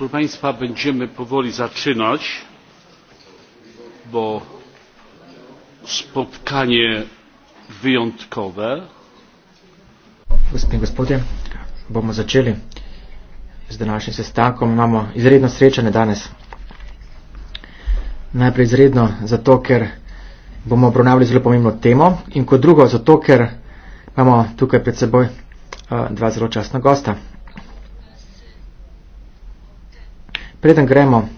proszę państwa będziemy powoli zaczynać bo spotkanie wyjątkowe Gospodine, gospodje, bomo začeli z današnjim sestankom. Imamo izredno srečanje danes. Najprej izredno zato, ker bomo obravnavali zelo pomembno temo in kot drugo zato, ker imamo tukaj pred seboj uh, dva zelo častna gosta. Preden gremo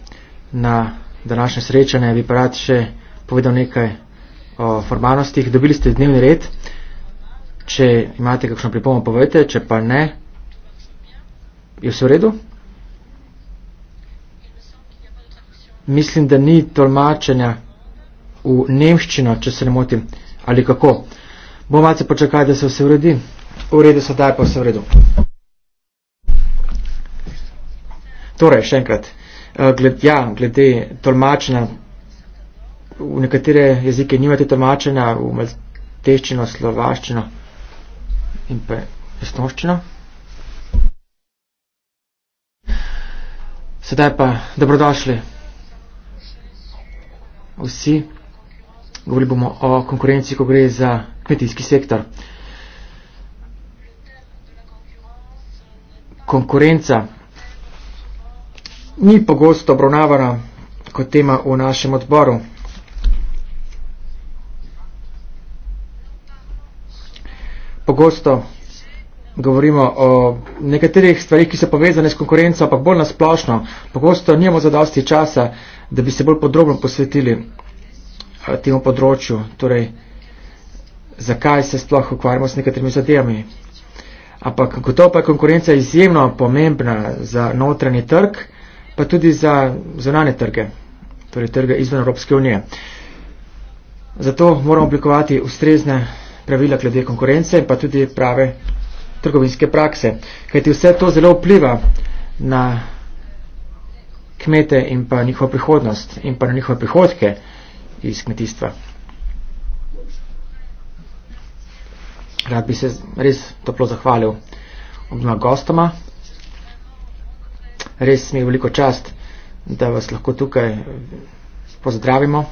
na današnje srečanje, bi pa rad še povedal nekaj o formalnostih. Dobili ste dnevni red. Če imate kakšno pripomo, povejte, če pa ne, je vse v redu. Mislim, da ni tolmačenja v nemščino, če se ne motim, ali kako. Bomo malce počakali, da se vse uredi. V redu so, da je pa vse v redu. Torej, še enkrat, eh, gled, ja, glede tolmačenja, v nekatere jezike nimate tolmačenja, v malteščino, slovaščino in pa jasnoščino. Sedaj pa dobrodošli vsi. Govorili bomo o konkurenci, ko gre za kmetijski sektor. Konkurenca ni pogosto obravnavana kot tema v našem odboru. Pogosto govorimo o nekaterih stvarih, ki so povezane s konkurenco, ampak bolj nasplošno. Pogosto nijemo zadosti časa, da bi se bolj podrobno posvetili eh, temu področju, torej zakaj se sploh ukvarjamo s nekaterimi zadevami. Ampak gotovo pa je konkurenca izjemno pomembna za notranji trg pa tudi za zunane trge, torej trge izven Evropske unije. Zato moramo oblikovati ustrezne pravila glede konkurence in pa tudi prave trgovinske prakse, kajti vse to zelo vpliva na kmete in pa njihovo prihodnost in pa na njihove prihodke iz kmetijstva. Rad bi se res toplo zahvalil obima gostoma res mi je veliko čast, da vas lahko tukaj pozdravimo,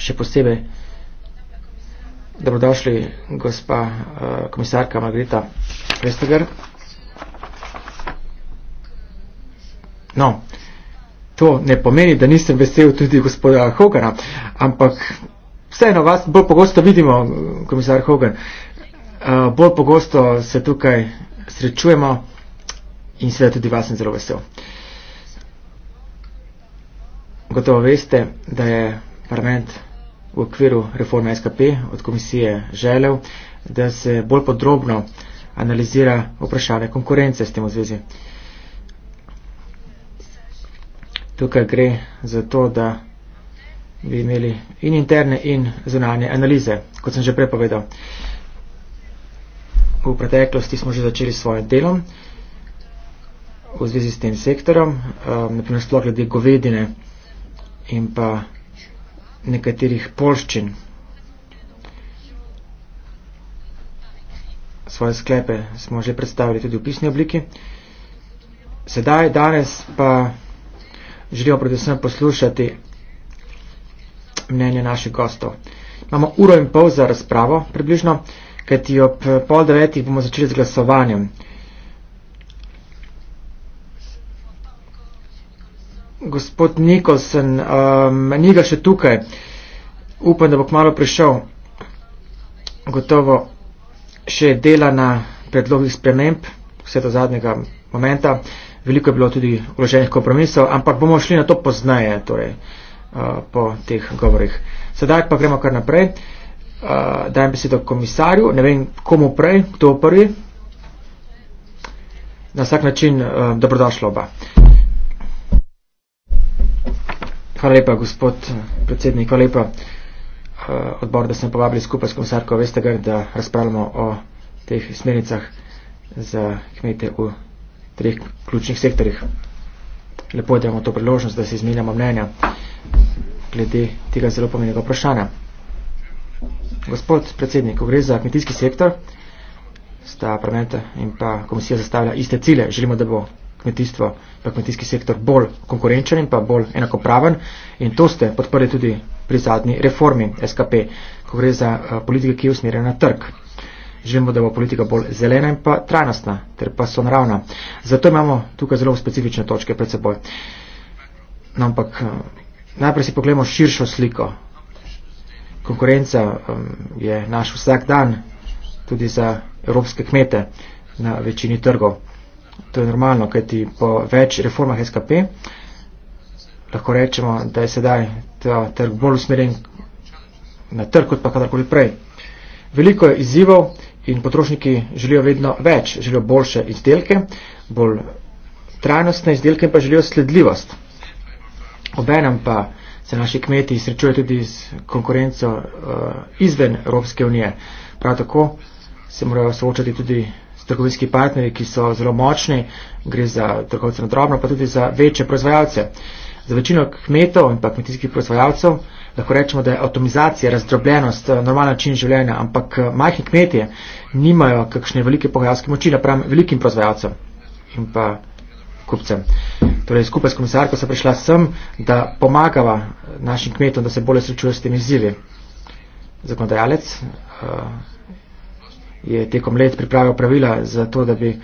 še posebej, da bo došli gospa eh, komisarka Margreta Vestager. No, to ne pomeni, da nisem vesel tudi gospoda Hogana, ampak vseeno vas bolj pogosto vidimo, komisar Hogan. Uh, bolj pogosto se tukaj srečujemo in seveda tudi vas sem zelo vesel. Gotovo veste, da je parlament v okviru reforme SKP od komisije želel, da se bolj podrobno analizira vprašanje konkurence s tem v zvezi. Tukaj gre za to, da bi imeli in interne in zunanje analize, kot sem že prepovedal. V preteklosti smo že začeli s svojim delom v zvezi s tem sektorom, um, eh, naprimer sploh glede govedine in pa nekaterih polščin. Svoje sklepe smo že predstavili tudi v pisni obliki. Sedaj, danes pa želimo predvsem poslušati mnenje naših gostov. Imamo uro in pol za razpravo približno, kajti ob pol devetih bomo začeli z glasovanjem. gospod Nikolsen, um, ni ga še tukaj. Upam, da bo kmalo prišel. Gotovo še dela na predlogih sprememb, vse do zadnjega momenta. Veliko je bilo tudi vloženih kompromisov, ampak bomo šli na to pozneje, torej uh, po teh govorih. Sedaj pa gremo kar naprej. Uh, dajem besedo komisarju, ne vem komu prej, kdo prvi. Na vsak način uh, dobrodošlo oba. Uh, Hvala lepa, gospod eh, predsednik, hvala lepa eh, odbor, da sem povabili skupaj s komisarko Vestegar, da razpravljamo o teh smernicah za kmete v treh ključnih sektorjih. Lepo je, da imamo to priložnost, da se izmenjamo mnenja glede tega zelo pomenega vprašanja. Gospod predsednik, gre za kmetijski sektor, sta parlamenta in pa komisija zastavlja iste cilje. Želimo, da bo kmetijstvo in kmetijski sektor bolj konkurenčen in pa bolj enakopraven. In to ste podprli tudi pri zadnji reformi SKP, ko gre za uh, eh, politiko, ki je usmerjena na trg. Želimo, da bo politika bolj zelena in pa trajnostna ter pa sonaravna. Zato imamo tukaj zelo specifične točke pred seboj. No, ampak uh, najprej si pogledamo širšo sliko. Konkurenca um, je naš vsak dan tudi za evropske kmete na večini trgov. To je normalno, kajti po več reformah SKP lahko rečemo, da je sedaj ta trg bolj usmerjen na trg kot pa kadarkoli prej. Veliko je izzivov in potrošniki želijo vedno več, želijo boljše izdelke, bolj trajnostne izdelke in pa želijo sledljivost. Obenem pa se naši kmeti srečujejo tudi z konkurenco uh, izven Evropske unije. Prav tako se morajo soočati tudi trgovinski partnerji, ki so zelo močni, gre za trgovce na drobno, pa tudi za večje proizvajalce. Za večino kmetov in pa kmetijskih proizvajalcev lahko rečemo, da je avtomizacija, razdrobljenost, eh, normalen način življenja, ampak eh, majhni kmetje nimajo kakšne velike pogajalske moči napram velikim proizvajalcem in pa kupcem. Torej, skupaj s komisarko sem prišla sem, da pomagava eh, našim kmetom, da se bolje srečujejo s temi izzivi. Zakonodajalec, je tekom let pripravil pravila za to, da bi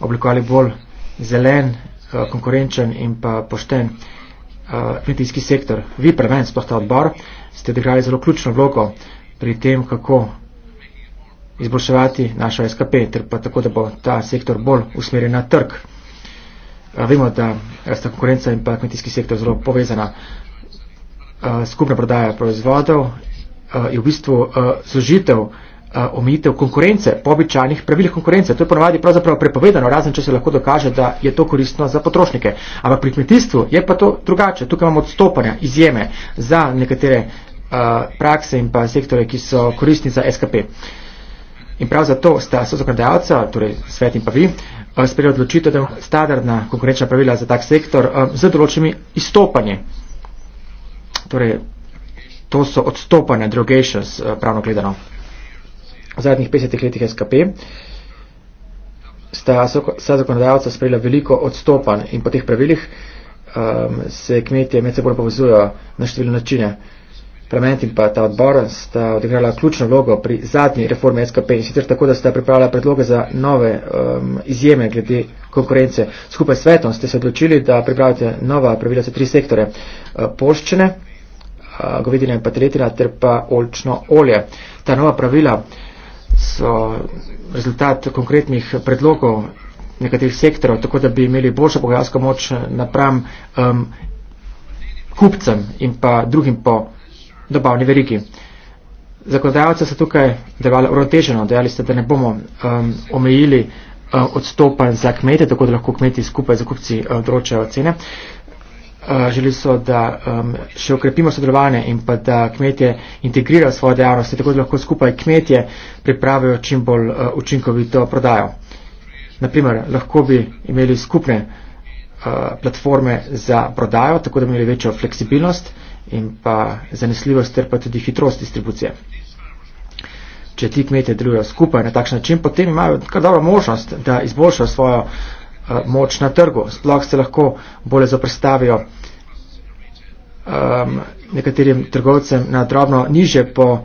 oblikovali bolj zelen, eh, konkurenčen in pa pošten eh, kmetijski sektor. Vi preven, sploh ta odbor, ste odigrali zelo ključno vlogo pri tem, kako izboljševati našo SKP, ter pa tako, da bo ta sektor bolj usmerjen na trg. Eh, vemo, da sta konkurenca in pa kmetijski sektor zelo povezana. Skupna prodaja proizvodov je v bistvu zožitev omejitev konkurence, po običajnih pravilih konkurence. To je ponovadi pravzaprav prepovedano, razen če se lahko dokaže, da je to koristno za potrošnike. Ampak pri kmetijstvu je pa to drugače. Tukaj imamo odstopanja, izjeme za nekatere uh, prakse in pa sektore, ki so koristni za SKP. In prav zato sta so zakonodajalca, torej svet in pa vi, sprejeli odločitev, da je standardna konkurenčna pravila za tak sektor uh, z določenimi izstopanji. Torej, to so odstopanja, derogations, uh, pravno gledano v zadnjih 50 letih SKP, sta, sta zakonodajalca sprejela veliko odstopanj in po teh pravilih um, se kmetje med seboj povezujejo na številne načine. Parlament in pa ta odbor sta odigrala ključno vlogo pri zadnji reformi SKP in sicer tako, da sta pripravila predloge za nove um, izjeme glede konkurence. Skupaj s svetom ste se odločili, da pripravite nova pravila za tri sektore uh, poščene, uh, govedine in pateletina ter pa olčno olje. Ta nova pravila uh, so rezultat konkretnih predlogov nekaterih sektorov, tako da bi imeli boljšo pogajalsko moč napram um, kupcem in pa drugim po dobavni verigi. Zakonodajalce so tukaj dejali uroteženo, dejali ste, da ne bomo um, omejili um, odstopanj za kmete, tako da lahko kmeti skupaj z kupci um, določajo cene. Eh, želeli so, da um, še okrepimo sodelovanje in pa da kmetje integrirajo svoje dejavnosti, tako da lahko skupaj kmetje pripravijo čim bolj uh, učinkovito prodajo. Naprimer, lahko bi imeli skupne uh, platforme za prodajo, tako da bi imeli večjo fleksibilnost in pa zanesljivost ter pa tudi hitrost distribucije. Če ti kmetje delujejo skupaj na takšen način, potem imajo kar dobro možnost, da izboljšajo svojo Eh, moč na trgu. Sploh se lahko bolje zaprstavijo um, ehm, nekaterim trgovcem na drobno niže po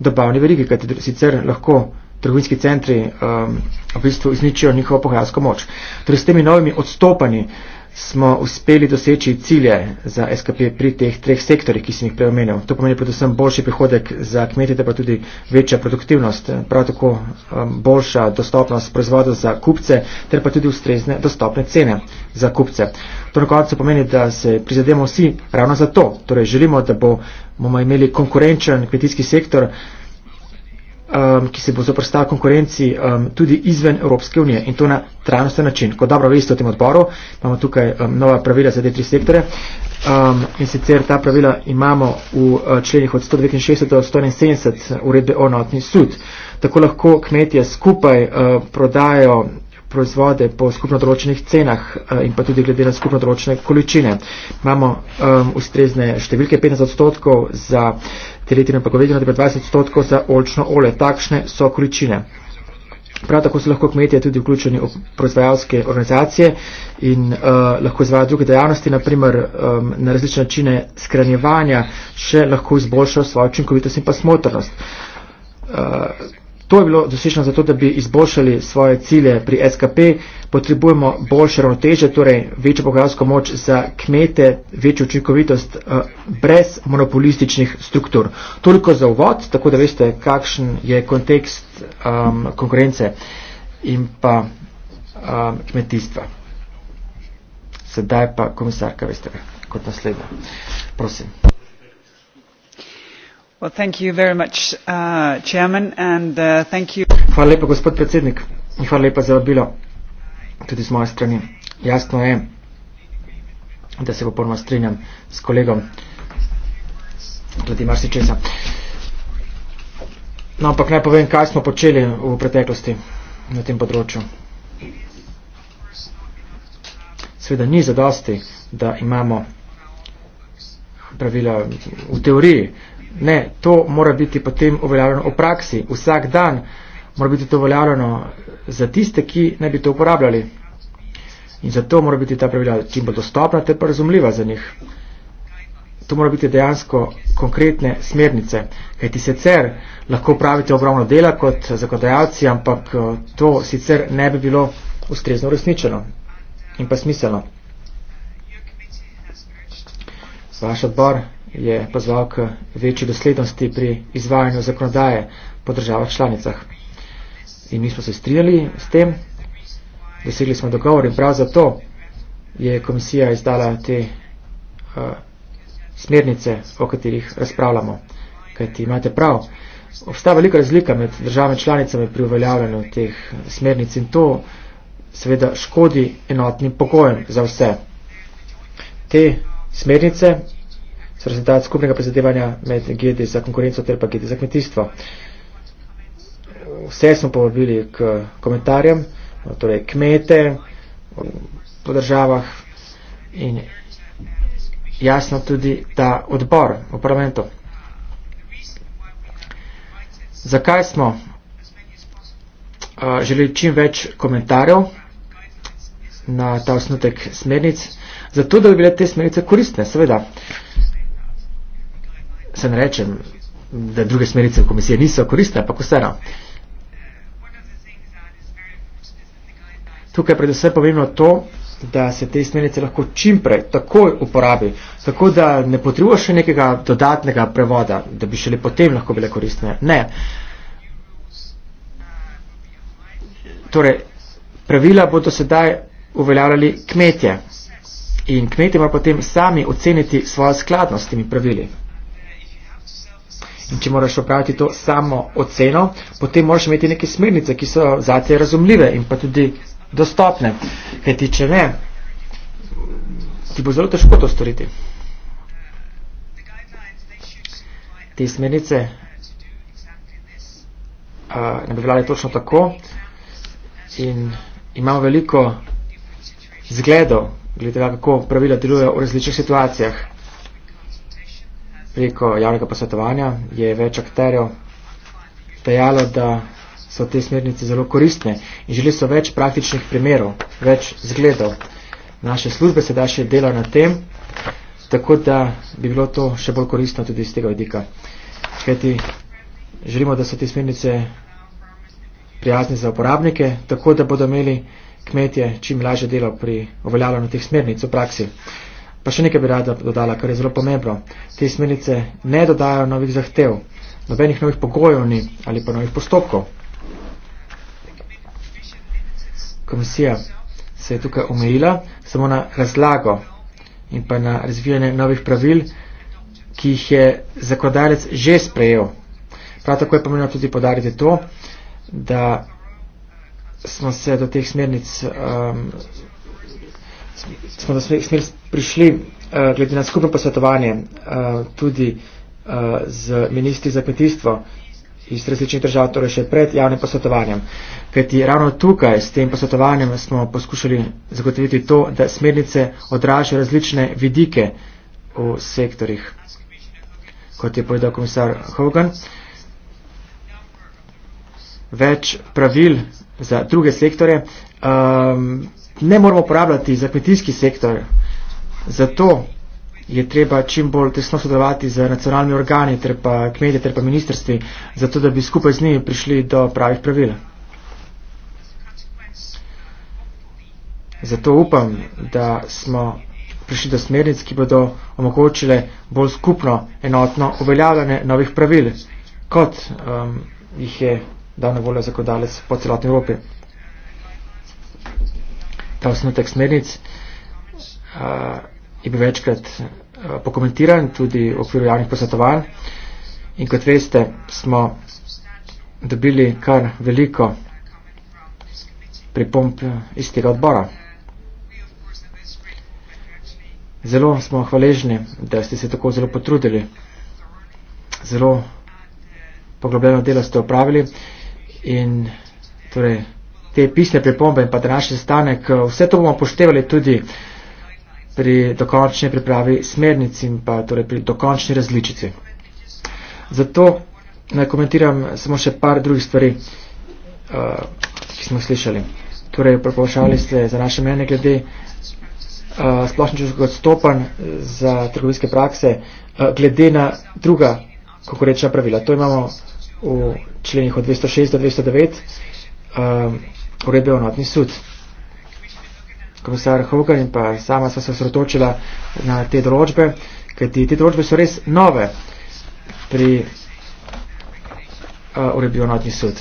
dobavni verigi, kajti sicer lahko trgovinski centri um, v bistvu izničijo njihovo pohajalsko moč. Torej s temi novimi odstopanji uh, smo uspeli doseči cilje za SKP pri teh treh sektorjih, ki sem jih preomenil. To pomeni predvsem boljši prihodek za kmete, da pa tudi večja produktivnost, prav tako um, boljša dostopnost proizvodov za kupce, ter pa tudi ustrezne dostopne cene za kupce. To na koncu pomeni, da se prizademo vsi ravno za to. Torej želimo, da bo, bomo imeli konkurenčen kmetijski sektor, um, ki se bo zoprstala konkurenci um, tudi izven Evropske unije in to na trajnosten način. Kot dobro veste v tem odboru, imamo tukaj um, nova pravila za te tri sektore um, in sicer ta pravila imamo v uh, členih od 169 do 171 uredbe o notni sud. Tako lahko kmetje skupaj uh, prodajo proizvode po skupno določenih cenah eh, in pa tudi glede na skupno določene količine. Imamo um, ustrezne številke 15 odstotkov za teletino pogovedino, 20 odstotkov za olčno olje. Takšne so količine. Prav tako so lahko kmetije tudi vključeni v proizvajalske organizacije in uh, lahko izvajajo druge dejavnosti, naprimer um, ehm, na različne načine skranjevanja, še lahko izboljšajo svojo učinkovitost in pa smotrnost. Uh, To je bilo dosečno zato, da bi izboljšali svoje cilje pri SKP. Potrebujemo boljše ravnoteže, torej večjo pogajalsko moč za kmete, večjo učinkovitost eh, brez monopolističnih struktur. Toliko za uvod, tako da veste, kakšen je kontekst um, konkurence in pa um, kmetijstva. Sedaj pa komisarka, veste, kot naslednja. Prosim. Uh, uh, hvala lepa, gospod predsednik, in hvala lepa za vabilo, tudi z moje strani. Jasno je, da se popolnoma strinjam s kolegom glede marsičesa. No, ampak naj povem, kaj smo počeli v preteklosti na tem področju. Sveda ni zadosti, da imamo pravila v teoriji, Ne, to mora biti potem uveljavljeno v praksi. Vsak dan mora biti to uveljavljeno za tiste, ki ne bi to uporabljali. In zato mora biti ta pravila čim bolj dostopna, te pa razumljiva za njih. To mora biti dejansko konkretne smernice. Kaj ti sicer lahko pravite ogromno dela kot zakonodajalci, ampak eh, to sicer ne bi bilo ustrezno uresničeno in pa smiselno. Vaš odbor je pozval k večji doslednosti pri izvajanju zakonodaje po državah članicah. In mi smo se strinjali s tem, dosegli smo dogovor in prav zato je komisija izdala te uh, smernice, o katerih razpravljamo. Kajti imate prav, obstaja velika razlika med državami članicami pri uveljavljanju teh smernic in to seveda škodi enotnim pogojem za vse. Te smernice so rezultat skupnega prizadevanja med GD za konkurenco ter pa GD za kmetijstvo. Vse smo povabili k komentarjem, torej kmete po državah in jasno tudi ta odbor v parlamentu. Zakaj smo eh, želeli čim več komentarjev na ta osnutek smernic? Zato, da bi bile te smernice koristne, seveda se ne rečem, da druge smerice komisije niso koriste, ampak vseeno. Tukaj predvsem je pomembno to, da se te smernice lahko čimprej, takoj uporabi, tako da ne potrebuješ še nekega dodatnega prevoda, da bi šele potem lahko bile koristne. Ne. Torej, pravila bodo sedaj uveljavljali kmetje in kmetje morajo potem sami oceniti svojo skladnost s temi pravili. In če moraš opraviti to samo oceno, potem moraš imeti neke smernice, ki so za te razumljive in pa tudi dostopne. Ker ti, če ne, ti bo zelo težko to storiti. Te smernice uh, ne bi veljale točno tako in imamo veliko zgledov, glede kako pravila delujejo v različnih situacijah preko javnega posvetovanja je več akterjev dejalo, da so te smernice zelo koristne in želi so več praktičnih primerov, več zgledov. Naše službe se da še dela na tem, tako da bi bilo to še bolj koristno tudi iz tega vidika. Kajti želimo, da so te smernice prijazne za uporabnike, tako da bodo imeli kmetje čim lažje delo pri uveljavljanju teh smernic v praksi. Pa še nekaj bi rada dodala, kar je zelo pomembno. Te smernice ne dodajo novih zahtev, nobenih novih pogojev ni ali pa novih postopkov. Komisija se je tukaj omejila samo na razlago in pa na razvijanje novih pravil, ki jih je zakladalec že sprejel. Prav tako je pomembno tudi podariti to, da smo se do teh smernic um, smo v smer, smer prišli, uh, glede na skupno posvetovanje, uh, tudi uh, z ministri za kmetijstvo iz različnih držav, torej še pred javnim posvetovanjem. Kajti ravno tukaj s tem posvetovanjem smo poskušali zagotoviti to, da smernice odražajo različne vidike v sektorjih, kot je povedal komisar Hogan. Več pravil za druge sektore um, ne moramo uporabljati za kmetijski sektor. Zato je treba čim bolj tesno sodelovati z nacionalnimi organi, ter pa kmetje, ter pa ministrstvi, zato da bi skupaj z njimi prišli do pravih pravil. Zato upam, da smo prišli do smernic, ki bodo omogočile bolj skupno, enotno uveljavljanje novih pravil, kot um, jih je dal na voljo zakonodajalec po celotni Evropi ta osnotek smernic uh, je bil večkrat uh, pokomentiran tudi v okviru javnih posvetovanj in kot veste smo dobili kar veliko pripomp iz tega odbora. Zelo smo hvaležni, da ste se tako zelo potrudili. Zelo poglobljeno delo ste opravili in torej te pisne pripombe in pa današnji stanek. Eh, vse to bomo poštevali tudi pri dokončni pripravi smernic in pa torej pri dokončni različici. Zato naj komentiram samo še par drugih stvari, uh, ki smo slišali. Torej, prepovšali ste za naše mene glede uh, splošničnega odstopanj za trgovinske prakse, uh, glede na druga konkurenčna pravila. To imamo v členih od 206 do 209. Uh, uredbe o notni sud. Komisar Hogan in pa sama sva se osrotočila na te določbe, kajti te določbe so res nove pri uh, uredbi o notni sud.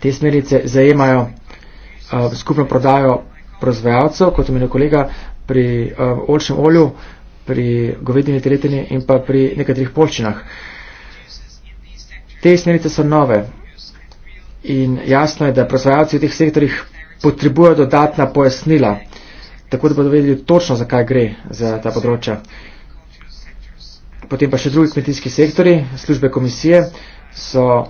Te smerice zajemajo uh, skupno prodajo proizvajalcev, kot omenil kolega, pri uh, eh, olčnem olju, pri govedini teretini in pa pri nekaterih polčinah. Te smerice so nove in jasno je, da proizvajalci v teh sektorjih potrebujejo dodatna pojasnila, tako da bodo vedeli točno, zakaj gre za ta področja. Potem pa še drugi kmetijski sektori, službe komisije so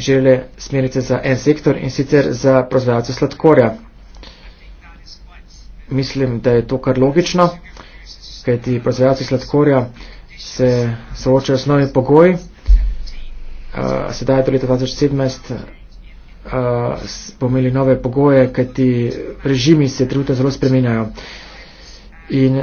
želele smernice za en sektor in sicer za proizvajalce sladkorja. Mislim, da je to kar logično, kajti proizvajalci sladkorja se soočajo s novimi pogoji uh, sedaj do leta 2017 uh, bomo imeli nove pogoje, ker ti režimi se trenutno zelo spreminjajo. In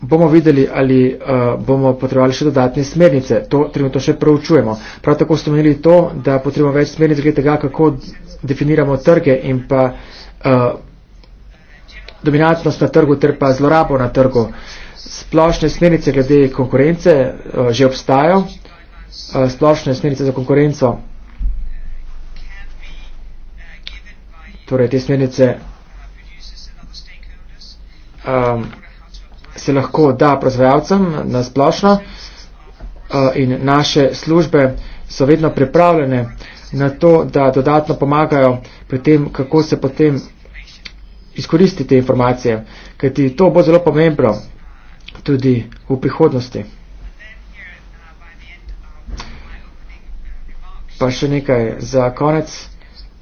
bomo videli, ali uh, bomo potrebovali še dodatne smernice. To trenutno še proučujemo. Prav tako smo imeli to, da potrebujemo več smernic glede tega, kako definiramo trge in pa uh, eh, dominacnost na trgu ter pa zlorabo na trgu. Splošne smernice glede konkurence uh, že obstajajo. Eh, splošne smernice za konkurenco. Torej, te smernice um, se lahko da proizvajalcem na splošno uh, in naše službe so vedno pripravljene na to, da dodatno pomagajo pri tem, kako se potem izkoristi te informacije, kajti to bo zelo pomembno tudi v prihodnosti. Pa še nekaj za konec.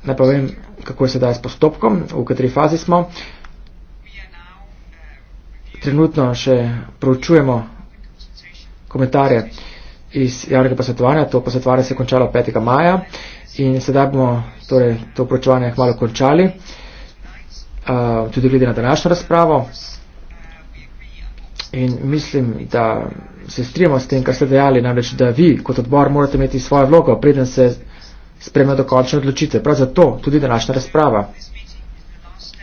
Ne povem, kako je sedaj s postopkom, v kateri fazi smo. Trenutno še proučujemo komentarje iz javnega posvetovanja. To posvetovanje se je končalo 5. maja in sedaj bomo torej, to proučevanje hmalo končali. Uh, tudi glede na današnjo razpravo. In mislim, da se strimo s tem, kar ste dejali, namreč, da vi kot odbor morate imeti svojo vlogo, preden se spremlja dokončne odločitve. Prav zato tudi današnja razprava.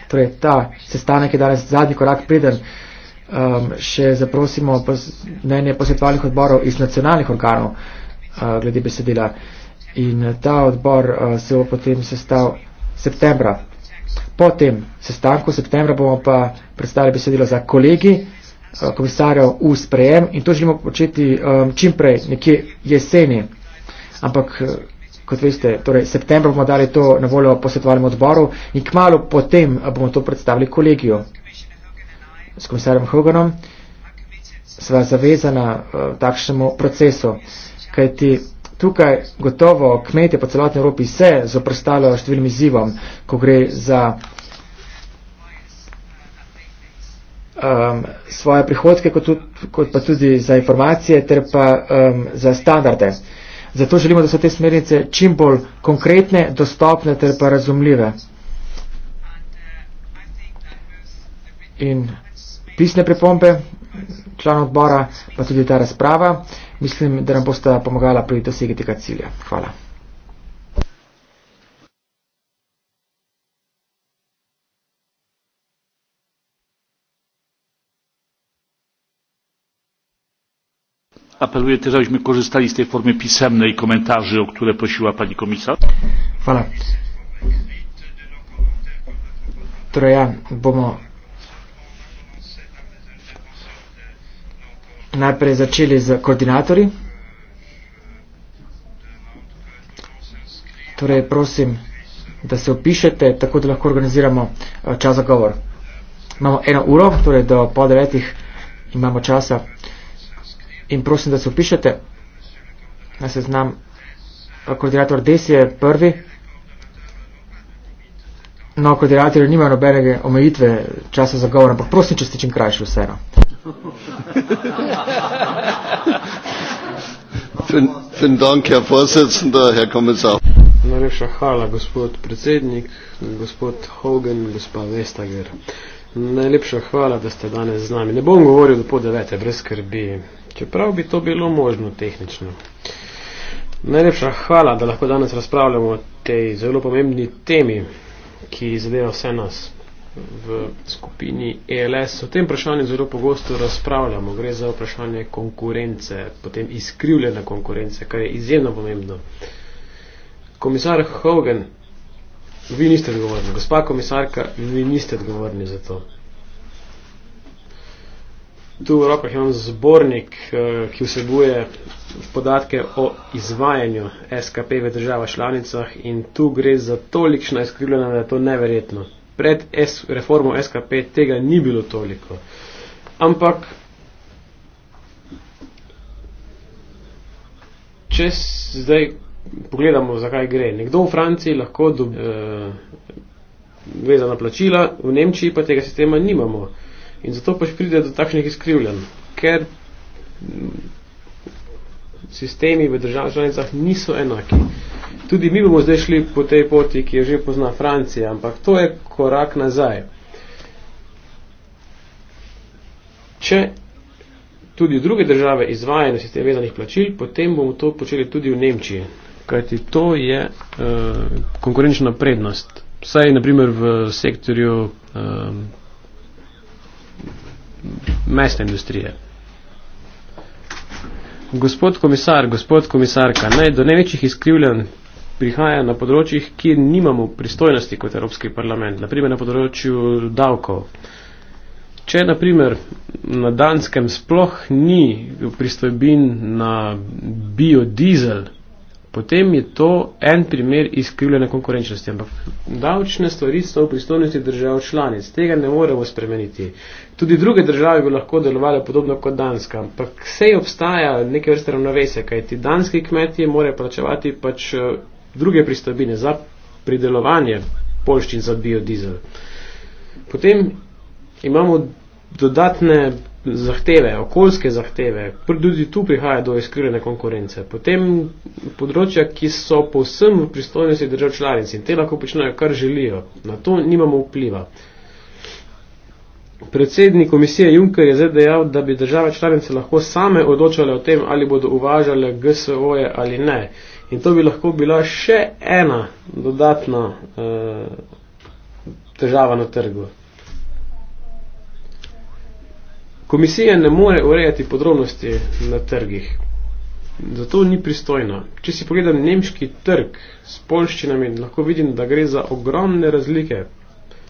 Torej, ta sestanek je danes zadnji korak, preden um, še zaprosimo pos mnenje posvetovalnih odborov iz nacionalnih organov uh, glede besedila. In uh, ta odbor uh, se bo potem sestal septembra. Po tem sestanku septembra bomo pa predstavili besedilo za kolegi. Eh, komisarja v sprejem in to želimo početi um, čim prej, nekje jeseni. Ampak, eh, kot veste, torej septembra bomo dali to na voljo posvetovalnemu odboru in kmalo potem bomo to predstavili kolegijo s komisarjem Hoganom, sva zavezana uh, takšnemu procesu. Kajti tukaj gotovo kmete po celotni Evropi se zoprstalo številnim izzivom, ko gre za uh, um, svoje prihodke, kot, tudi, kot pa tudi za informacije, ter pa um, za standarde. Zato želimo, da so te smernice čim bolj konkretne, dostopne ter pa razumljive. In pisne pripombe članov odbora, pa tudi ta razprava, mislim, da nam bosta pomagala pri dosegi tega cilja. Hvala. apeluję też abyśmy korzystali z tej formy pisemnej komentarzy o które prosiła pani komisarz. Voilà. Treia, ja bomo najprej začeli z koordinatorji. Torej, prosim, da se opišete, tako da lahko organiziramo eh, čas za govor. Imamo eno uro, torej do pol devetih imamo časa in prosim, da se upišete na seznam. Koordinator DES je prvi. No, koordinatorji nimajo nobene omejitve časa za govor, ampak prosim, če ste čim krajši vseeno. Vsem dankja, posledcem, da je komisar. Najlepša hvala, gospod predsednik, gospod Hogan, gospa Vestager. Najlepša hvala, da ste danes z nami. Ne bom govoril do po devete, brez skrbi čeprav bi to bilo možno tehnično. Najlepša hvala, da lahko danes razpravljamo o tej zelo pomembni temi, ki zadeva vse nas v skupini ELS. O tem vprašanju zelo pogosto razpravljamo. Gre za vprašanje konkurence, potem izkrivljene konkurence, kar je izjemno pomembno. Komisar Hogan, vi niste odgovorni. Gospa komisarka, vi niste odgovorni za to. Tu v rokah imam zbornik, eh, ki vsebuje podatke o izvajanju SKP v državah članicah in tu gre za tolikšno izkrivljeno, da je to neverjetno. Pred reformo SKP tega ni bilo toliko. Ampak, če zdaj pogledamo, zakaj gre. Nekdo v Franciji lahko dobi eh, vezana plačila, v Nemčiji pa tega sistema nimamo. In zato pač pride do takšnih izkrivljanj, ker mm, sistemi v državnih članicah niso enaki. Tudi mi bomo zdaj šli po tej poti, ki jo že pozna Francija, ampak to je korak nazaj. Če tudi druge države izvajajo na sistem vezanih plačil, potem bomo to počeli tudi v Nemčiji, kajti to je uh, konkurenčna prednost. Saj, na primer, v sektorju um, mesna industrija. Gospod komisar, gospod komisarka, naj do največjih izkrivljanj prihaja na področjih, ki nimamo pristojnosti kot Evropski parlament, naprimer na področju davkov. Če naprimer na Danskem sploh ni pristojbin na biodizel, potem je to en primer izkrivljene konkurenčnosti. Ampak davčne stvari so v pristojnosti držav članic, tega ne moremo spremeniti. Tudi druge države bi lahko delovale podobno kot Danska, ampak vsej obstaja neke vrste ravnovesja, kaj ti danski kmetje morajo plačevati pač eh, druge pristojbine za pridelovanje polščin za biodizel. Potem imamo dodatne zahteve, okoljske zahteve, tudi tu prihaja do iskrene konkurence. Potem področja, ki so povsem v pristojnosti držav članic in te lahko počnejo, kar želijo. Na to nimamo vpliva. Predsednik komisije Juncker je zdaj dejal, da bi države članice lahko same odločale o tem, ali bodo uvažale GSO-je ali ne. In to bi lahko bila še ena dodatna uh, težava na trgu. Komisija ne more urejati podrobnosti na trgih. Zato ni pristojna. Če si pogledam nemški trg s polščinami, lahko vidim, da gre za ogromne razlike.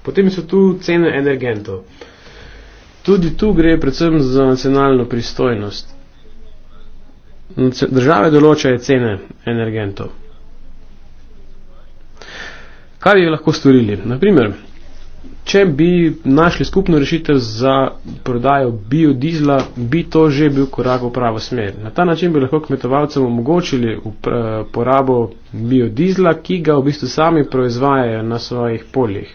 Potem so tu cene energentov. Tudi tu gre predvsem za nacionalno pristojnost. Države določajo cene energentov. Kaj bi lahko storili? Naprimer, Če bi našli skupno rešitev za prodajo biodizla, bi to že bil korak v pravo smer. Na ta način bi lahko kmetovalcem omogočili uporabo biodizla, ki ga v bistvu sami proizvajajo na svojih poljih.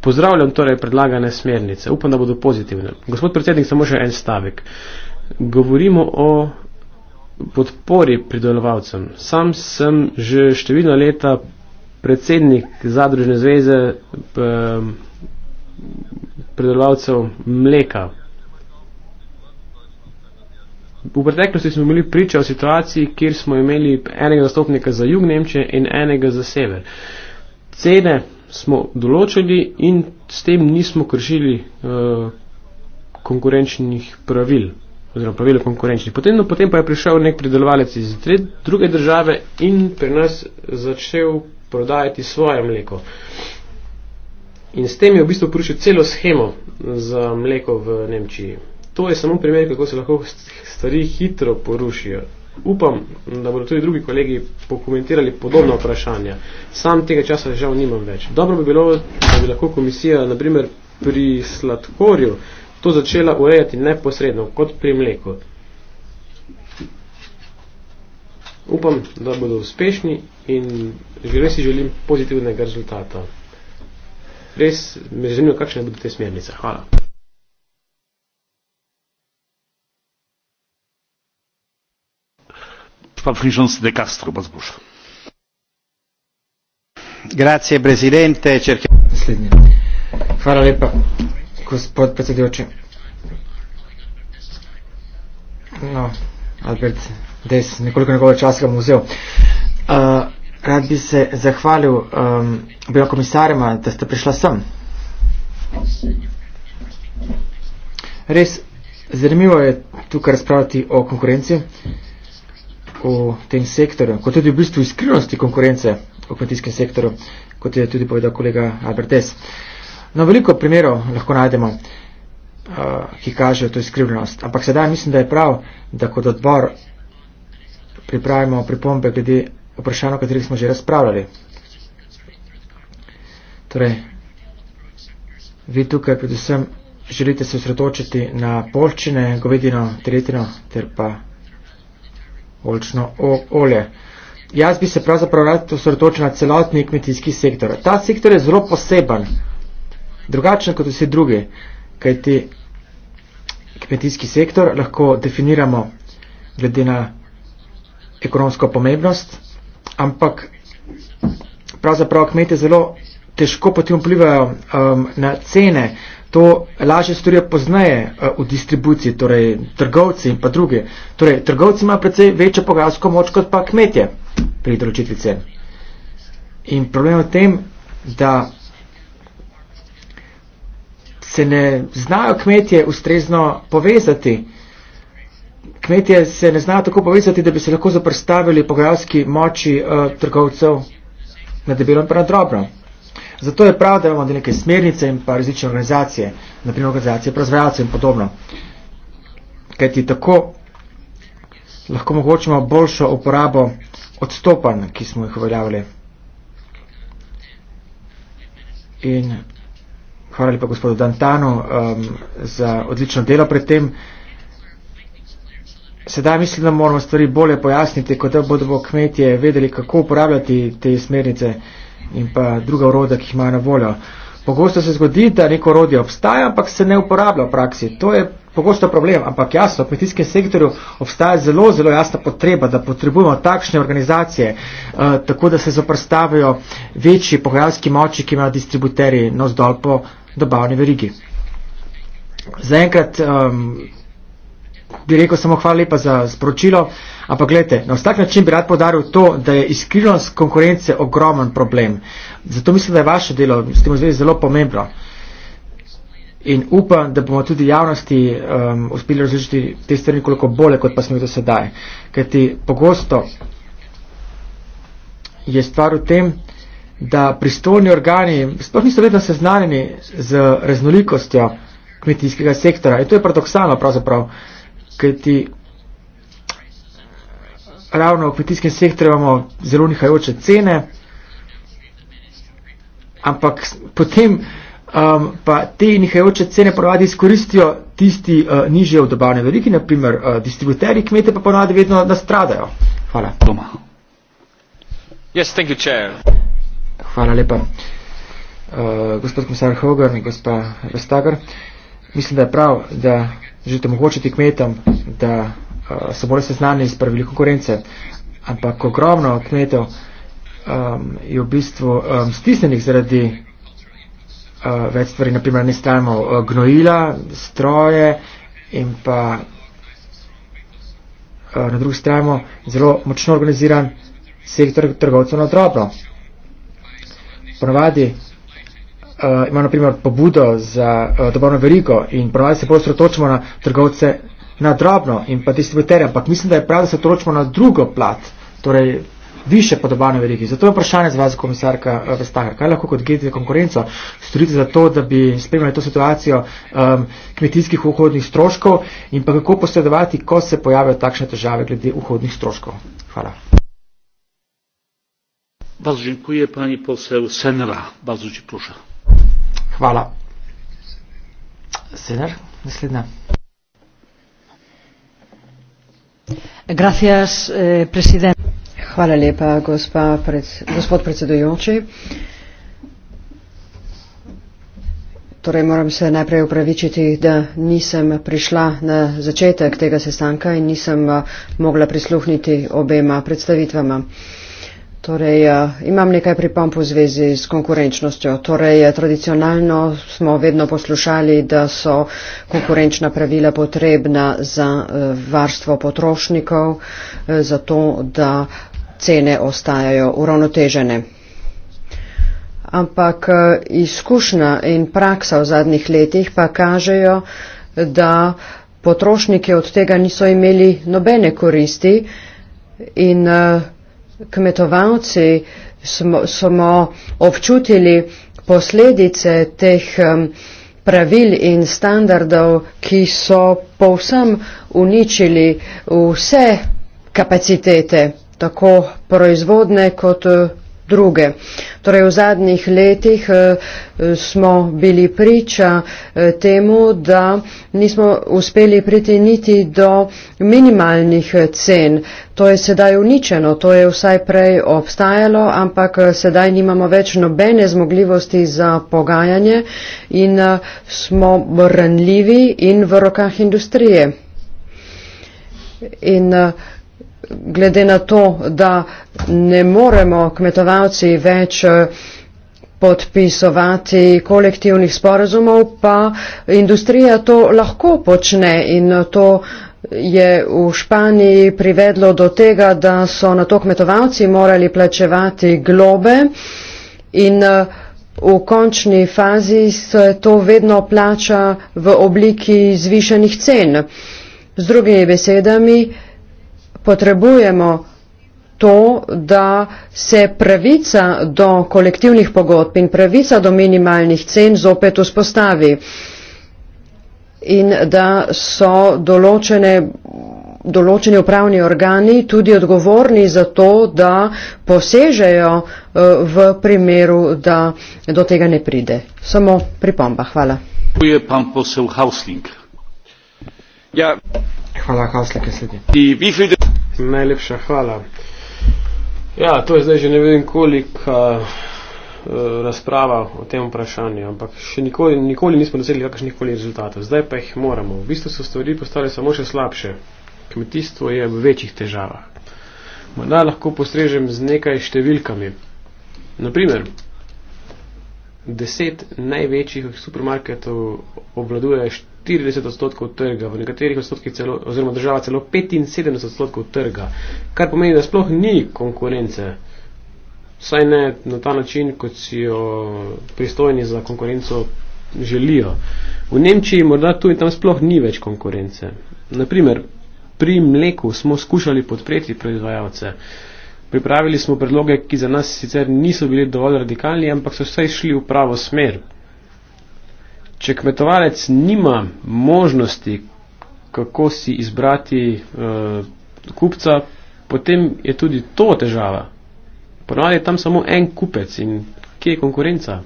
Pozdravljam torej predlagane smernice. Upam, da bodo pozitivne. Gospod predsednik, samo še en stavek. Govorimo o podpori pridelovalcem. Sam sem že številna leta predsednik Zadružne zveze ehm, predelovalcev mleka. V preteklosti smo bili priča o situaciji, kjer smo imeli enega zastopnika za jug Nemčije in enega za sever. Cene smo določili in s tem nismo kršili uh, konkurenčnih pravil oziroma pravil konkurenčnih. Potem, no, potem pa je prišel nek predelovalec iz druge države in pri nas začel prodajati svoje mleko. In s tem je v bistvu porušil celo schemo za mleko v Nemčiji. To je samo primer, kako se lahko stvari hitro porušijo. Upam, da bodo tudi drugi kolegi pokomentirali podobno vprašanje. Sam tega časa žal nimam več. Dobro bi bilo, da bi lahko komisija, na primer pri sladkorju, to začela urejati neposredno, kot pri mleku. Upam, da bodo uspešni in res si želim pozitivnega rezultata. Res me zanima, kakšne bodo te smernice. Hvala. De Castro, Grazie, presidente. Cerchia... Hvala lepa, gospod predsedujoči. No, Albert, da nekoliko njegovega časa ga bom vzel. Uh, Rad bi se zahvalil um, obima komisarima, da ste prišla sem. Res, zanimivo je tukaj razpravljati o konkurenci v tem sektorju, kot tudi v bistvu iskrivnosti konkurence v kmetijskem sektorju, kot je tudi povedal kolega Albert S. No, veliko primerov lahko najdemo, uh, ki kažejo to iskrivnost, ampak sedaj mislim, da je prav, da kot odbor pripravimo pripombe glede vprašanj, o katerih smo že razpravljali. Torej, vi tukaj predvsem želite se osredotočiti na polščine, govedino, teretino ter pa oljčno olje. Jaz bi se pravzaprav rad osredotočil na celotni kmetijski sektor. Ta sektor je zelo poseben, drugačen kot vsi drugi, kajti kmetijski sektor lahko definiramo glede na ekonomsko pomembnost ampak pravzaprav kmete zelo težko potem vplivajo um, na cene. To lažje storijo poznaje uh, v distribuciji, torej trgovci in pa druge. Torej, trgovci imajo precej večjo pogajalsko moč kot pa kmetje pri določitvi cen. In problem je v tem, da se ne znajo kmetje ustrezno povezati kmetje se ne znajo tako povezati, da bi se lahko zaprstavili pogajalski moči uh, trgovcev na debelo in pa na drobno. Zato je prav, da imamo neke smernice in pa različne organizacije, naprimer organizacije proizvajalcev in podobno. Kaj ti tako lahko mogočimo boljšo uporabo odstopanj, ki smo jih uveljavili. In hvala lepa gospodu Dantanu um, za odlično delo pred tem. Sedaj mislim, da moramo stvari bolje pojasniti, kot da bodo kmetje vedeli, kako uporabljati te smernice in pa druga urodja, ki jih imajo na voljo. Pogosto se zgodi, da neko urodje obstaja, ampak se ne uporablja v praksi. To je pogosto problem, ampak jasno, v kmetijskem sektorju obstaja zelo, zelo jasna potreba, da potrebujemo takšne organizacije, eh, tako da se zoprstavijo večji pohajalski moči, ki imajo distributeri na vzdolj po dobavni verigi. Zaenkrat. Eh, bi rekel samo hvala lepa za sporočilo, ampak gledajte, na vsak način bi rad podaril to, da je iskrivnost konkurence ogromen problem. Zato mislim, da je vaše delo s tem zvezi zelo pomembno. In upam, da bomo tudi javnosti um, uspeli razložiti te stvari nekoliko bolje, kot pa smo jih do sedaj. Ker ti pogosto je stvar v tem, da pristolni organi sploh niso vedno seznanjeni z raznolikostjo kmetijskega sektora. In to je paradoksalno pravzaprav kajti ravno v kmetijskem sektorju imamo zelo nihajoče cene, ampak potem um, pa te nihajoče cene ponovadi izkoristijo tisti uh, nižje v dobavne veriki, naprimer uh, distributeri kmete pa ponovadi vedno nastradajo. Hvala. Doma. Yes, thank you, chair. Hvala lepa. Uh, gospod komisar Hogan in gospa Vestager, mislim, da je prav, da želite omogočiti kmetom, da uh, se morajo seznaniti s pravili konkurence. Ampak ogromno kmetov um, je v bistvu um, stisnenih zaradi uh, več stvari, naprimer ne stajamo uh, eh, gnojila, stroje in pa uh, na drugi strani zelo močno organiziran sektor trgovcev na drobno. Ponavadi uh, eh, ima na primer pobudo za uh, dobavno verigo in ponovno se prostor točimo na trgovce na drobno in pa distributerje, ampak mislim, da je prav, da se točimo na drugo plat, torej više podobane verigi. Zato je vprašanje za vas, komisarka uh, Vestager, kaj lahko kot gledite konkurenco storite za to, da bi spremljali to situacijo um, kmetijskih vhodnih stroškov in pa kako posredovati, ko se pojavijo takšne težave glede vhodnih stroškov. Hvala. Bardzo dziękuję pani poseł Senra. Bardzo ci proszę. Hvala. Sedar, naslednja. Gracias, eh, president. Hvala lepa, gospa pred, gospod predsedujoči. Torej moram se najprej upravičiti, da nisem prišla na začetek tega sestanka in nisem eh, mogla prisluhniti obema predstavitvama. Torej, eh, imam nekaj pripomp v zvezi s konkurenčnostjo. Torej, eh, tradicionalno smo vedno poslušali, da so konkurenčna pravila potrebna za eh, varstvo potrošnikov, zato da cene ostajajo uravnotežene. Ampak izkušnja in praksa v zadnjih letih pa kažejo, da potrošniki od tega niso imeli nobene koristi in kmetovalci smo, smo občutili posledice teh um, pravil in standardov, ki so povsem uničili vse kapacitete, tako proizvodne kot druge. Torej v zadnjih letih eh, smo bili priča eh, temu, da nismo uspeli priti niti do minimalnih eh, cen. To je sedaj uničeno, to je vsaj prej obstajalo, ampak sedaj nimamo več nobene zmogljivosti za pogajanje in smo ranljivi in v rokah industrije. In uh, glede na to, da ne moremo kmetovalci več eh, podpisovati kolektivnih sporazumov, pa industrija to lahko počne in to je v Španiji privedlo do tega, da so na to kmetovalci morali plačevati globe in eh, v končni fazi se to vedno plača v obliki zvišenih cen. Z drugimi besedami, potrebujemo to, da se pravica do kolektivnih pogodb in pravica do minimalnih cen zopet vzpostavi in da so določene, določeni upravni organi tudi odgovorni za to, da posežejo eh, v primeru, da do tega ne pride. Samo pripomba. Hvala. Ja. Hvala, Kausle, ki sledi. I, if you do... Najlepša hvala. Ja, to je zdaj že ne vem koliko eh, razprava o tem vprašanju, ampak še nikoli, nikoli nismo dosegli kakršnih koli rezultatov. Zdaj pa jih moramo. V bistvu so stvari postale samo še slabše. Kmetijstvo je v večjih težavah. Morda lahko postrežem z nekaj številkami. Naprimer, deset največjih supermarketov obvladuje 40 odstotkov trga, v nekaterih odstotkih celo, oziroma država celo 75 odstotkov trga, kar pomeni, da sploh ni konkurence. Saj ne na ta način, kot si jo pristojni za konkurenco želijo. V Nemčiji morda tu in tam sploh ni več konkurence. Naprimer, pri mleku smo skušali podpreti proizvajalce. Pripravili smo predloge, ki za nas sicer niso bili dovolj radikalni, ampak so vse šli v pravo smer. Če kmetovalec nima možnosti, kako si izbrati uh, kupca, potem je tudi to težava. Ponavadi je tam samo en kupec in kje je konkurenca.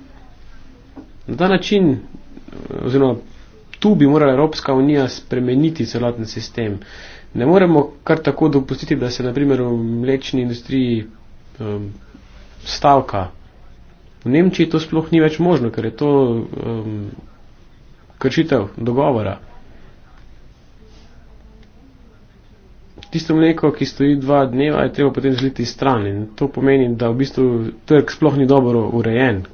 Na ta način, eh, oziroma tu bi morala Evropska unija spremeniti celoten sistem. Ne moremo kar tako dopustiti, da se naprimer v mlečni industriji um, stavka. V Nemčiji to sploh ni več možno, ker je to um, kršitev dogovora. Tisto mleko, ki stoji dva dneva, je treba potem zliti stran in to pomeni, da v bistvu trg sploh ni dobro urejen.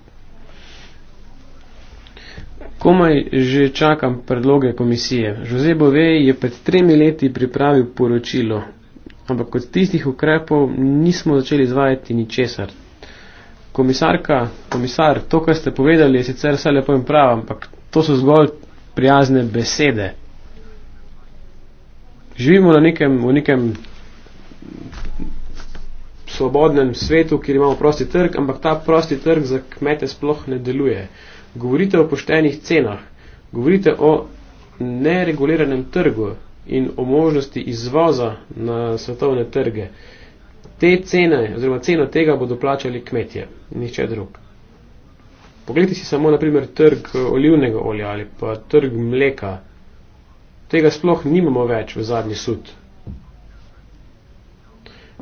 Komaj že čakam predloge komisije. Jose Bove je pred tremi leti pripravil poročilo, ampak kot tistih ukrepov nismo začeli izvajati ničesar. Komisarka, komisar, to, kar ste povedali, je sicer vse lepo in prav, ampak to so zgolj prijazne besede. Živimo na nekem, v nekem svobodnem svetu, kjer imamo prosti trg, ampak ta prosti trg za kmete sploh ne deluje. Govorite o poštenih cenah, govorite o nereguliranem trgu in o možnosti izvoza na svetovne trge. Te cene, oziroma ceno tega bodo plačali kmetje, nihče drug. Poglejte si samo, naprimer, trg olivnega olja ali pa trg mleka. Tega sploh nimamo več v zadnji sud.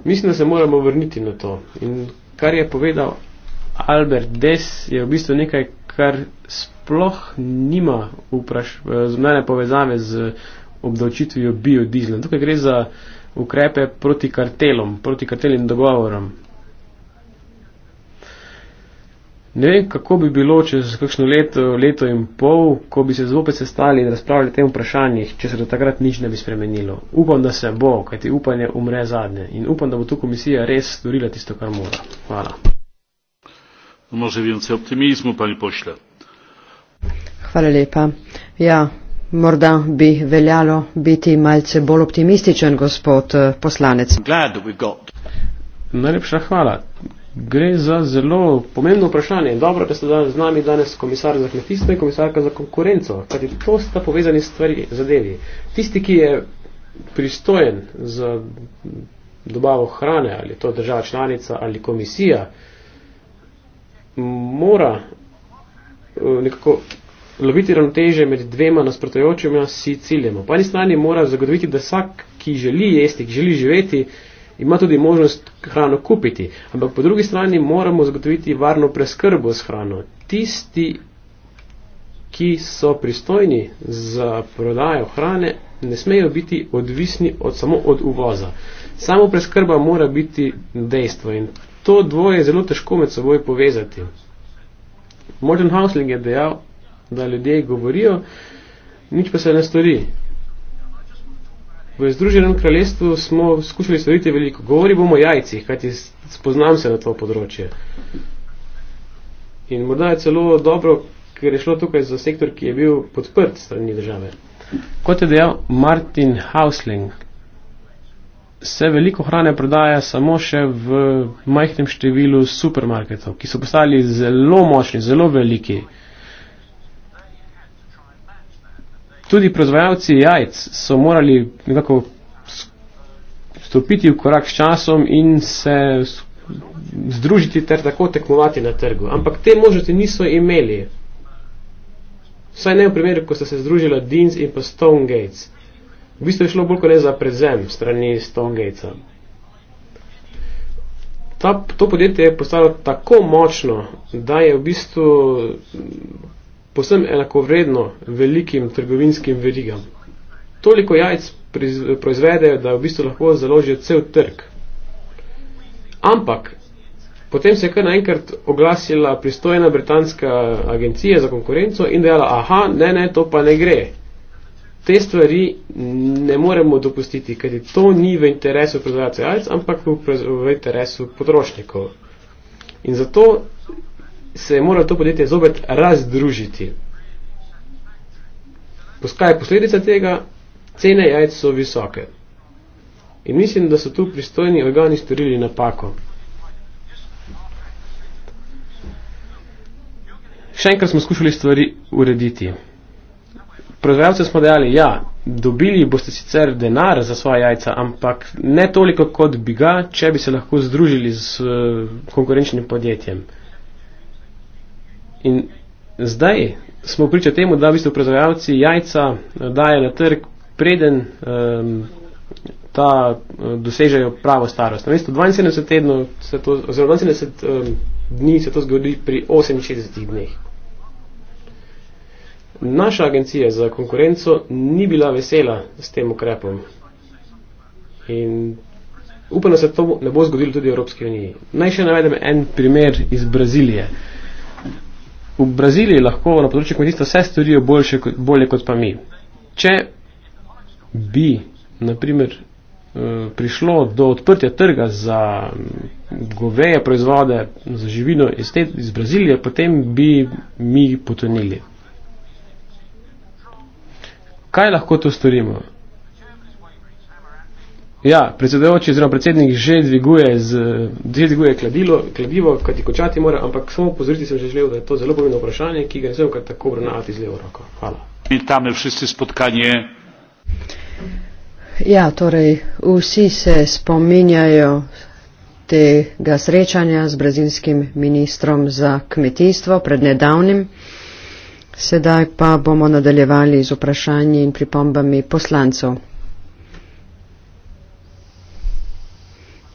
Mislim, da se moramo vrniti na to. In kar je povedal Albert Des, je v bistvu nekaj, kar sploh nima eh, zmene povezave z obdavčitvijo biodizla. Tukaj gre za ukrepe proti kartelom, proti kartelnim dogovorom. Ne vem, kako bi bilo čez kakšno leto, leto in pol, ko bi se zopet sestali in razpravljali o tem vprašanjih, če se do takrat nič ne bi spremenilo. Upam, da se bo, kajti upanje umre zadnje in upam, da bo tu komisija res storila tisto, kar mora. Hvala. Može vijemce optimizmu, pa ni pošlja. Hvala lepa. Ja, morda bi veljalo biti malce bolj optimističen, gospod eh, poslanec. Najlepša hvala. Gre za zelo pomembno vprašanje. Dobro, da ste da z nami danes komisar za kmetijstvo in komisarka za konkurenco, kajti to sta povezani stvari zadevi. Tisti, ki je pristojen za dobavo hrane, ali to država članica ali komisija, mora eh, nekako loviti ravnoteže med dvema nasprotujočima si ciljema. Po eni strani mora zagotoviti, da vsak, ki želi jesti, ki želi živeti, ima tudi možnost hrano kupiti, ampak po drugi strani moramo zagotoviti varno preskrbo s hrano. Tisti, ki so pristojni za prodajo hrane, ne smejo biti odvisni od, samo od uvoza. Samo preskrba mora biti dejstvo in to dvoje je zelo težko med seboj povezati. Morten Hausling je dejal, da ljudje govorijo, nič pa se ne stori. V Združenem kraljestvu smo skušali storiti veliko. Govori bomo o jajcih, kajti spoznam se na to področje. In morda je celo dobro, ker je šlo tukaj za sektor, ki je bil podprt strani države. Kot je dejal Martin Hausling, se veliko hrane prodaja samo še v majhnem številu supermarketov, ki so postali zelo močni, zelo veliki. Tudi proizvajalci jajc so morali nekako stopiti v korak s časom in se združiti ter tako tekmovati na trgu. Ampak te možnosti niso imeli. Vsaj ne v primeru, ko sta se združila Deans in pa Stone Gates. V bistvu je šlo bolj kot ne za prezem strani Stone Gatesa. Ta, to podjetje je postalo tako močno, da je v bistvu posem enakovredno velikim trgovinskim verigam. Toliko jajc proizvedejo, da v bistvu lahko založijo cel trg. Ampak, potem se je kar naenkrat oglasila pristojna britanska agencija za konkurenco in dejala, aha, ne, ne, to pa ne gre. Te stvari ne moremo dopustiti, kajti to ni v interesu prodajalcev jajc, ampak v interesu potrošnikov. In zato se je moralo to podjetje zopet razdružiti. Kaj je posledica tega? Cene jajc so visoke. In mislim, da so tu pristojni organi storili napako. Še enkrat smo skušali stvari urediti. Prodajalce smo dejali, ja, dobili boste sicer denar za svoje jajca, ampak ne toliko kot bi ga, če bi se lahko združili z konkurenčnim podjetjem. In zdaj smo priča temu, da v bistvu proizvajalci jajca eh, daje na trg preden um, ta eh, dosežejo pravo starost. Namesto 72 tednov se to, oziroma 72 um, dni se to zgodi pri 68 dneh. Naša agencija za konkurenco ni bila vesela s tem ukrepom. In upam, da se to ne bo zgodilo tudi v Evropski uniji. Naj še navedem en primer iz Brazilije. Uh, V Braziliji lahko na področju kmetijstva vse storijo boljše, bolje kot pa mi. Če bi, naprimer, eh, prišlo do odprtja trga za mm, goveje proizvode, za živino iz, te, iz Brazilije, potem bi mi potonili. Kaj lahko to storimo? Ja, predsedujoči oziroma predsednik že dviguje, z, že dviguje kladilo, kladivo, kajti kočati mora, ampak samo upozoriti sem že želel, da je to zelo pomembno vprašanje, ki ga ne smemo kar tako obravnavati z levo roko. Hvala. In tam je vsi spotkanje. Ja, torej vsi se spominjajo tega srečanja z brazilskim ministrom za kmetijstvo pred nedavnim. Sedaj pa bomo nadaljevali z vprašanji in pripombami poslancov.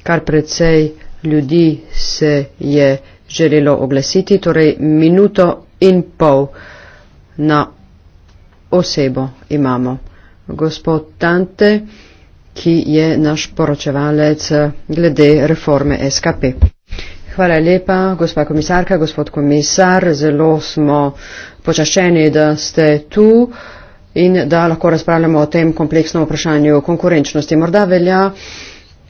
kar precej ljudi se je želelo oglasiti, torej minuto in pol na osebo imamo. Gospod Tante, ki je naš poročevalec glede reforme SKP. Hvala lepa, gospa komisarka, gospod komisar, zelo smo počaščeni, da ste tu in da lahko razpravljamo o tem kompleksnem vprašanju konkurenčnosti. Morda velja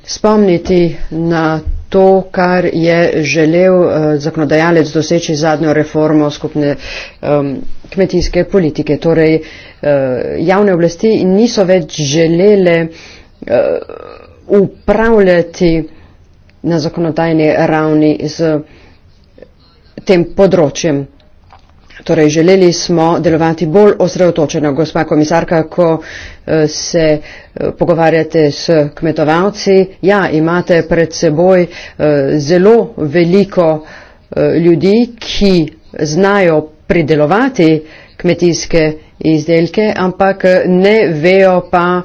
spomniti na to, kar je želel uh, zakonodajalec doseči zadnjo reformo skupne um, kmetijske politike. Torej, uh, javne oblasti niso več želele uh, upravljati na zakonodajni ravni z tem področjem. Torej, želeli smo delovati bolj osredotočeno, gospa komisarka, ko eh, se eh, pogovarjate s kmetovalci. Ja, imate pred seboj eh, zelo veliko ljudi, ki znajo pridelovati kmetijske izdelke, ampak ne vejo pa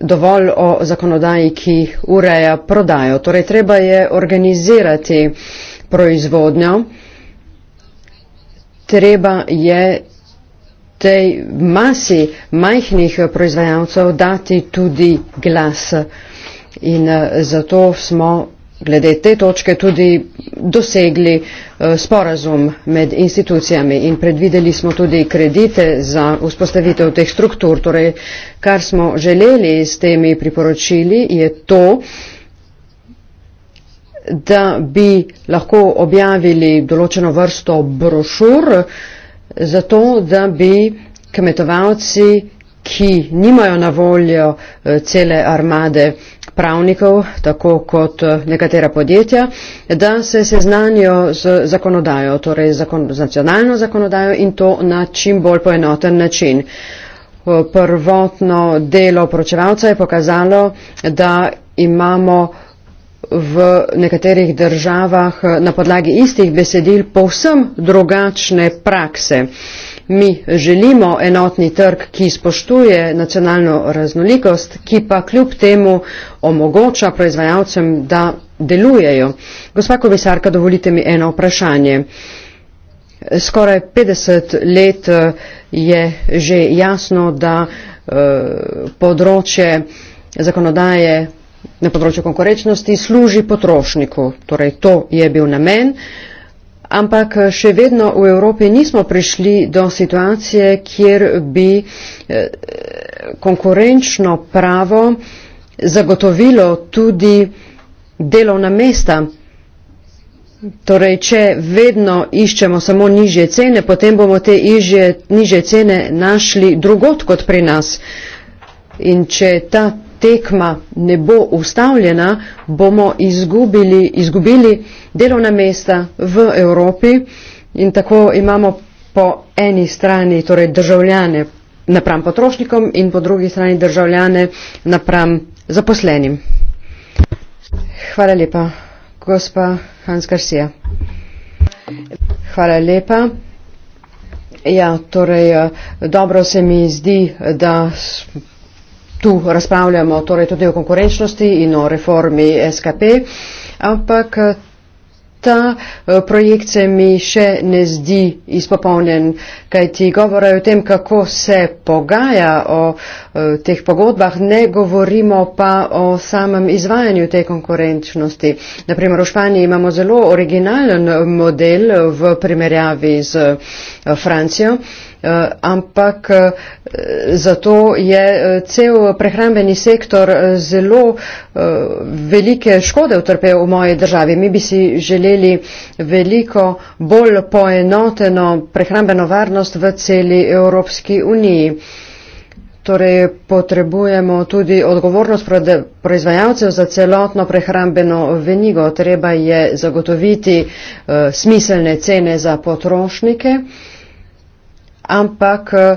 dovolj o zakonodaji, ki ureja prodajo. Torej, treba je organizirati proizvodnjo treba je tej masi majhnih proizvajalcev dati tudi glas. In eh, zato smo glede te točke tudi dosegli eh, sporazum med institucijami in predvideli smo tudi kredite za vzpostavitev teh struktur. Torej, kar smo želeli s temi priporočili je to, da da bi lahko objavili določeno vrsto brošur, zato da bi kmetovalci, ki nimajo na voljo eh, cele armade pravnikov, tako kot eh, nekatera podjetja, da se seznanijo z zakonodajo, torej zakon, z nacionalno zakonodajo in to na čim bolj poenoten način. Eh, prvotno delo pročevalca je pokazalo, da imamo v nekaterih državah na podlagi istih besedil povsem drugačne prakse. Mi želimo enotni trg, ki spoštuje nacionalno raznolikost, ki pa kljub temu omogoča proizvajalcem, da delujejo. Gospa komisarka, dovolite mi eno vprašanje. Skoraj 50 let eh, je že jasno, da eh, področje zakonodaje na področju konkurenčnosti služi potrošniku. Torej, to je bil namen. Ampak eh, še vedno v Evropi nismo prišli do situacije, kjer bi eh, konkurenčno pravo zagotovilo tudi delovna mesta. Torej, če vedno iščemo samo nižje cene, potem bomo te iže, nižje cene našli drugot kot pri nas. In če ta tekma ne bo ustavljena, bomo izgubili, izgubili delovna mesta v Evropi in tako imamo po eni strani torej državljane napram potrošnikom in po drugi strani državljane napram zaposlenim. Hvala lepa, gospa Hans Garcia. Hvala lepa. Ja, torej, eh, dobro se mi zdi, da tu razpravljamo torej tudi o konkurenčnosti in o reformi SKP, ampak ta projekt se mi še ne zdi izpopolnjen, kaj ti govore o tem, kako se pogaja o e, teh pogodbah, ne govorimo pa o samem izvajanju te konkurenčnosti. Naprimer, v Španiji imamo zelo originalen model v primerjavi z e, Francijo. Eh, ampak eh, zato je eh, cel prehrambeni sektor zelo velike škode utrpel v moji državi. Mi bi si želeli veliko bolj poenoteno prehrambeno varnost v celi Evropski uniji. Torej potrebujemo tudi odgovornost proizvajalcev za celotno prehrambeno venigo. Treba je zagotoviti uh, smiselne cene za potrošnike. Uh, ampak eh,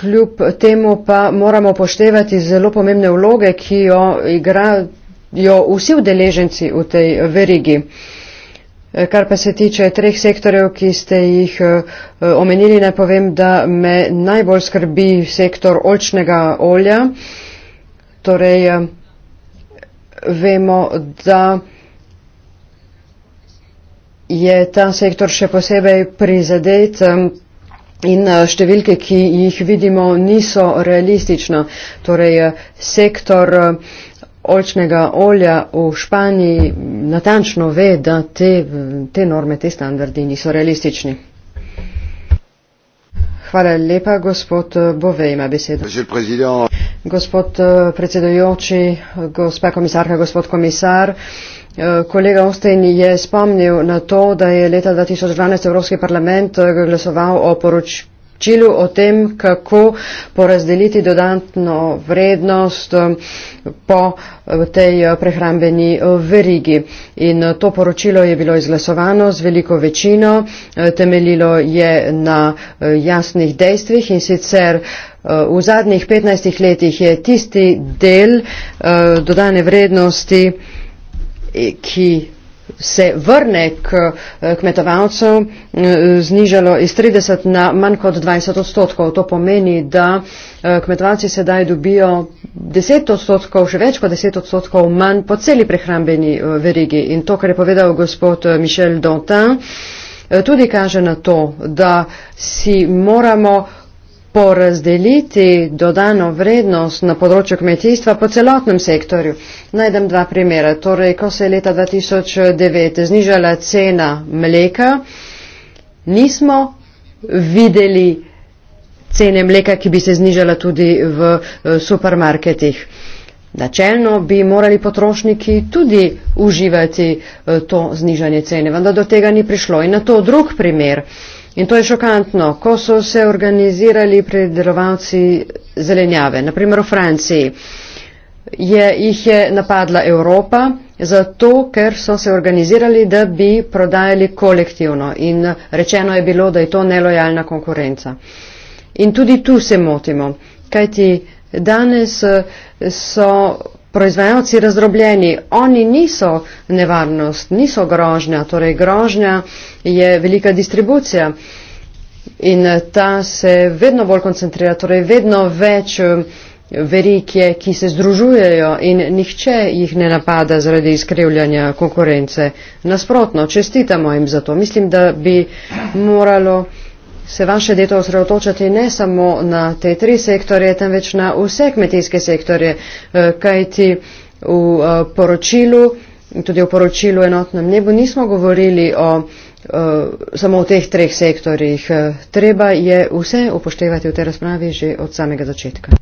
kljub temu pa moramo poštevati zelo pomembne vloge, ki jo igrajo vsi udeleženci v tej verigi. Eh, kar pa se tiče treh sektorjev, ki ste jih eh, omenili, naj povem, da me najbolj skrbi sektor olčnega olja. Torej, vemo, da je ta sektor še posebej prizadet in eh, številke, ki jih vidimo, niso realistične. Torej, eh, sektor eh, olčnega olja v Španiji natančno ve, da te, te norme, te standardi niso realistični. Hvala lepa, gospod Bove ima besedo. Gospod predsedujoči, gospa komisarka, gospod komisar. Eh, kolega Osten je spomnil na to, da je leta 2012 Evropski parlament eh, glasoval o poročilu o tem, kako porazdeliti dodatno vrednost eh, po tej prehrambeni verigi. In to poročilo je bilo izglasovano z veliko večino, temeljilo je na jasnih dejstvih in sicer. V zadnjih 15 letih je tisti del dodane vrednosti E, ki se vrne k eh, kmetovalcev eh, znižalo iz 30 na manj kot 20 odstotkov. To pomeni, da eh, kmetovalci sedaj dobijo 10 odstotkov, še več kot 10 odstotkov manj po celi prehrambeni verigi. In to, kar je povedal gospod Mišel Dota, tudi kaže na to, da si moramo porazdeliti dodano vrednost na področju kmetijstva po celotnem sektorju. Najdem dva primera. Torej, ko se je leta 2009 znižala cena mleka, nismo videli cene mleka, ki bi se znižala tudi v eh, supermarketih. Načelno bi morali potrošniki tudi uživati eh, to znižanje cene, vendar do tega ni prišlo. In na to drug primer. In to je šokantno, ko so se organizirali predelovalci zelenjave, naprimer v Franciji. Je, jih je napadla Evropa zato, ker so se organizirali, da bi prodajali kolektivno in rečeno je bilo, da je to nelojalna konkurenca. In tudi tu se motimo, kajti danes eh, so proizvajalci razdrobljeni. Oni niso nevarnost, niso grožnja. Torej, grožnja je velika distribucija. In eh, ta se vedno bolj koncentrira, torej vedno več eh, verike, ki se združujejo in nihče jih ne napada zaradi izkrivljanja konkurence. Nasprotno, čestitamo jim za to. Mislim, da bi moralo se vaše deto osredotočati ne samo na te tri sektorje, temveč na vse kmetijske sektorje, eh, kajti v eh, poročilu, tudi v poročilu enotnem nebu nismo govorili o, o, eh, samo o teh treh sektorjih. Treba je vse upoštevati v tej razpravi že od samega začetka.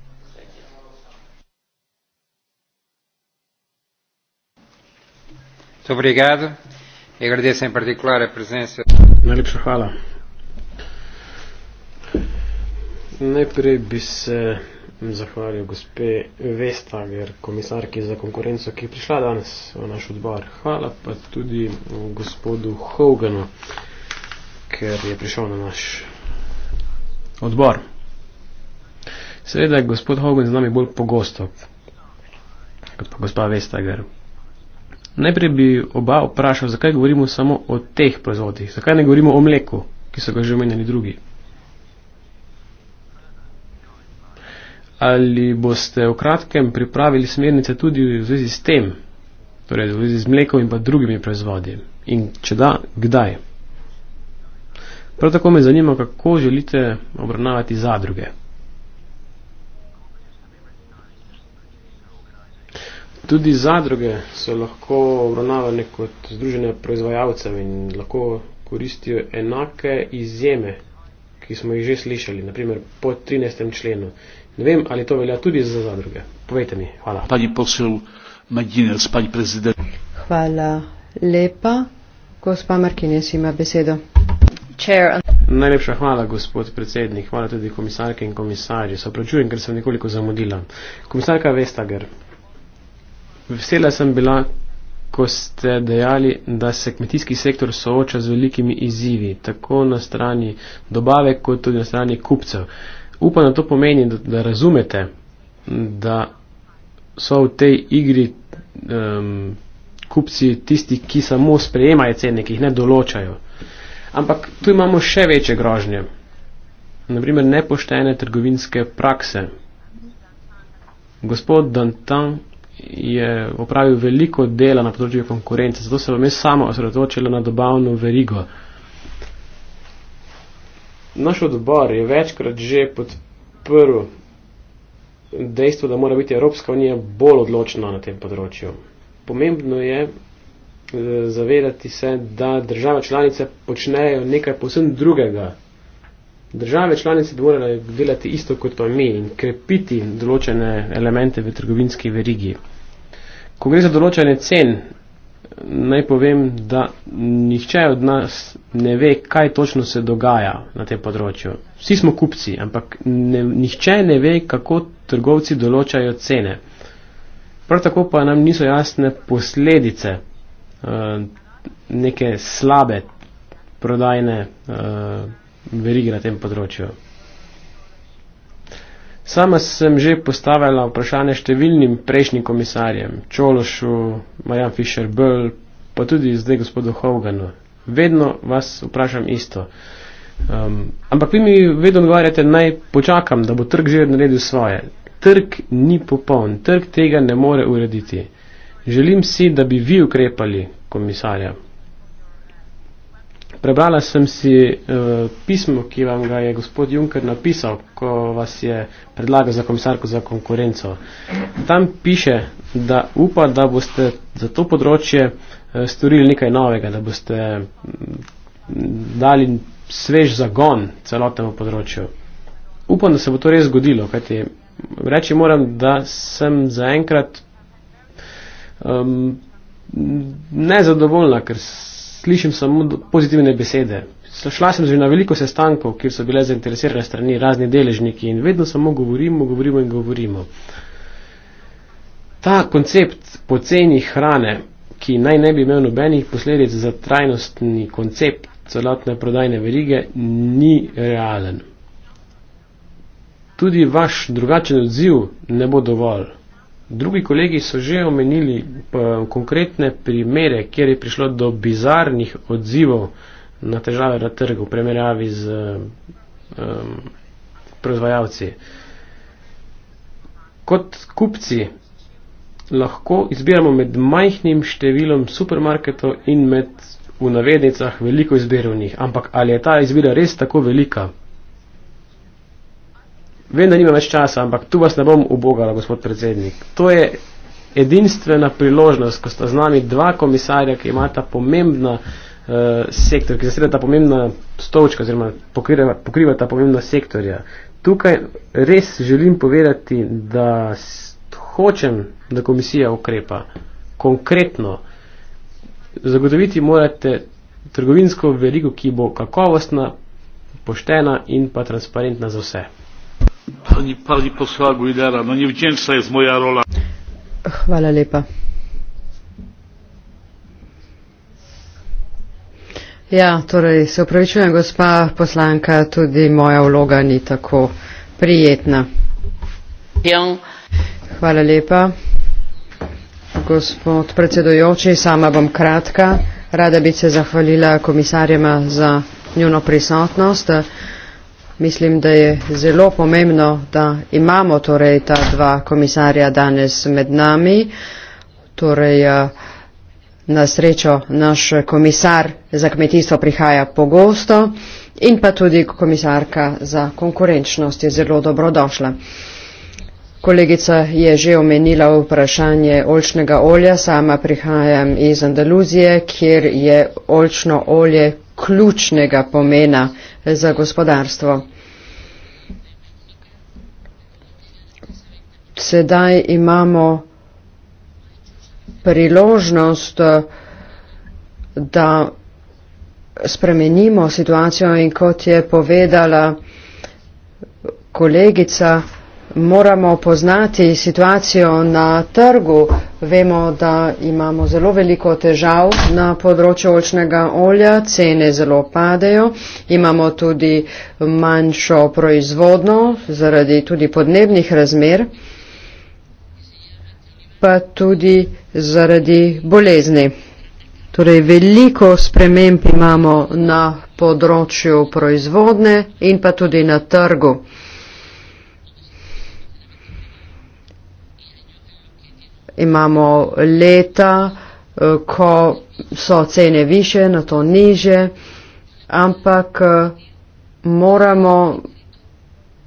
Dobrigado. E agradeço em particular a presença. Muito obrigado. Najprej bi se zahvalil gospe Vestager, komisarki za konkurenco, ki je prišla danes v naš odbor. Hvala pa tudi gospodu Hoganu, ker je prišel na naš odbor. Seveda je gospod Hogan z nami bolj pogosto kot pa gospa Vestager. Najprej bi oba vprašal, zakaj govorimo samo o teh proizvodih, zakaj ne govorimo o mleku, ki so ga že omenjali drugi. ali boste v kratkem pripravili smernice tudi v zvezi s tem, torej v zvezi z mlekom in pa drugimi proizvodi in če da, kdaj. Prav tako me zanima, kako želite obravnavati zadruge. Tudi zadruge so lahko obravnavane kot združene proizvajalcev in lahko koristijo enake izjeme, ki smo jih že slišali, naprimer po 13. členu. Ne vem, ali to velja tudi za zadruge. Povejte mi, hvala. Pani posel Medinec, pani prezident. Hvala lepa. Gospa Markines ima besedo. Chair. Uh, Najlepša hvala, gospod predsednik. Hvala tudi komisarke in komisarji. Se opravičujem, ker sem nekoliko zamudila. Komisarka Vestager, vesela sem bila, ko ste dejali, da se kmetijski sektor sooča z velikimi izzivi, tako na strani dobave, kot tudi na strani kupcev. Upam, da to pomeni, da, da razumete, da so v tej igri um, kupci tisti, ki samo sprejemajo cene, ki jih ne določajo. Ampak tu imamo še večje grožnje, naprimer nepoštene trgovinske prakse. Gospod Dantan je opravil veliko dela na področju konkurence, zato se bom jaz samo osredotočila na dobavno verigo. Naš odbor je večkrat že podprl dejstvo, da mora biti Evropska unija bolj odločna na tem področju. Pomembno je eh, zavedati se, da države članice počnejo nekaj posebno drugega. Države članice bi morale delati isto kot pa mi in krepiti določene elemente v trgovinski verigi. Ko gre za določene cen, naj povem, da nihče od nas ne ve, kaj točno se dogaja na tem področju. Vsi smo kupci, ampak ne, nihče ne ve, kako trgovci določajo cene. Prav tako pa nam niso jasne posledice eh, neke slabe prodajne eh, verige na tem področju. Sama sem že postavila vprašanje številnim prejšnjim komisarjem, Čološu, Marjan Fischer, Bell, pa tudi zdaj gospodu Hoganu. Vedno vas vprašam isto. Um, ampak vi mi vedno odgovarjate, naj počakam, da bo trg že naredil svoje. Trg ni popoln, trg tega ne more urediti. Želim si, da bi vi ukrepali, komisarja, prebrala sem si uh, pismo, ki vam ga je gospod Juncker napisal, ko vas je predlagal za komisarko za konkurenco. Tam piše, da upa, da boste za to področje uh, storili nekaj novega, da boste mm, dali svež zagon celotnemu področju. Upam, da se bo to res zgodilo, kajti reči moram, da sem zaenkrat um, nezadovoljna, ker sem slišim samo pozitivne besede. Šla sem že na veliko sestankov, kjer so bile zainteresirane strani razni deležniki in vedno samo govorimo, govorimo in govorimo. Ta koncept poceni hrane, ki naj ne bi imel nobenih posledic za trajnostni koncept celotne prodajne verige, ni realen. Tudi vaš drugačen odziv ne bo dovolj. Drugi kolegi so že omenili konkretne primere, kjer je prišlo do bizarnih odzivov na težave na trgu v primerjavi z um, proizvajalci. Kot kupci lahko izbiramo med majhnim številom supermarketov in med v navednicah veliko izbiro njih, ampak ali je ta izbira res tako velika? Vem, da nimam več časa, ampak tu vas ne bom ubogala, gospod predsednik. To je edinstvena priložnost, ko sta z nami dva komisarja, ki imata pomembna uh, sektor, ki zasedata pomembna stolčka oziroma pokrivata, pokrivata pomembna sektorja. Tukaj res želim povedati, da hočem, da komisija ukrepa konkretno. Zagotoviti morate trgovinsko verigo, ki bo kakovostna, poštena in pa transparentna za vse. Pani, pani posła Aguilera, no niewdzięczna jest moja rola. Chwala lepa. Ja, torej se upravičujem, gospa poslanka, tudi moja vloga ni tako prijetna. Hvala lepa, gospod predsedojoči, sama bom kratka. Rada bi se zahvalila komisarjema za njuno prisotnost. Mislim, da je zelo pomembno, da imamo torej ta dva komisarja danes med nami. Torej, eh, na srečo naš komisar za kmetijstvo prihaja pogosto in pa tudi komisarka za konkurenčnost je zelo dobrodošla. Kolegica je že omenila vprašanje olčnega olja, sama prihajam iz Andaluzije, kjer je olčno olje ključnega pomena za gospodarstvo. sedaj imamo priložnost, eh, da spremenimo situacijo in kot je povedala kolegica, moramo poznati situacijo na trgu. Vemo, da imamo zelo veliko težav na področju očnega olja, cene zelo padejo, imamo tudi manjšo proizvodno zaradi tudi podnebnih razmer pa tudi zaradi bolezni. Torej, veliko sprememb imamo na področju proizvodne in pa tudi na trgu. Imamo leta, ko so cene više, na to niže, ampak moramo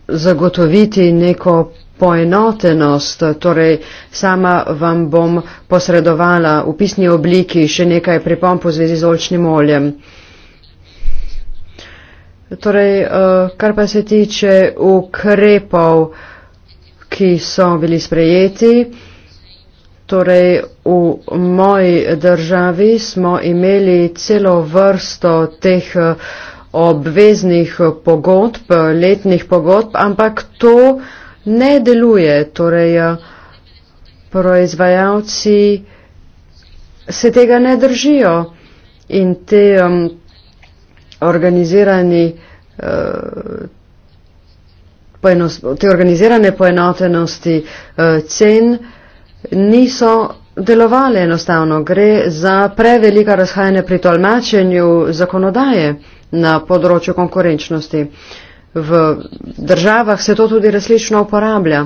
zagotoviti neko poenotenost, torej sama vam bom posredovala v pisni obliki še nekaj pripomp v zvezi z olčnim oljem. Torej, eh, kar pa se tiče ukrepov, ki so bili sprejeti, torej v moji državi smo imeli celo vrsto teh eh, obveznih pogodb, letnih pogodb, ampak to, ne deluje, torej eh, proizvajalci se tega ne držijo in te um, organizirani eh, te organizirane poenotenosti eh, cen niso delovali enostavno. Gre za prevelika razhajanja pri tolmačenju zakonodaje na področju konkurenčnosti v državah se to tudi različno uporablja.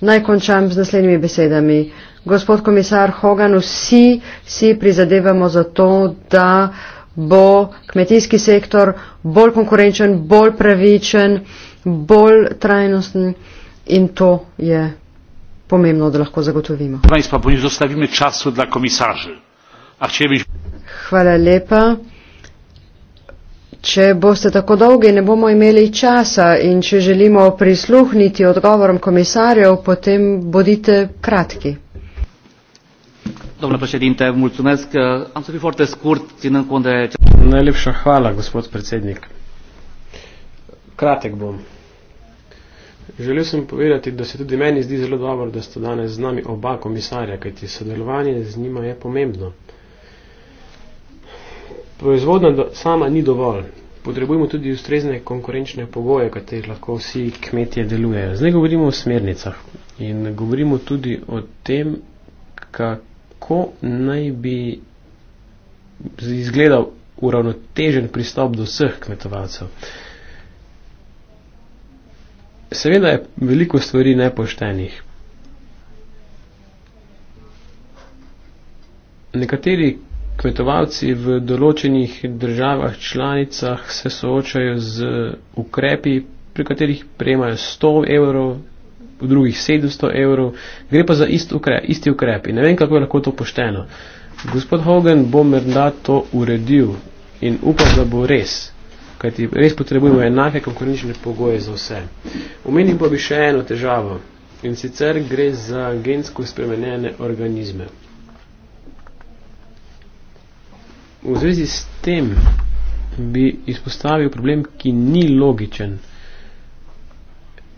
Naj končam z naslednjimi besedami. Gospod komisar Hogan, vsi si prizadevamo za to, da bo kmetijski sektor bolj konkurenčen, bolj pravičen, bolj trajnosten in to je pomembno, da lahko zagotovimo. Hvala lepa. Če boste tako dolgi, ne bomo imeli časa in če želimo prisluhniti odgovorom komisarjev, potem bodite kratki. Najlepša hvala, gospod predsednik. Kratek bom. Želel sem povedati, da se tudi meni zdi zelo dobro, da ste danes z nami oba komisarja, kajti sodelovanje z njima je pomembno. Proizvodna sama ni dovolj. Potrebujemo tudi ustrezne konkurenčne pogoje, kateri lahko vsi kmetje delujejo. Zdaj govorimo o smernicah in govorimo tudi o tem, kako naj bi izgledal uravnotežen pristop do vseh kmetovalcev. Seveda je veliko stvari nepoštenih. Nekateri kmetovalci v določenih državah članicah se soočajo z ukrepi, pri katerih prejemajo 100 evrov, v drugih 700 evrov. Gre pa za ist ukrep, isti ukrepi. Ne vem, kako je lahko to pošteno. Gospod Hogan bo morda to uredil in upam, da bo res, kajti res potrebujemo enake konkurenčne pogoje za vse. Omenim pa bi še eno težavo in sicer gre za gensko spremenjene organizme. V zvezi s tem bi izpostavil problem, ki ni logičen.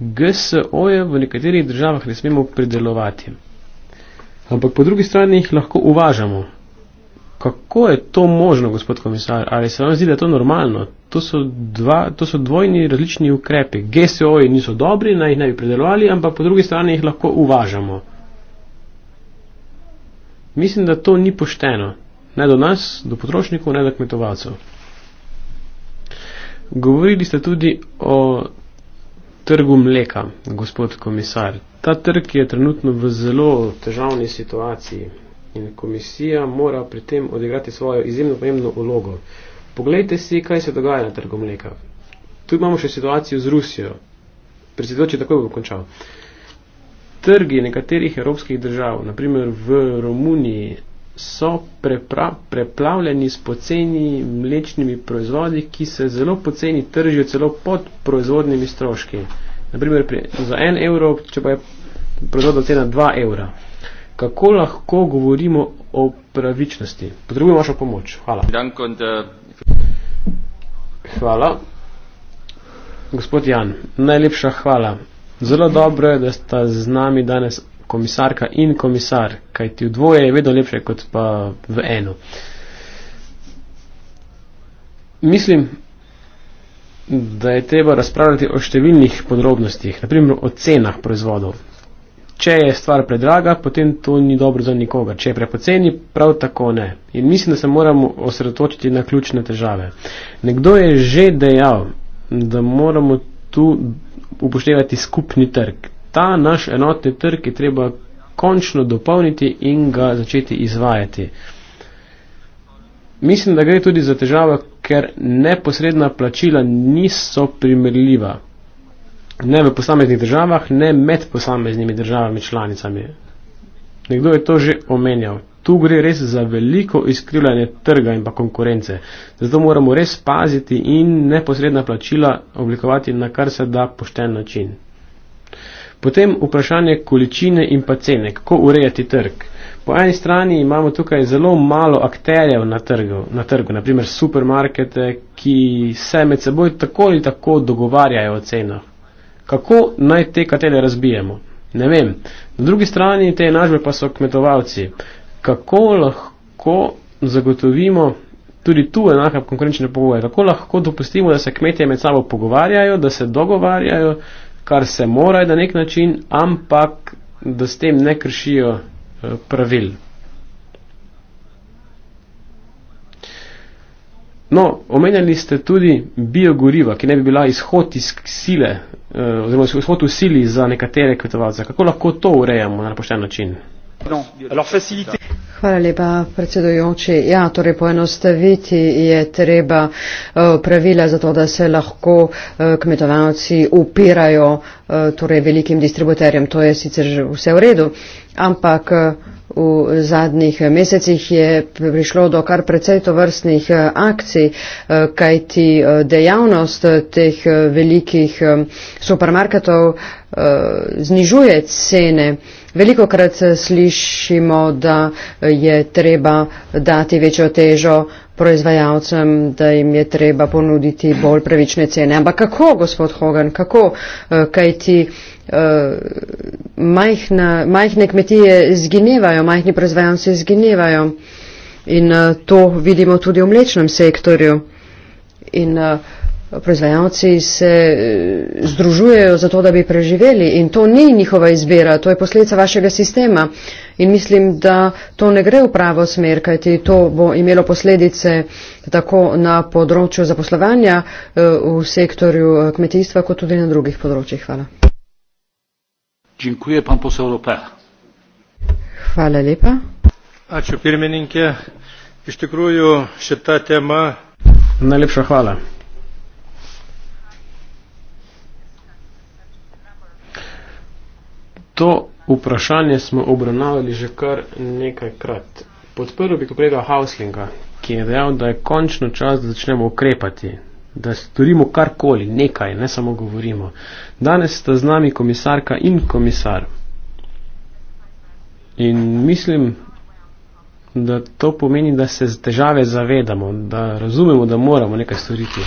GSO-je v nekaterih državah ne smemo predelovati. Ampak po drugi strani jih lahko uvažamo. Kako je to možno, gospod komisar? Ali se vam zdi, da je to normalno? To so, dva, to so dvojni različni ukrepi. GSO-ji niso dobri, naj jih ne bi predelovali, ampak po drugi strani jih lahko uvažamo. Mislim, da to ni pošteno ne do nas, do potrošnikov, ne do kmetovalcev. Govorili ste tudi o trgu mleka, gospod komisar. Ta trg je trenutno v zelo težavni situaciji in komisija mora pri tem odigrati svojo izjemno pomembno ulogo. Poglejte si, kaj se dogaja na trgu mleka. Tu imamo še situacijo z Rusijo. Predsedujoči takoj bo končal. Trgi nekaterih evropskih držav, naprimer v Romuniji, so prepra, preplavljeni s poceni mlečnimi proizvodi, ki se zelo poceni tržijo celo pod proizvodnimi stroški. Naprimer, pri, za en evro, če pa je proizvodna cena dva evra. Kako lahko govorimo o pravičnosti? Potrebujemo vašo pomoč. Hvala. Eh, hvala. Gospod Jan, najlepša hvala. Zelo dobro je, da ste z nami danes komisarka in komisar, kajti v dvoje je vedno lepše kot pa v eno. Mislim, da je treba razpravljati o številnih podrobnostih, naprimer o cenah proizvodov. Če je stvar predraga, potem to ni dobro za nikoga. Če je prepoceni, prav tako ne. In mislim, da se moramo osredotočiti na ključne težave. Nekdo je že dejal, da moramo tu upoštevati skupni trg ta naš enotni trg je treba končno dopolniti in ga začeti izvajati. Mislim, da gre tudi za težavo, ker neposredna plačila niso primerljiva. Ne v posameznih državah, ne med posameznimi državami članicami. Nekdo je to že omenjal. Tu gre res za veliko izkrivljanje trga in pa konkurence. Zato moramo res paziti in neposredna plačila oblikovati na kar se da pošten način. Potem vprašanje količine in pa cene, kako urejati trg. Po eni strani imamo tukaj zelo malo akterjev na trgu, na trgu, naprimer supermarkete, ki se med seboj tako ali tako dogovarjajo o ceno. Kako naj te katere razbijemo? Ne vem. Na drugi strani te enažbe pa so kmetovalci. Kako lahko zagotovimo tudi tu enaka konkurenčne pogoje? Kako lahko dopustimo, da se kmetje med sabo pogovarjajo, da se dogovarjajo? kar se mora na nek način, ampak da s tem ne kršijo eh, pravil. No, omenjali ste tudi biogoriva, ki ne bi bila izhod iz sile, eh, oziroma izhod v sili za nekatere kvetovalce. Kako lahko to urejamo na pošten način? No. Hvala lepa, predsedujoči. Ja, torej poenostaviti je treba eh, pravila za to, da se lahko eh, kmetovalci upirajo eh, torej velikim distributerjem. To je sicer vse v redu ampak eh, v zadnjih mesecih je prišlo do kar precej tovrstnih eh, akcij, eh, kajti dejavnost teh velikih supermarketov znižuje cene. Veliko krat slišimo, da je treba dati večjo težo proizvajalcem, da jim je treba ponuditi bolj pravične cene. Ampak kako, gospod Hogan, kako, eh, kaj ti eh, majhna, majhne kmetije zginevajo, majhni proizvajalci zginevajo in eh, to vidimo tudi v mlečnem sektorju. In uh, Proizvajalci se eh, združujejo zato, da bi preživeli in to ni njihova izbira, to je posledica vašega sistema in mislim, da to ne gre v pravo smer, kajti to bo imelo posledice tako na področju zaposlovanja eh, v sektorju eh, kmetijstva, kot tudi na drugih področjih. Hvala. Hvala lepa. Ačiū pirmininkė, iš tikrųjų šita tema. Najlepša hvala. To vprašanje smo obravnavali že kar nekajkrat. Podprl bi kolega Hauslinga, ki je dejal, da je končno čas, da začnemo ukrepati, da storimo karkoli, nekaj, ne samo govorimo. Danes sta z nami komisarka in komisar. In mislim, da to pomeni, da se težave zavedamo, da razumemo, da moramo nekaj storiti.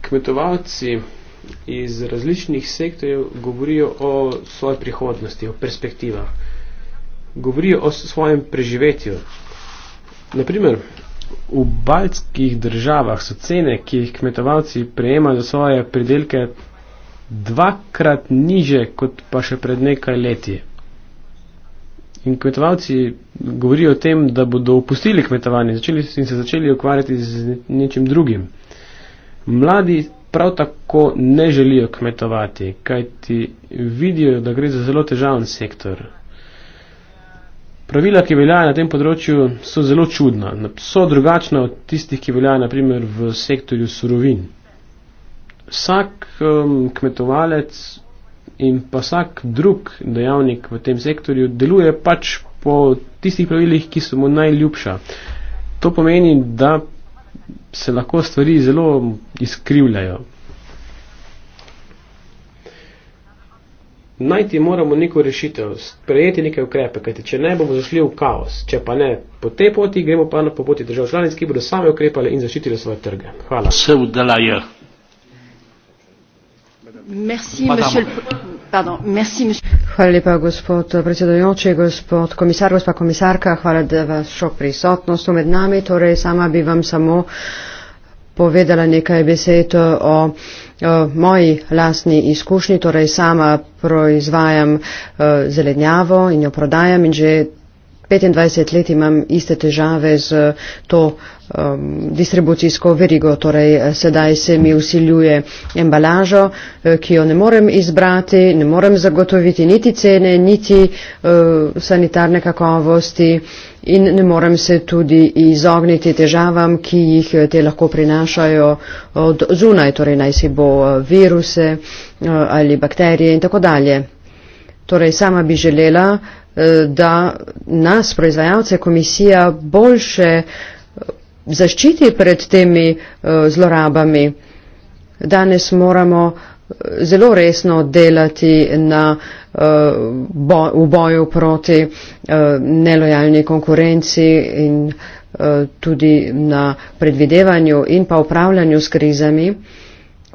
Kmetovalci iz različnih sektorjev govorijo o svoji prihodnosti, o perspektivah. Govorijo o svojem preživetju. Naprimer, v baltskih državah so cene, ki jih kmetovalci prejemajo za svoje pridelke, dvakrat niže kot pa še pred nekaj leti. In kmetovalci govorijo o tem, da bodo opustili kmetovanje in se začeli ukvarjati z nečim drugim. Mladi prav tako ne želijo kmetovati, kajti vidijo, da gre za zelo težaven sektor. Pravila, ki veljajo na tem področju, so zelo čudna. So drugačna od tistih, ki veljajo naprimer v sektorju surovin. Vsak um, kmetovalec in pa vsak drug dejavnik v tem sektorju deluje pač po tistih pravilih, ki so mu najljubša. To pomeni, da se lahko stvari zelo izkrivljajo. Najti moramo neko rešitev, sprejeti neke ukrepe, kajti če ne bomo zašli v kaos, če pa ne po tej poti, gremo pa na po poti držav članic, ki bodo same ukrepale in zaščitile svoje trge. Hvala. Merci, Madame. monsieur le Hvala lepa, gospod predsedojoči, gospod komisar, gospa komisarka, hvala, da vas šlo prisotnost med nami. Torej, sama bi vam samo povedala nekaj besed o, o moji lastni izkušnji. Torej, sama proizvajam o, e, zelenjavo in jo prodajam in že 25 let imam iste težave z to um, distribucijsko verigo, torej sedaj se mi usiljuje embalažo, eh, ki jo ne morem izbrati, ne morem zagotoviti niti cene, niti uh, sanitarne kakovosti in ne morem se tudi izogniti težavam, ki jih eh, te lahko prinašajo od zunaj, torej naj si bo viruse uh, ali bakterije in tako dalje. Torej, sama bi želela uh, Eh, da nas, proizvajalce, komisija boljše eh, zaščiti pred temi eh, zlorabami. Danes moramo zelo resno delati na, bo, v boju proti nelojalni konkurenci in tudi na predvidevanju in pa upravljanju s krizami,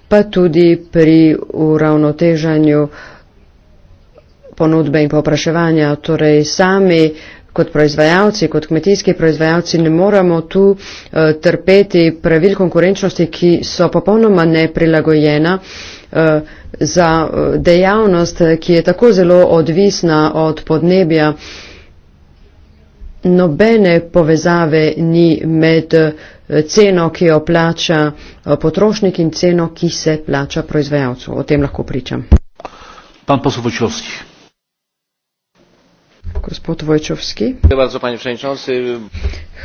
pa tudi pri uravnotežanju uh, ponudbe in popraševanja. Torej sami kot proizvajalci, kot kmetijski proizvajalci ne moramo tu uh, trpeti pravil konkurenčnosti, ki so popolnoma neprilagojena uh, za eh, dejavnost, ki je tako zelo odvisna od podnebja. Nobene povezave ni med ceno, ki jo plača potrošnik in ceno, ki se plača proizvajalcu. O tem lahko pričam. Pan poslovočovski. Gospod Vojčovski.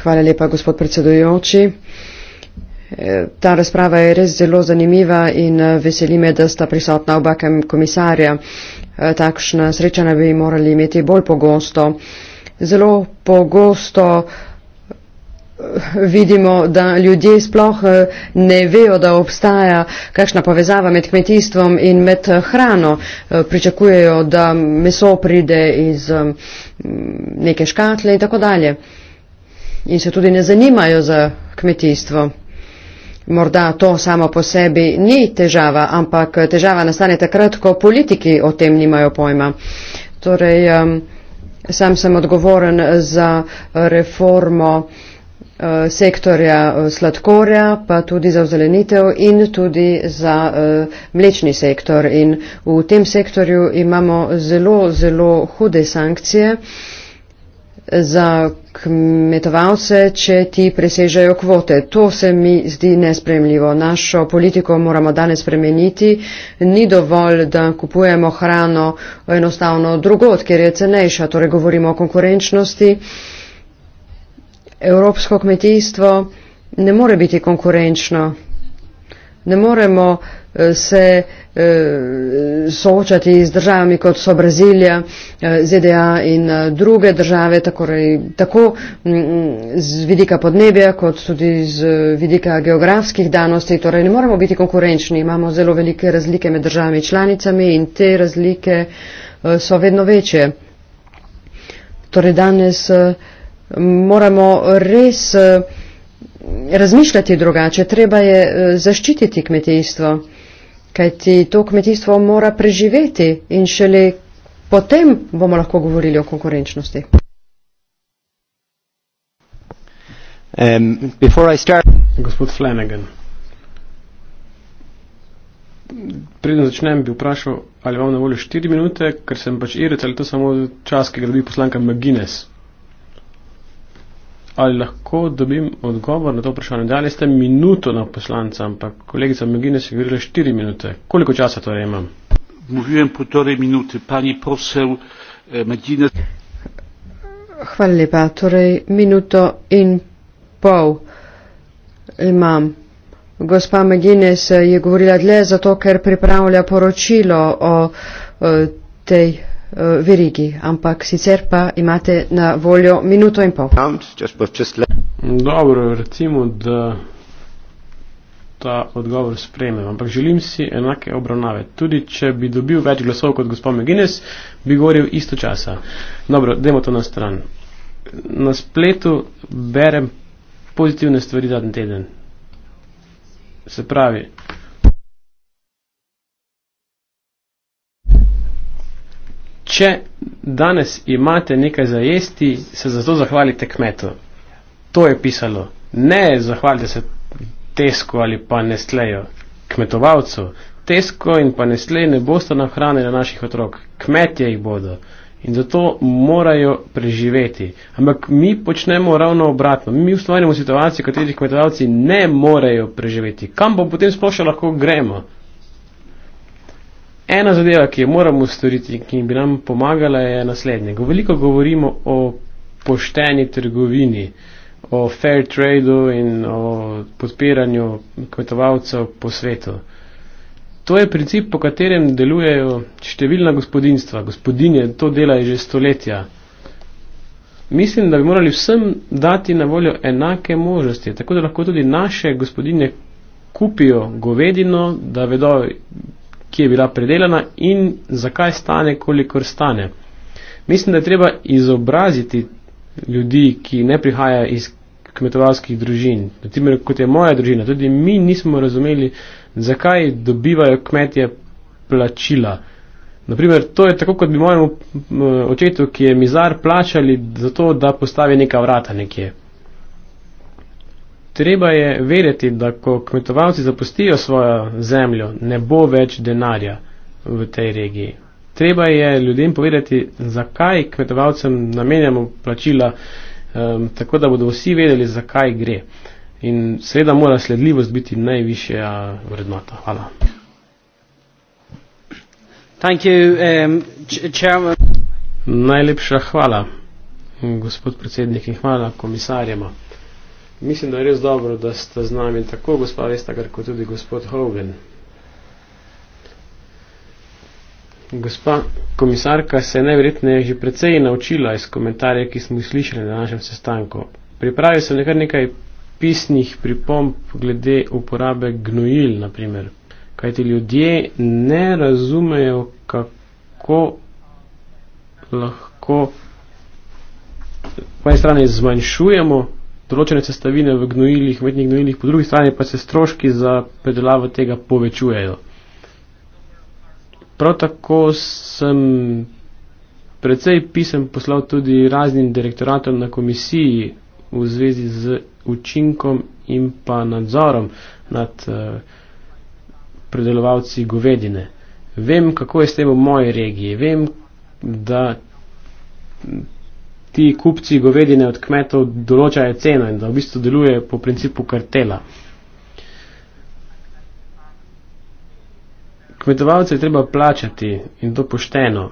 Hvala lepa, gospod predsedujoči. E, ta razprava je res zelo zanimiva in e, veseli me, da sta prisotna oba komisarja. E, takšna srečanja bi morali imeti bolj pogosto. Zelo pogosto uh, vidimo, da ljudje sploh eh, ne vejo, da obstaja kakšna povezava med kmetijstvom in med eh, hrano. Eh, pričakujejo, da meso pride iz neke škatle in tako dalje. In se tudi ne zanimajo za kmetijstvo. Morda to samo po sebi ni težava, ampak težava nastane takrat, ko politiki o tem nimajo pojma. Torej, sam sem odgovoren za reformo Eh, sektorja eh, sladkorja, pa tudi za ozelenitev in tudi za eh, mlečni sektor. In v tem sektorju imamo zelo, zelo hude sankcije za kmetovalce, če ti presežejo kvote. To se mi zdi nespremljivo. Našo politiko moramo danes spremeniti. Ni dovolj, da kupujemo hrano enostavno drugot, ker je cenejša. Torej govorimo o konkurenčnosti. Uh, evropsko kmetijstvo ne more biti konkurenčno. Ne moremo eh, se eh, soočati z državami kot so Brazilija, eh, ZDA in druge države, tako, tako mm, z vidika podnebja kot tudi z vidika geografskih danosti. Torej ne moremo biti konkurenčni, imamo zelo velike razlike med državami članicami in te razlike so vedno večje. Torej danes uh, moramo res eh, razmišljati drugače. Treba je eh, zaščititi kmetijstvo, kajti to kmetijstvo mora preživeti in šele potem bomo lahko govorili o konkurenčnosti. Um, start... Gospod Flanagan, predno začnem, bi vprašal, ali vam na voljo 4 minute, ker sem pač irec ali to samo čas, ki ga dobi poslanka McGuinness ali lahko dobim odgovor na to vprašanje. Dali ste minuto na poslanca, ampak kolegica Mogine se je govorila štiri minute. Koliko časa torej imam? Mogujem poltore minute. Pani prosev, eh, Mogine. Hvala lepa. Torej minuto in pol imam. Gospa Megines je govorila dlje zato, ker pripravlja poročilo o, o e, tej uh, verigi, ampak sicer pa imate na voljo minuto in pol. Dobro, recimo, da ta odgovor sprejmem, ampak želim si enake obravnave. Tudi, če bi dobil več glasov kot gospod McGuinness, bi govoril isto časa. Dobro, dajmo to na stran. Na spletu berem pozitivne stvari zadnji teden. Se pravi, če danes imate nekaj za jesti, se zato zahvalite kmetu. To je pisalo. Ne zahvalite se tesku ali pa nestlejo kmetovalcu. Tesko in pa nestlej ne boste nahranili naših otrok. Kmetje jih bodo. In zato morajo preživeti. Ampak mi počnemo ravno obratno. Mi ustvarjamo situacijo, v kateri kmetovalci ne morejo preživeti. Kam pa potem sploh še lahko gremo? ena zadeva, ki jo moramo storiti in ki bi nam pomagala, je naslednje. Veliko govorimo o pošteni trgovini, o fair tradu in o podpiranju kmetovalcev po svetu. To je princip, po katerem delujejo številna gospodinstva. Gospodinje to delajo že stoletja. Mislim, da bi morali vsem dati na voljo enake možnosti, tako da lahko tudi naše gospodinje kupijo govedino, da vedo, ki je bila predelana in zakaj stane, kolikor stane. Mislim, da je treba izobraziti ljudi, ki ne prihajajo iz kmetovalskih družin. Naprimer, kot je moja družina, tudi mi nismo razumeli, zakaj dobivajo kmetje plačila. Naprimer, to je tako, kot bi mojemu očetu, ki je mizar, plačali za to, da postavi neka vrata nekje. Treba je vedeti, da ko kmetovalci zapustijo svojo zemljo, ne bo več denarja v tej regiji. Treba je ljudem povedati, zakaj kmetovalcem namenjamo plačila, um, tako da bodo vsi vedeli, zakaj gre. In seveda mora sledljivost biti najvišja vrednota. Hvala. You, um, ehm, ch Najlepša hvala, gospod predsednik, in hvala komisarjema. Mislim, da je res dobro, da ste z nami tako gospa Vestagar, kot tudi gospod Hogan. Gospa komisarka se je najverjetneje že precej naučila iz komentarjev, ki smo jih slišali na našem sestanku. Pripravili so nekaj nekaj pisnih pripomp glede uporabe gnojil, naprimer. Kajti ljudje ne razumejo, kako lahko po eni strani zmanjšujemo določene sestavine v gnojilih, umetnih gnojilih, po drugi strani pa se stroški za predelavo tega povečujejo. Prav tako sem precej pisem poslal tudi raznim direktoratom na komisiji v zvezi z učinkom in pa nadzorom nad eh, predelovalci govedine. Vem, kako je s tem v moji regiji. Vem, da ti kupci govedine od kmetov določajo ceno in da v bistvu deluje po principu kartela. Kmetovalce je treba plačati in to pošteno,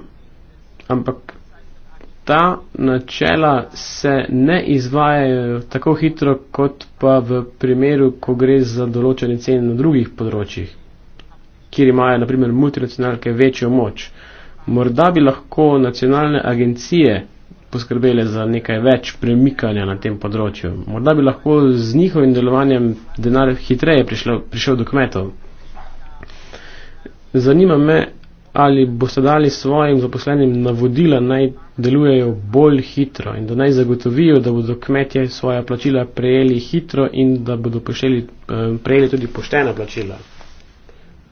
ampak ta načela se ne izvajajo tako hitro, kot pa v primeru, ko gre za določene cene na drugih področjih, kjer imajo naprimer multinacionalke večjo moč. Morda bi lahko nacionalne agencije poskrbele za nekaj več premikanja na tem področju. Morda bi lahko z njihovim delovanjem denar hitreje prišlo, prišel do kmetov. Zanima me, ali boste dali svojim zaposlenim navodila naj delujejo bolj hitro in da naj zagotovijo, da bodo kmetje svoja plačila prejeli hitro in da bodo pošeli, eh, prejeli tudi poštena plačila.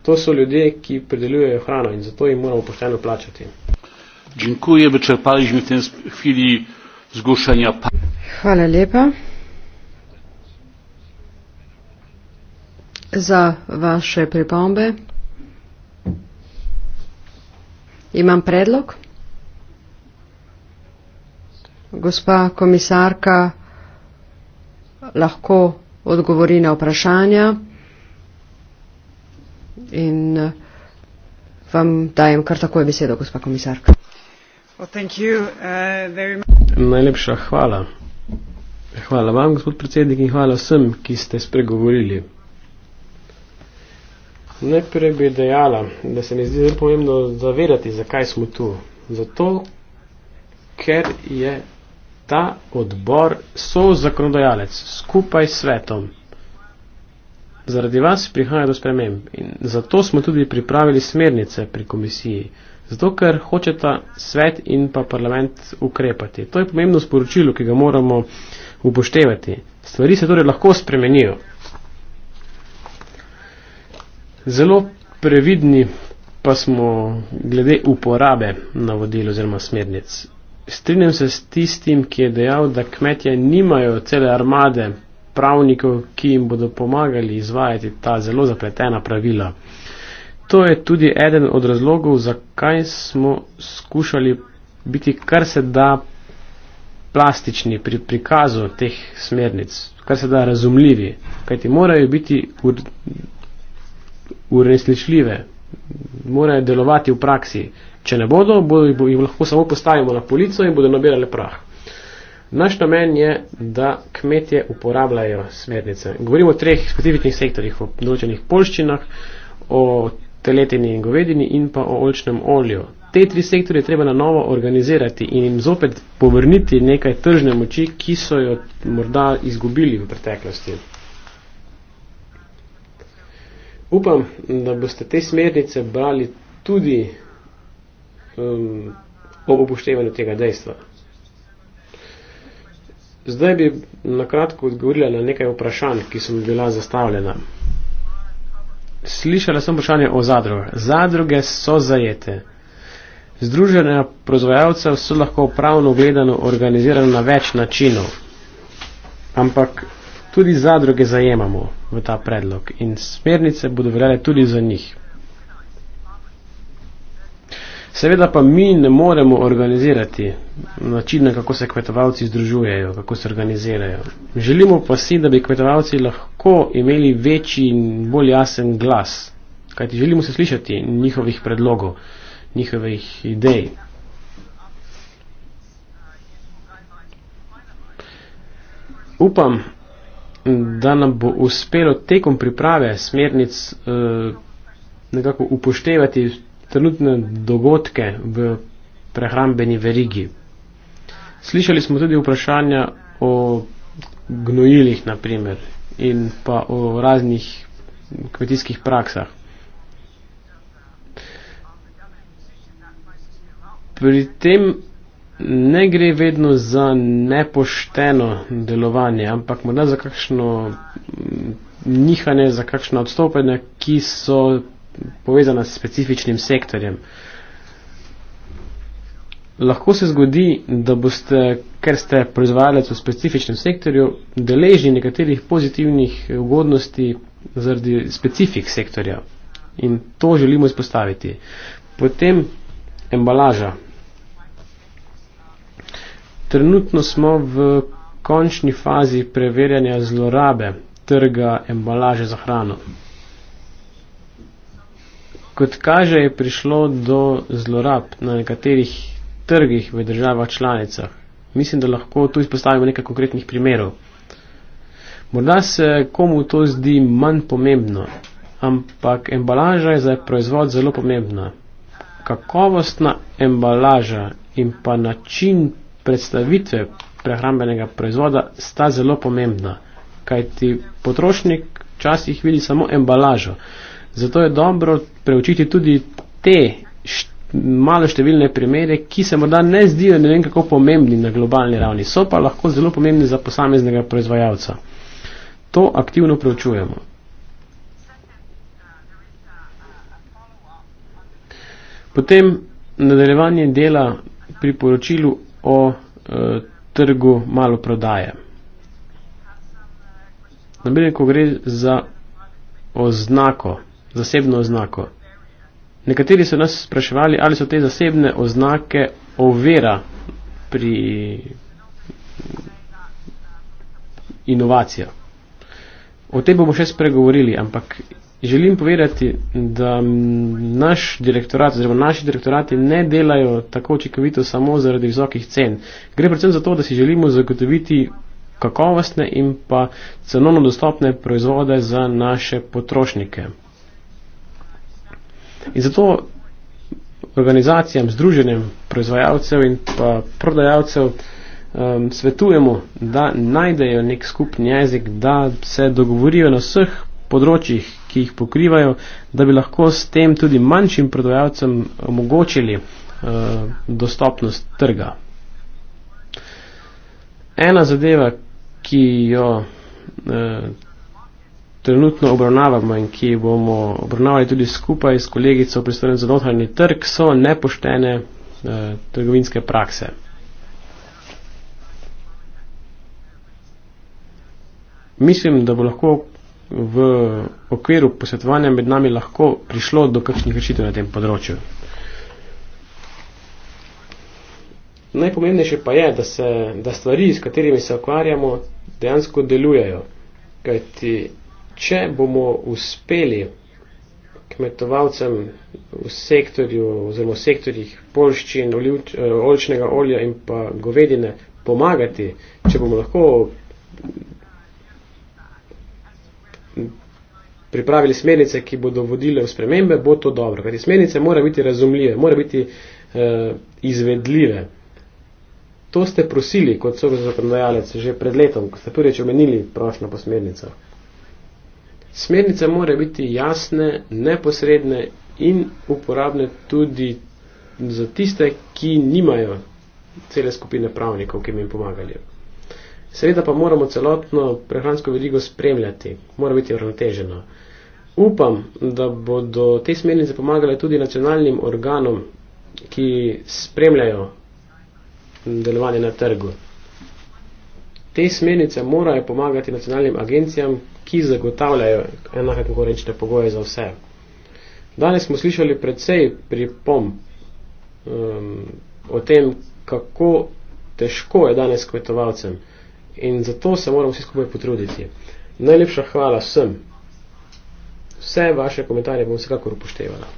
To so ljudje, ki predelujejo hrano in zato jim moramo pošteno plačati wyczerpaliśmy w tej chwili zgłoszenia za wasze przypomby i mam predlog gospa komisarka lahko odgovori na vprašanja in eh, vam dajem kar takoj besedo gospa komisarka Uh, Najlepša hvala. Hvala vam, gospod predsednik, in hvala vsem, ki ste spregovorili. Najprej bi dejala, da se mi zdi zelo pomembno zavedati, zakaj smo tu. Zato, ker je ta odbor so zakonodajalec skupaj s svetom. Zaradi vas prihaja do sprememb in zato smo tudi pripravili smernice pri komisiji. Zato, ker hočeta svet in pa parlament ukrepati. To je pomembno sporočilo, ki ga moramo upoštevati. Stvari se torej lahko spremenijo. Zelo previdni pa smo glede uporabe navodil oziroma smernic. Strinjam se s tistim, ki je dejal, da kmetje nimajo cele armade pravnikov, ki jim bodo pomagali izvajati ta zelo zapletena pravila. To je tudi eden od razlogov, zakaj smo skušali biti kar se da plastični pri prikazu teh smernic, kar se da razumljivi, kajti morajo biti uresničljive, morajo delovati v praksi. Če ne bodo, bodo jih lahko samo postavimo na polico in bodo nabirali prah. Naš namen je, da kmetje uporabljajo smernice. Govorimo o treh specifičnih sektorjih, o določenih polščinah, o teletini in govedini in pa o olčnem olju. Te tri sektorje treba na novo organizirati in jim zopet povrniti nekaj tržne moči, ki so jo morda izgubili v preteklosti. Upam, da boste te smernice brali tudi um, ob upoštevanju tega dejstva. Zdaj bi na kratko odgovorila na nekaj vprašanj, ki so mi bila zastavljena. Slišala sem vprašanje o zadrugah. Zadruge so zajete. Združenja proizvajalcev so lahko pravno gledano organizirane na več načinov. Ampak tudi zadruge zajemamo v ta predlog in smernice bodo veljale tudi za njih. Seveda pa mi ne moremo organizirati načina, kako se kmetovalci združujejo, kako se organizirajo. Želimo pa si, da bi kmetovalci lahko imeli večji in bolj jasen glas, kajti želimo se slišati njihovih predlogov, njihovih idej. Upam, da nam bo uspelo tekom priprave smernic eh, nekako upoštevati trenutne dogodke v prehrambeni verigi. Slišali smo tudi vprašanja o gnojilih naprimer in pa o raznih kmetijskih praksah. Pri tem ne gre vedno za nepošteno delovanje, ampak morda za kakšno nihanje, za kakšno odstopanje, ki so povezana s specifičnim sektorjem. Lahko se zgodi, da boste, ker ste proizvajalec v specifičnem sektorju, deležni nekaterih pozitivnih ugodnosti zaradi specifik sektorja. In to želimo izpostaviti. Potem embalaža. Trenutno smo v končni fazi preverjanja zlorabe trga embalaže za hrano. Kot kaže, je prišlo do zlorab na nekaterih trgih v državah članicah. Mislim, da lahko tu izpostavimo nekaj konkretnih primerov. Morda se komu to zdi manj pomembno, ampak embalaža je za proizvod zelo pomembna. Kakovostna embalaža in pa način predstavitve prehrambenega proizvoda sta zelo pomembna, kajti potrošnik včasih vidi samo embalažo. Zato je dobro preučiti tudi te maloštevilne primere, ki se morda ne zdijo ne vem kako pomembni na globalni ravni, so pa lahko zelo pomembni za posameznega proizvajalca. To aktivno preučujemo. Potem nadaljevanje dela pri poročilu o e, trgu maloprodaje. Naprimer, ko gre za oznako zasebno oznako. Nekateri so nas spraševali, ali so te zasebne oznake ovira pri inovacijah. O tem bomo še spregovorili, ampak želim povedati, da naš direktorat, oziroma naši direktorati ne delajo tako očekovito samo zaradi visokih cen. Gre predvsem za to, da si želimo zagotoviti kakovostne in pa cenovno dostopne proizvode za naše potrošnike. In zato organizacijam, združenjem proizvajalcev in pa prodajalcev um, svetujemo, da najdejo nek skupni jezik, da se dogovorijo na vseh področjih, ki jih pokrivajo, da bi lahko s tem tudi manjšim prodajalcem omogočili uh, dostopnost trga. Ena zadeva, ki jo uh, trenutno obravnavamo in ki bomo obravnavali tudi skupaj s kolegico pristojen za notranji trg, so nepoštene eh, trgovinske prakse. Mislim, da bo lahko v okviru posvetovanja med nami lahko prišlo do kakšnih rešitev na tem področju. Najpomembnejše pa je, da, se, da stvari, s katerimi se okvarjamo, dejansko delujejo. Kajti če bomo uspeli kmetovalcem v sektorju oziroma v sektorjih polščin, olčnega eh, olja in pa govedine pomagati, če bomo lahko pripravili smernice, ki bodo vodile v spremembe, bo to dobro. Kajti smernice mora biti razumljive, mora biti eh, izvedljive. To ste prosili kot sorozakonodajalec že pred letom, ko ste prvič omenili prošnjo po smernicah. Smernice more biti jasne, neposredne in uporabne tudi za tiste, ki nimajo cele skupine pravnikov, ki bi jim pomagali. Seveda pa moramo celotno prehransko verigo spremljati, mora biti uravnoteženo. Upam, da bodo te smernice pomagale tudi nacionalnim organom, ki spremljajo delovanje na trgu. Te smernice morajo pomagati nacionalnim agencijam, ki zagotavljajo enake konkurenčne pogoje za vse. Danes smo slišali predvsej pripomb um, o tem, kako težko je danes kvetovalcem in zato se moramo vsi skupaj potruditi. Najlepša hvala vsem. Vse vaše komentarje bom vsekakor upoštevala.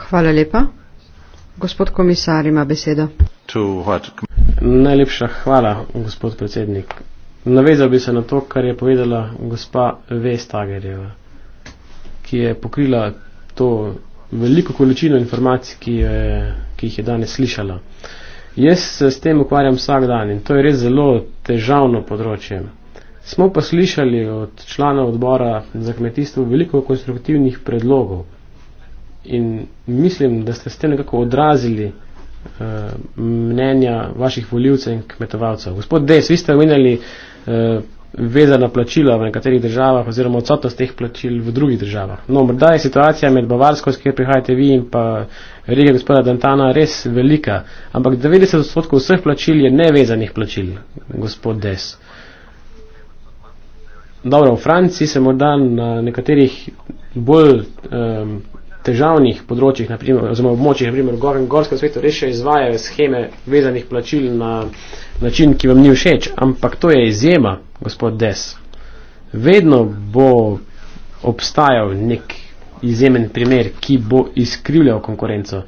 Hvala lepa. Gospod komisar ima besedo. To what? Najlepša hvala, gospod predsednik. Navezal bi se na to, kar je povedala gospa Vestagerjeva, ki je pokrila to veliko količino informacij, ki, je, ki jih je danes slišala. Jaz se s tem ukvarjam vsak dan in to je res zelo težavno področje. Smo pa slišali od člana odbora za kmetijstvo veliko konstruktivnih predlogov in mislim, da ste s tem nekako odrazili Eh, mnenja vaših voljivcev in kmetovalcev. Gospod Des, vi ste omenjali uh, vezana plačila v nekaterih državah oziroma odsotnost teh plačil v drugih državah. No, morda je situacija med Bavarsko, s kjer prihajate vi in pa regija gospoda Dantana res velika, ampak 90 odstotkov vseh plačil je nevezanih plačil, gospod Des. Dobro, v Franciji se morda na nekaterih bolj um, težavnih področjih, naprimer, oziroma območjih, naprimer, gor in gorskem svetu, res še izvajajo scheme vezanih plačil na način, ki vam ni všeč, ampak to je izjema, gospod Des. Vedno bo obstajal nek izjemen primer, ki bo izkrivljal konkurenco.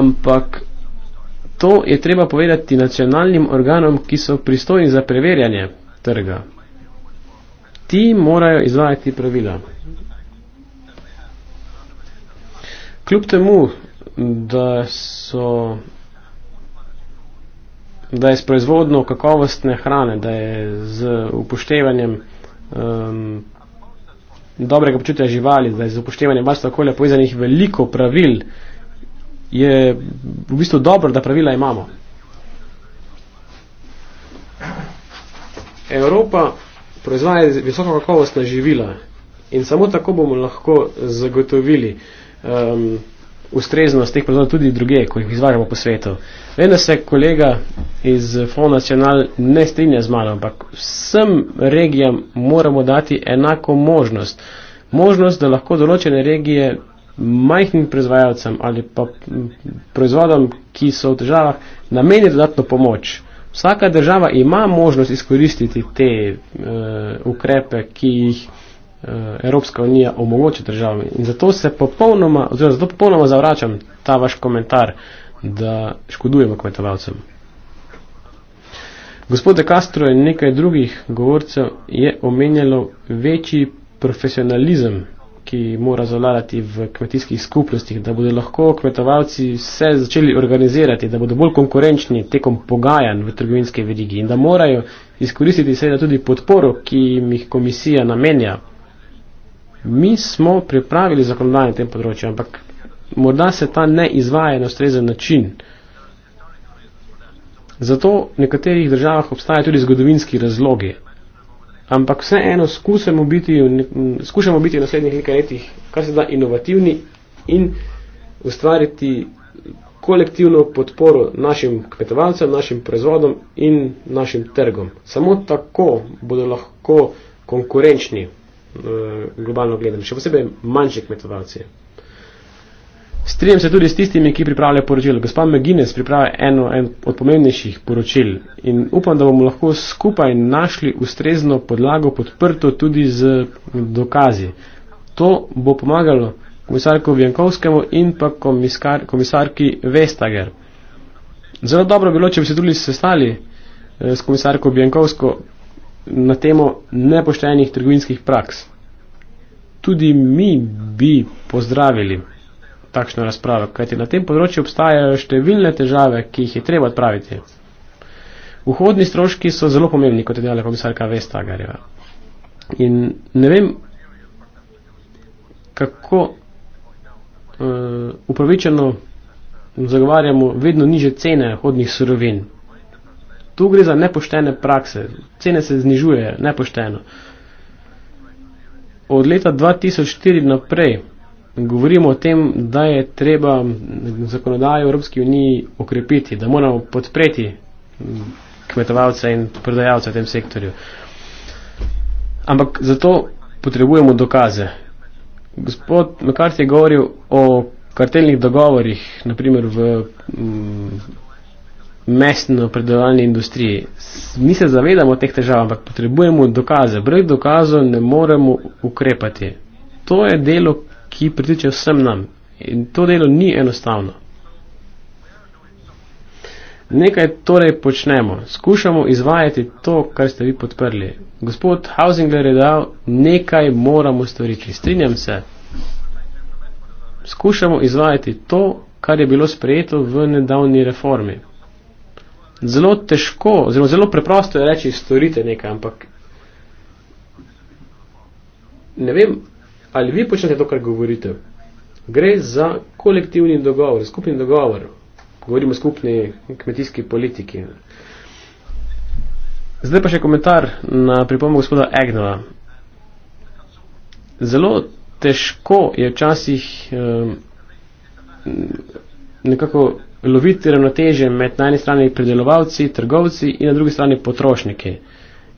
Ampak to je treba povedati nacionalnim organom, ki so pristojni za preverjanje trga. Ti morajo izvajati pravila. Kljub temu, da so da je s proizvodno kakovostne hrane, da je z upoštevanjem um, dobrega počutja živali, da je z upoštevanjem varstva okolja povezanih veliko pravil, je v bistvu dobro, da pravila imamo. Evropa proizvaja visoko kakovostna živila in samo tako bomo lahko zagotovili uh, um, ustreznost teh programov tudi druge, ko jih izvajamo po svetu. Vem, da se kolega iz Fond National ne strinja z mano, ampak vsem regijam moramo dati enako možnost. Možnost, da lahko določene regije majhnim proizvajalcem ali pa proizvodom, ki so v državah, namenijo dodatno pomoč. Vsaka država ima možnost izkoristiti te uh, ukrepe, ki jih Eh, Evropska unija omogoča državi. In zato se popolnoma, oziroma zato popolnoma zavračam ta vaš komentar, da škodujemo kmetovalcem. Gospode Castro in nekaj drugih govorcev je omenjalo večji profesionalizem, ki mora zavladati v kmetijskih skupnostih, da bodo lahko kmetovalci vse začeli organizirati, da bodo bolj konkurenčni tekom pogajanj v trgovinske verigi in da morajo izkoristiti seveda tudi podporo, ki jim jih komisija namenja mi smo pripravili zakonodajo na tem področju, ampak morda se ta ne izvaja na ustrezen način. Zato v nekaterih državah obstaja tudi zgodovinski razlogi. Ampak vseeno skušamo biti, skušamo biti v naslednjih nekaj letih, kar se da, inovativni in ustvariti kolektivno podporo našim kmetovalcem, našim proizvodom in našim trgom. Samo tako bodo lahko konkurenčni Eh, globalno gledano, še posebej manjši kmetovalci. Strijem se tudi s tistimi, ki pripravljajo poročilo. Gospa McGuinness pripravlja eno en od pomembnejših poročil in upam, da bomo lahko skupaj našli ustrezno podlago podprto tudi z dokazi. To bo pomagalo komisarko Vjankovskemu in pa komisar, komisarki Vestager. Zelo dobro bi bilo, če bi se tudi sestali eh, s komisarko Bjankovsko, na temo nepoštenih trgovinskih praks. Tudi mi bi pozdravili takšno razpravo, kajti na tem področju obstajajo številne težave, ki jih je treba odpraviti. Vhodni stroški so zelo pomembni, kot je dejala komisarka Vestagarjeva. In ne vem, kako uh, upravičeno zagovarjamo vedno niže cene vhodnih surovin. Tu gre za nepoštene prakse, cene se znižujejo nepošteno. Od leta 2004 naprej govorimo o tem, da je treba zakonodajo Evropski uniji okrepiti, da moramo podpreti kmetovalce in prodajalce v tem sektorju. Ampak zato potrebujemo dokaze. Gospod Mekart je govoril o kartelnih dogovorih, naprimer v. Mm, mestno predelovalni industriji. Mi se zavedamo teh težav, ampak potrebujemo dokaze. Brez dokazov ne moremo ukrepati. To je delo, ki pritiče vsem nam. In to delo ni enostavno. Nekaj torej počnemo. Skušamo izvajati to, kar ste vi podprli. Gospod Housingler je dal, nekaj moramo storiti. Strinjam se. Skušamo izvajati to, kar je bilo sprejeto v nedavni reformi zelo težko, oziroma zelo preprosto je reči, storite nekaj, ampak ne vem, ali vi počnete to, kar govorite. Gre za kolektivni dogovor, skupni dogovor. Govorimo o skupni kmetijski politiki. Zdaj pa še komentar na pripombo gospoda Egnova. Zelo težko je včasih um, nekako loviti ravnoteže med na eni strani predelovalci, trgovci in na drugi strani potrošniki.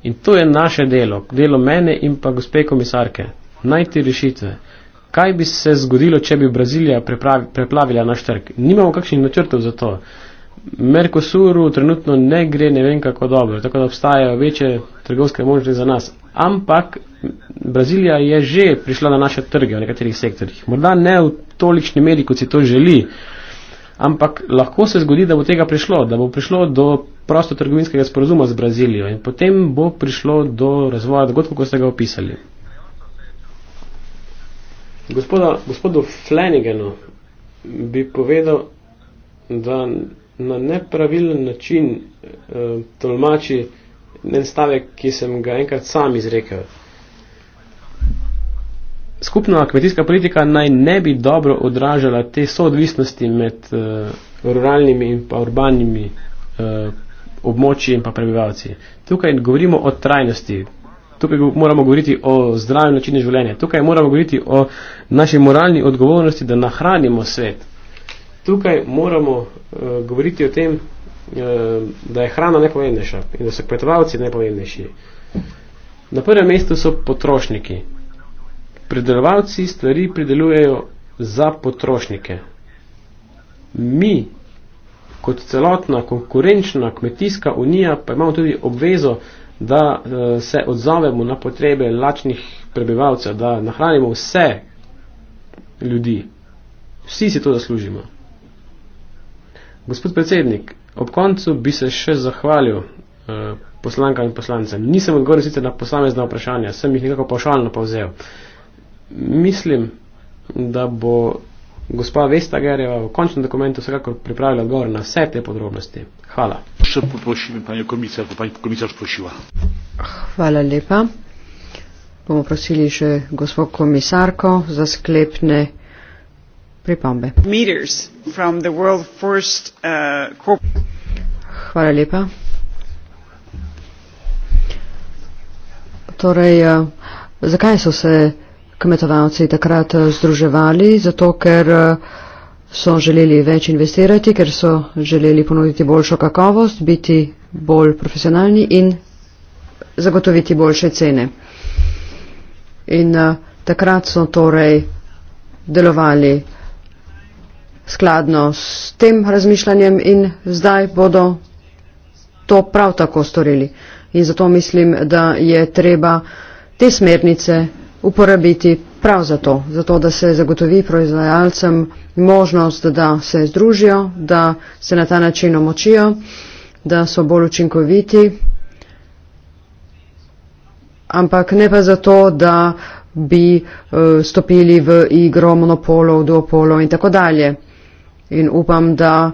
In to je naše delo, delo mene in pa gospe komisarke, najti rešitve. Kaj bi se zgodilo, če bi Brazilija preplavila naš trg? Nimamo kakšnih načrtov za to. Merkosuru trenutno ne gre ne vem kako dobro, tako da obstajajo večje trgovske možnosti za nas. Ampak Brazilija je že prišla na naše trge v nekaterih sektorjih. Morda ne v tolikšni meri, kot si to želi ampak lahko se zgodi, da bo tega prišlo, da bo prišlo do prostotrgovinskega sporozuma z Brazilijo in potem bo prišlo do razvoja dogodkov, kot ste ga opisali. Gospoda, gospodu Flanaganu bi povedal, da na nepravilen način eh, tolmači en stavek, ki sem ga enkrat sam izrekel skupna kmetijska politika naj ne bi dobro odražala te soodvisnosti med uh, ruralnimi in pa urbanimi uh, območji in pa prebivalci. Tukaj govorimo o trajnosti, tukaj moramo govoriti o zdravem načinu življenja, tukaj moramo govoriti o naši moralni odgovornosti, da nahranimo svet. Tukaj moramo uh, govoriti o tem, uh, da je hrana nepovednejša in da so kmetovalci nepovednejši. Na prvem mestu so potrošniki. Predelovalci stvari pridelujejo za potrošnike. Mi, kot celotna konkurenčna kmetijska unija, pa imamo tudi obvezo, da eh, se odzovemo na potrebe lačnih prebivalcev, da nahranimo vse ljudi. Vsi si to zaslužimo. Gospod predsednik, ob koncu bi se še zahvalil eh, poslankam in poslancem. Nisem odgovoril sicer na posamezna vprašanja, sem jih nekako pašalno povzel. Pa mislim, da bo gospa Vesta Gerjeva v končnem dokumentu vsekakor pripravila odgovor na vse te podrobnosti. Hvala. Še poprosim, panje komisar, ko panje komisar sprašiva. Hvala lepa. Bomo prosili še gospod komisarko za sklepne pripombe. Uh, Hvala lepa. Torej, uh, zakaj so se kmetovalci takrat eh, združevali, zato ker eh, so želeli več investirati, ker so želeli ponuditi boljšo kakovost, biti bolj profesionalni in zagotoviti boljše cene. In eh, takrat so torej delovali skladno s tem razmišljanjem in zdaj bodo to prav tako storili. In zato mislim, da je treba te smernice uporabiti prav za to, zato da se zagotovi proizvajalcem možnost, da se združijo, da se na ta način omočijo, da so bolj učinkoviti, ampak ne pa zato, da bi uh, stopili v igro monopolov, duopolov in tako dalje. In upam, da eh,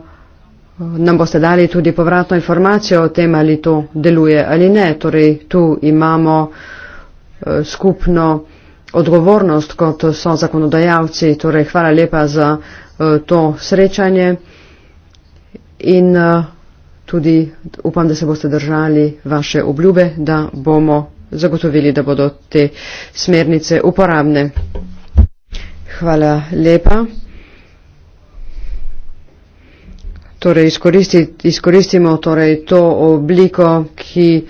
nam boste dali tudi povratno informacijo o tem, ali to deluje ali ne. Torej, tu imamo uh, skupno odgovornost kot so zakonodajalci. Torej, hvala lepa za eh, to srečanje in eh, tudi upam, da se boste držali vaše obljube, da bomo zagotovili, da bodo te smernice uporabne. Hvala lepa. Torej, izkoristimo torej to obliko, ki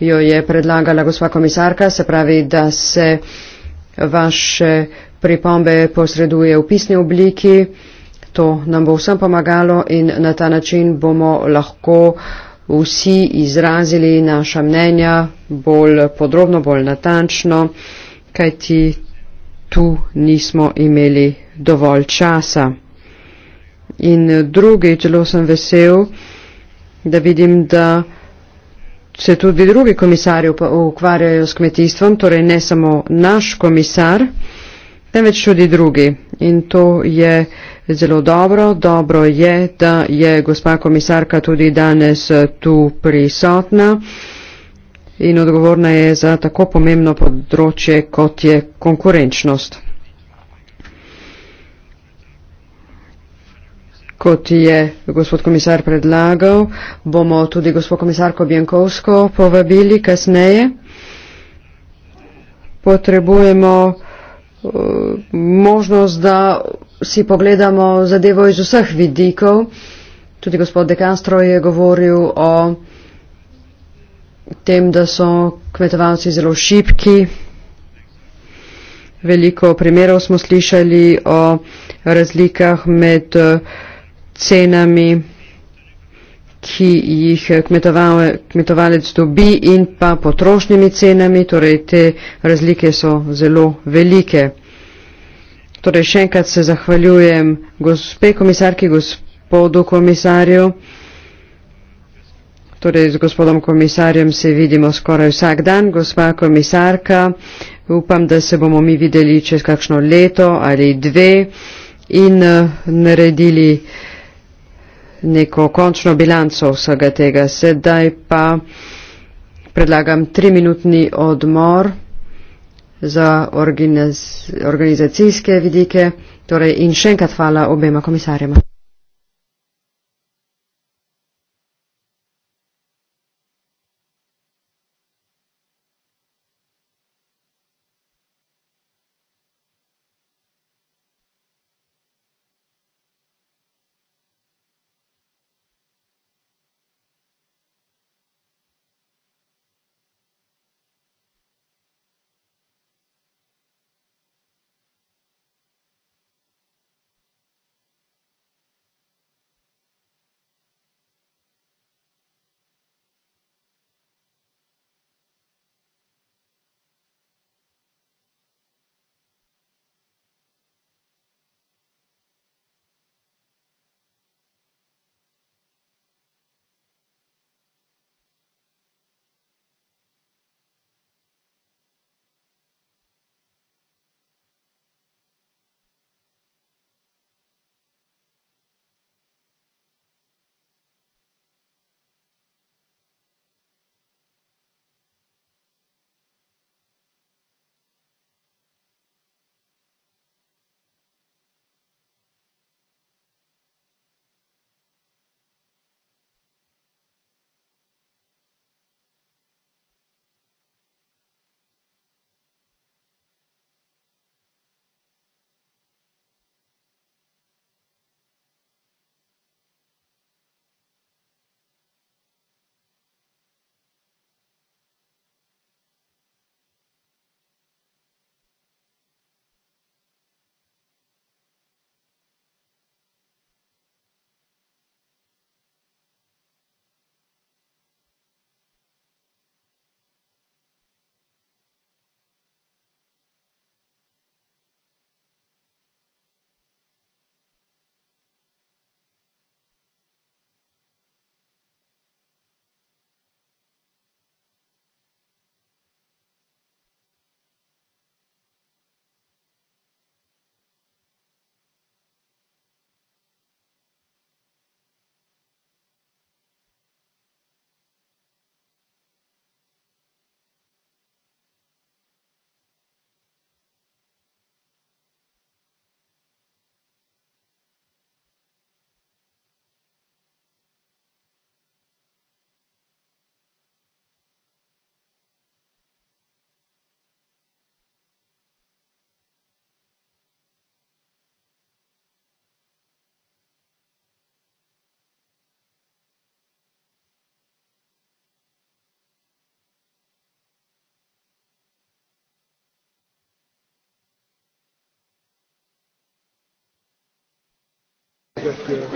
jo je predlagala gospa komisarka, se pravi, da se uh, vaše pripombe posreduje v pisni obliki. To nam bo vsem pomagalo in na ta način bomo lahko vsi izrazili naša mnenja bolj podrobno, bolj natančno, kajti tu nismo imeli dovolj časa. In drugi, zelo sem vesel, da vidim, da se tudi drugi komisarji ukvarjajo s kmetijstvom, torej ne samo naš komisar, temveč tudi drugi. In to je zelo dobro. Dobro je, da je gospa komisarka tudi danes eh, tu prisotna in odgovorna je za tako pomembno področje, kot je konkurenčnost. kot je gospod komisar predlagal, bomo tudi gospod komisarko Bjankovsko povabili kasneje. Potrebujemo eh, možnost, da si pogledamo zadevo iz vseh vidikov. Tudi gospod Dekastro je govoril o tem, da so kmetovalci zelo šipki. Veliko primerov smo slišali o razlikah med uh, cenami, ki jih kmetovalec dobi in pa potrošnimi cenami, torej te razlike so zelo velike. Torej še enkrat se zahvaljujem gospe komisarki, gospodu komisarju. Torej z gospodom komisarjem se vidimo skoraj vsak dan, gospa komisarka. Upam, da se bomo mi videli čez kakšno leto ali dve in uh, naredili. Uh, neko končno bilanco vsega tega. Sedaj pa predlagam triminutni odmor za organizacijske vidike. Torej in še enkrat hvala obema komisarjema. beszél.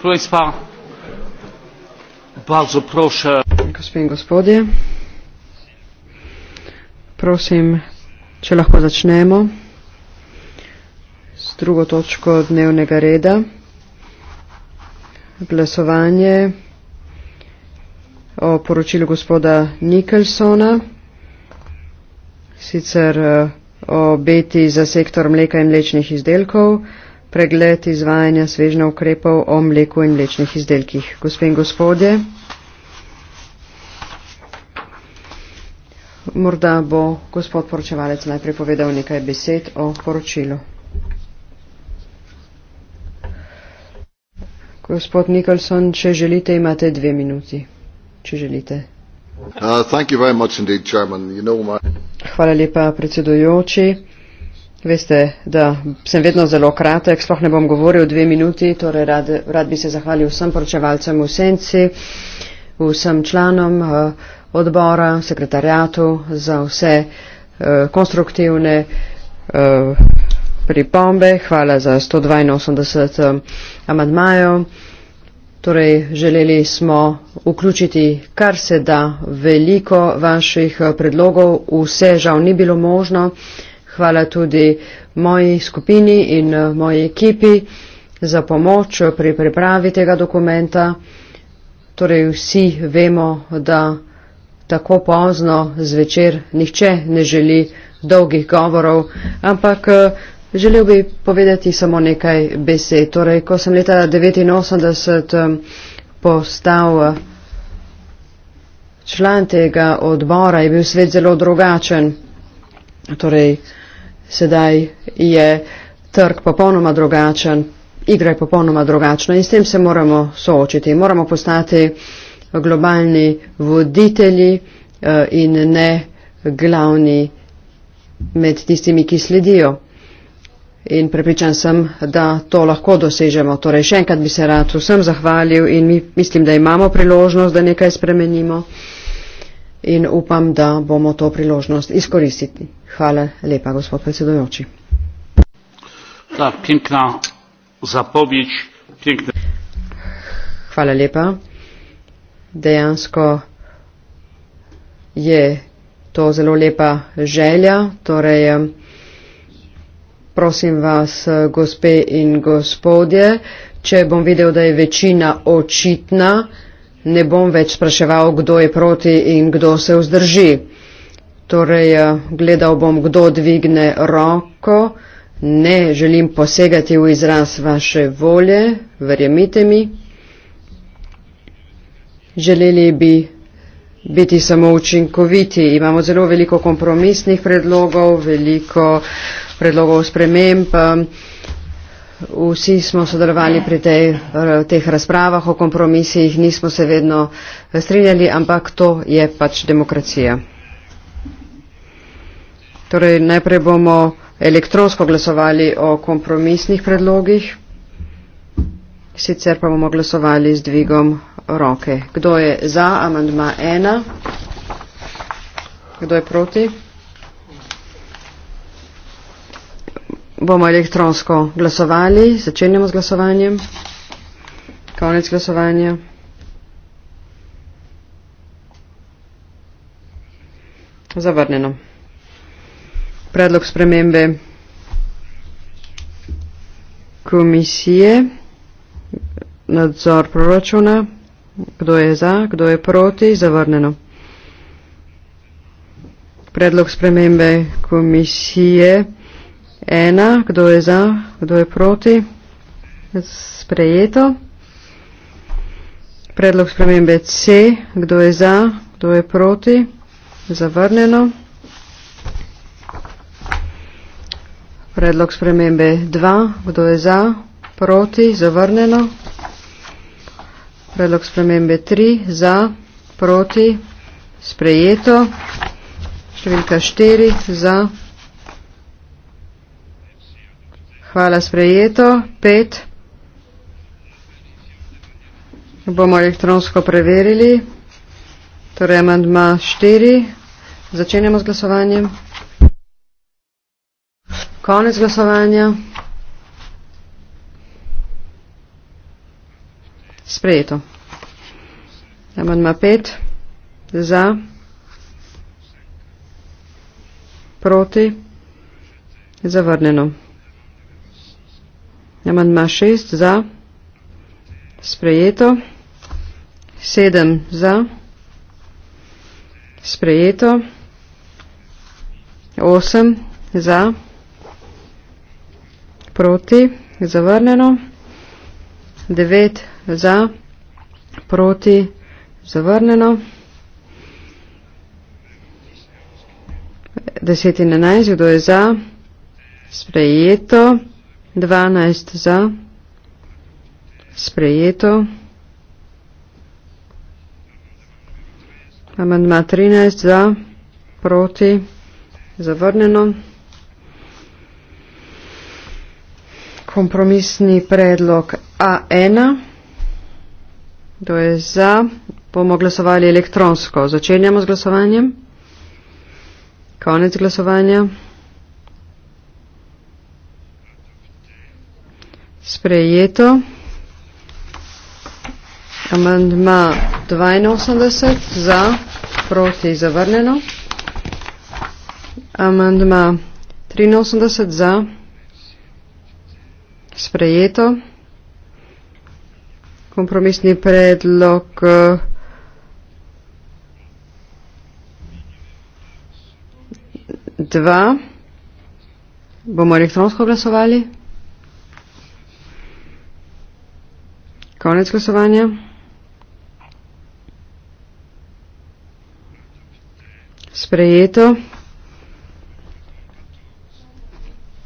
Proszę, bardzo proszę. Gospodin, gospodje, prosim, če lahko začnemo s drugo točko dnevnega reda, glasovanje o poročilu gospoda Nikelsona sicer eh, obeti za sektor mleka in mlečnih izdelkov, pregled izvajanja svežna ukrepov o mleku in mlečnih izdelkih. Gospe in gospodje, morda bo gospod poročevalec najprej povedal nekaj besed o poročilu. Gospod Nikolson, če želite, imate dve minuti, če želite. Uh, indeed, you know my... Hvala lepa, predsedujoči. Veste, da sem vedno zelo kratek, sploh ne bom govoril dve minuti, torej rad, rad bi se zahvalil vsem poročevalcem v Senci, vsem članom uh, odbora, sekretarjatu za vse uh, konstruktivne uh, pripombe. Hvala za 182 uh, um, amadmajev. Torej, želeli smo vključiti kar se da veliko vaših eh, predlogov, vse žal ni bilo možno. Hvala tudi moji skupini in eh, moji ekipi za pomoč pri pripravi tega dokumenta. Torej, vsi vemo, da tako pozno zvečer nihče ne želi dolgih govorov, ampak eh, Želel bi povedati samo nekaj besed. Torej, ko sem leta 1989 eh, postal eh, član tega odbora, je bil svet zelo drugačen. Torej, sedaj je trg popolnoma drugačen, igra je popolnoma drugačna in s tem se moramo soočiti. Moramo postati globalni voditelji eh, in ne glavni med tistimi, ki sledijo in prepričan sem, da to lahko dosežemo. Torej, še enkrat bi se rad vsem zahvalil in mi, mislim, da imamo priložnost, da nekaj spremenimo in upam, da bomo to priložnost izkoristiti. Hvala lepa, gospod predsedujoči. Da, pinkna, zapobič, pinkna. Hvala lepa. Dejansko je to zelo lepa želja. Torej, Prosim vas, eh, gospe in gospodje, če bom videl, da je večina očitna, ne bom več spraševal, kdo je proti in kdo se vzdrži. Torej, eh, gledal bom, kdo dvigne roko. Ne želim posegati v izraz vaše volje, verjemite mi. Želeli bi biti samo učinkoviti. Imamo zelo veliko kompromisnih predlogov, veliko predlogov sprememb. Vsi smo sodelovali pri tej, teh razpravah o kompromisih, nismo se vedno strinjali, ampak to je pač demokracija. Torej, najprej bomo elektronsko glasovali o kompromisnih predlogih, sicer pa bomo glasovali z dvigom roke. Kdo je za amandma 1? Kdo je proti? Bomo elektronsko glasovali. Začenjamo z glasovanjem. Konec glasovanja. Zavrnjeno. Predlog spremembe komisije nadzor proračuna kdo je za, kdo je proti, zavrneno. Predlog spremembe komisije ena, kdo je za, kdo je proti, sprejeto. Predlog spremembe C, kdo je za, kdo je proti, zavrneno. Predlog spremembe 2, kdo je za, proti, zavrneno. Predlog spremembe 3 za, proti, sprejeto. Številka 4 za. Hvala, sprejeto. 5. Bomo elektronsko preverili. Torej, amandma 4. Začenjamo z glasovanjem. Konec glasovanja. Sprejeto. Amandma 5. Za. Proti. Zavrnjeno. Amandma 6. Za. Sprejeto. 7. Za. Sprejeto. 8. Za. Proti. Zavrnjeno. 9 za, proti, zavrneno. 10 in 11, kdo je za, sprejeto, 12 za, sprejeto. Amandma 13 za, proti, zavrneno. Kompromisni predlog A1. Kdo je za? Bomo glasovali elektronsko. Začenjamo z glasovanjem. Konec glasovanja. Sprejeto. Amandma 82 za, proti zavrnjeno. Amandma 83 za, sprejeto kompromisni predlog eh, dva. Bomo elektronsko glasovali? Konec glasovanja. Sprejeto.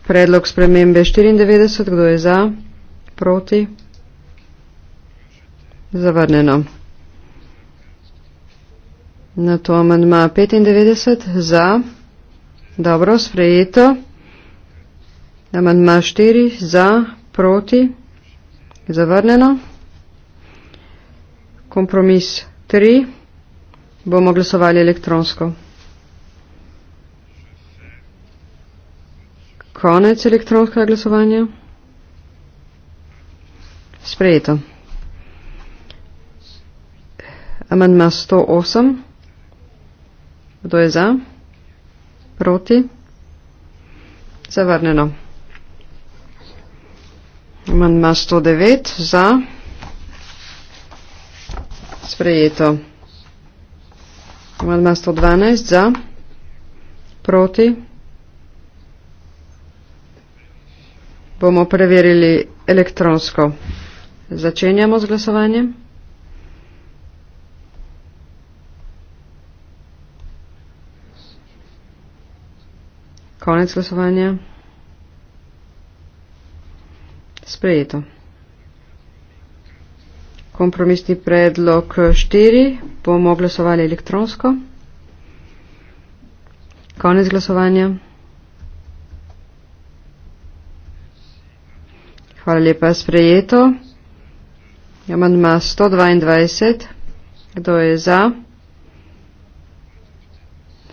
Predlog spremembe 94. Kdo je za? Proti? Zavrnjeno. Na to amandma 95 za. Dobro, sprejeto. Amandma 4 za, proti. Zavrnjeno. Kompromis 3. Bomo glasovali elektronsko. Konec elektronskega glasovanja. Sprejeto. Amandma 108. Kdo je za? Proti? Zavrneno. Amandma 109. Za? Sprejeto. Amandma 112. Za? Proti? Bomo preverili elektronsko. Začenjamo z glasovanjem. Konec glasovanja. Sprejeto. Kompromisni predlog 4 bomo glasovali elektronsko. Konec glasovanja. Hvala lepa, sprejeto. Amandma 122. Kdo je za?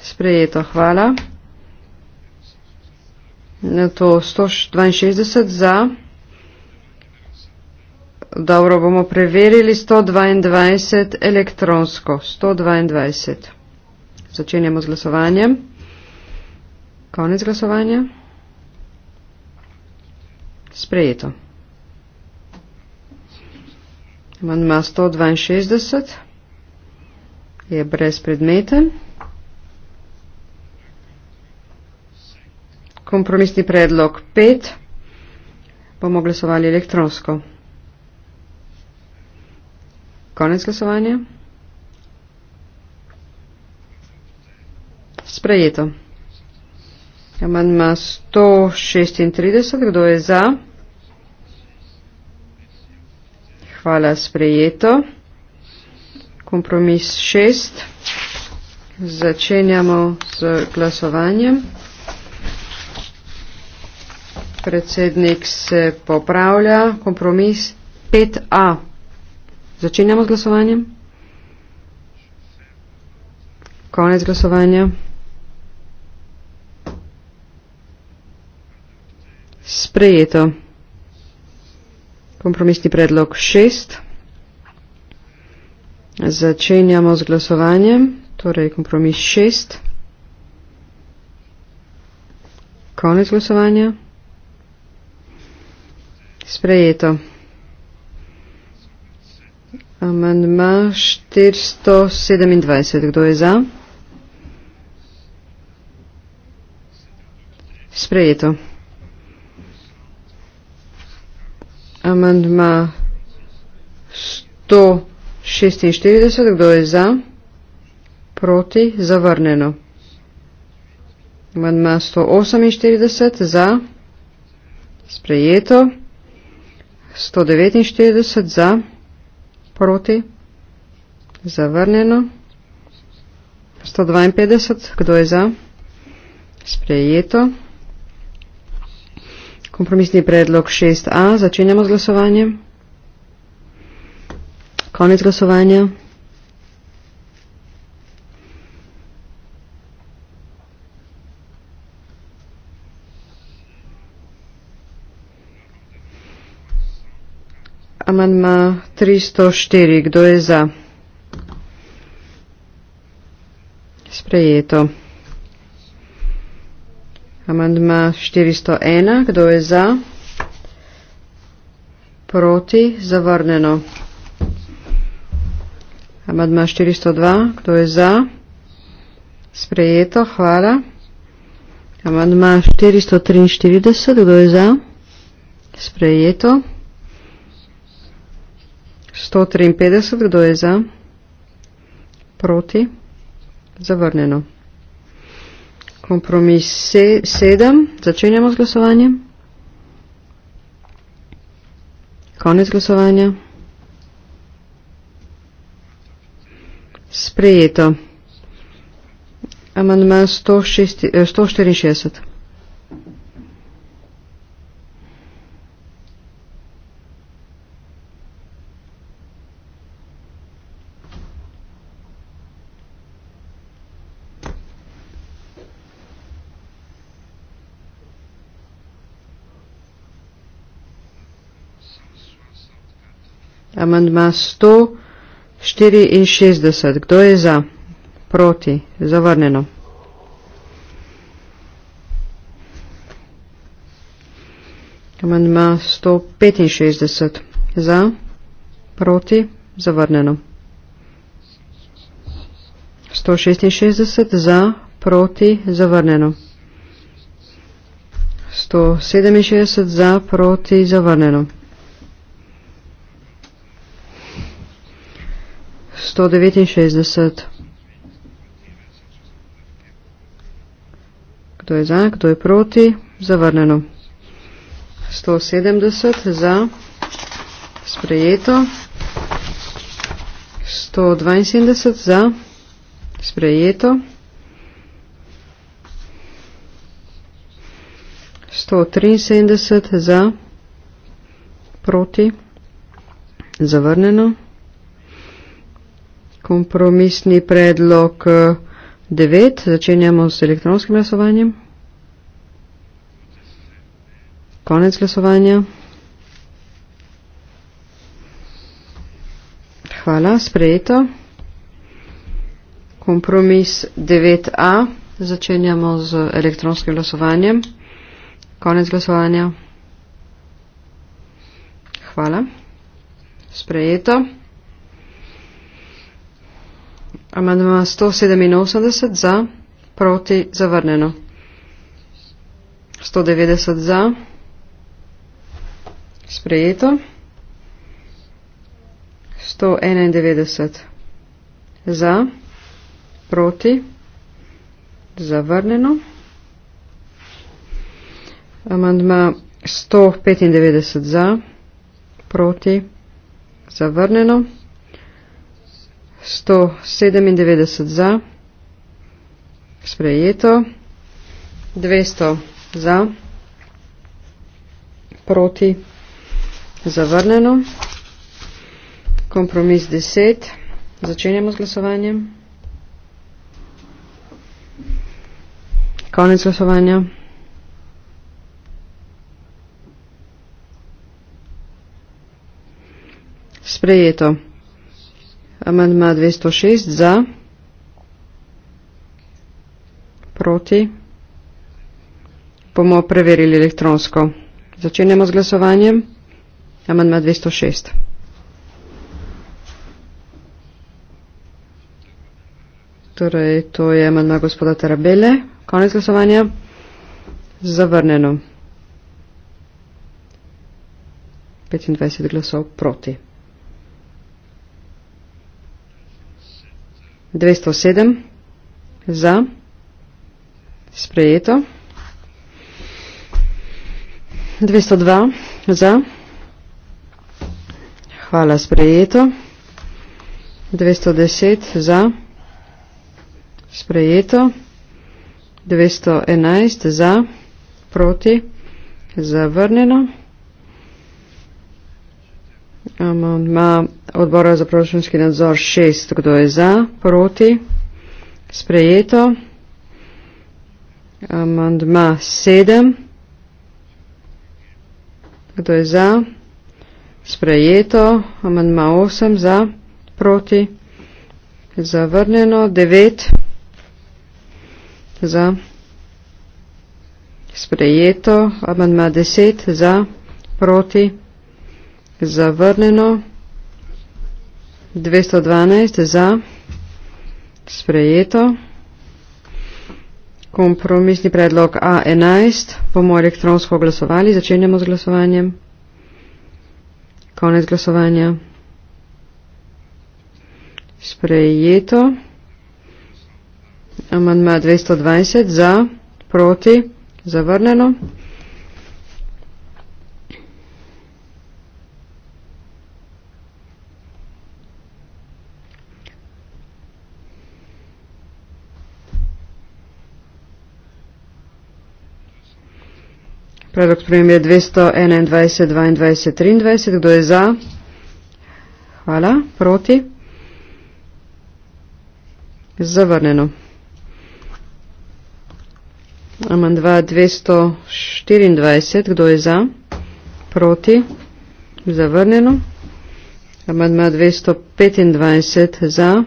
Sprejeto, hvala. Na to 162 za. Dobro, bomo preverili 122 elektronsko. 122. Začenjamo z glasovanjem. Konec glasovanja. Sprejeto. Manj ima 162. Je brezpredmeten. predmeten. kompromisni predlog 5 bomo glasovali elektronsko. Konec glasovanja. Sprejeto. Amandma 136. Kdo je za? Hvala, sprejeto. Kompromis 6. Začenjamo z glasovanjem predsednik se popravlja. Kompromis 5a. Začenjamo z glasovanjem. Konec glasovanja. 6. Kompromisni predlog 6. Začenjamo z glasovanjem. Torej kompromis 6. Konec glasovanja. Sprejeto. Amandma 427. Kdo je za? Sprejeto. Amandma 146. Kdo je za? Proti. Zavrneno. Amandma 148. Za. Sprejeto. 149 za, proti, zavrnjeno, 152, kdo je za, sprejeto. Kompromisni predlog 6a, začenjamo z glasovanjem. Konec glasovanja. Amandma 304. Kdo je za? Sprejeto. Amandma 401. Kdo je za? Proti. Zavrneno. Amandma 402. Kdo je za? Sprejeto. Hvala. Amandma 443. Kdo je za? Sprejeto. 153, kdo je za? Proti? Zavrnjeno. Kompromis 7, se začenjamo z glasovanjem. Konec glasovanja. Sprejeto. Amandman eh, 164. Amandma 164. Kdo je za? Proti. Zavrneno. Amandma 165. Za. Proti. Zavrneno. 166. Za. Proti. Zavrneno. 167 za, proti, zavrneno. 169. Kdo je za, kdo je proti? Zavrneno. 170 za, sprejeto. 172 za, sprejeto. 173 za, proti, zavrneno kompromisni predlog 9. Eh, Začenjamo s elektronskim glasovanjem. Konec glasovanja. Hvala, sprejeto. Kompromis 9a. Začenjamo z elektronskim glasovanjem. Konec glasovanja. Hvala. Sprejeto. Amandma 187 za, proti zavrnjeno. 190 za, sprejeto. 191 za, proti zavrnjeno. Amandma 195 za, proti zavrnjeno. 197 za, sprejeto, 200 za, proti, zavrneno, kompromis 10, začenjamo z glasovanjem, konec glasovanja. Sprejeto. Amandma 206 za. Proti. Bomo preverili elektronsko. Začenjamo z glasovanjem. Amandma 206. Torej, to je amandma gospoda Terabele. Konec glasovanja. Zavrneno. 25 glasov proti. 207 za sprejeto 202 za hvala sprejeto 210 za sprejeto 211 za proti zavrnjeno amandma odbora za proračunski nadzor šest, kdo je za, proti, sprejeto. Amandma sedem, kdo je za, sprejeto. Amandma osem, za, proti, zavrnjeno. Devet, za, sprejeto. Amandma deset, za, proti zavrnjeno, 212 za, sprejeto, kompromisni predlog A11, bomo elektronsko glasovali, začenjamo z glasovanjem, konec glasovanja, sprejeto, amandma 220 za, proti, zavrnjeno. Predlog sprejem je 221, 22, 23. Kdo je za? Hvala. Proti? Zavrneno. Amandva 224. Kdo je za? Proti? Zavrneno. Amandma 225 za.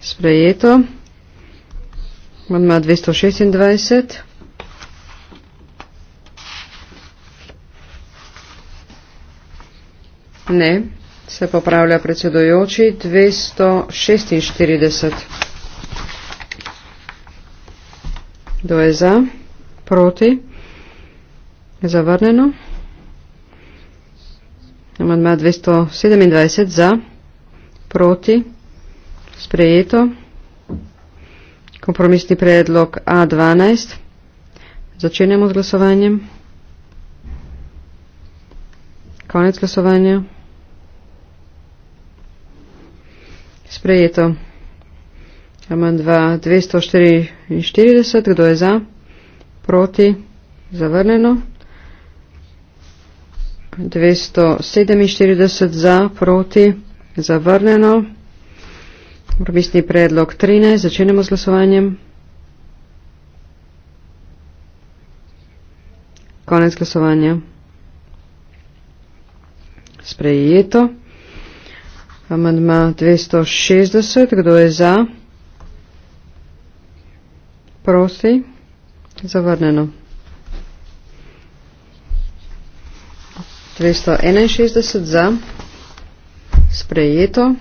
Sprejeto. Amandma 226. Ne, se popravlja predsedojoči 246. Kdo je za? Proti? Zavrnjeno. Amandma 227 za, proti, sprejeto. Kompromisni predlog A12. Začenjamo z glasovanjem. Konec glasovanja. Sprejeto. Amandma 244. Kdo je za? Proti. Zavrnjeno. 247 za, proti, zavrnjeno. Promisni predlog 13, začenjamo z glasovanjem. Konec glasovanja sprejeto. Amandma 260, kdo je za? Prosi, zavrneno. 261 za, sprejeto.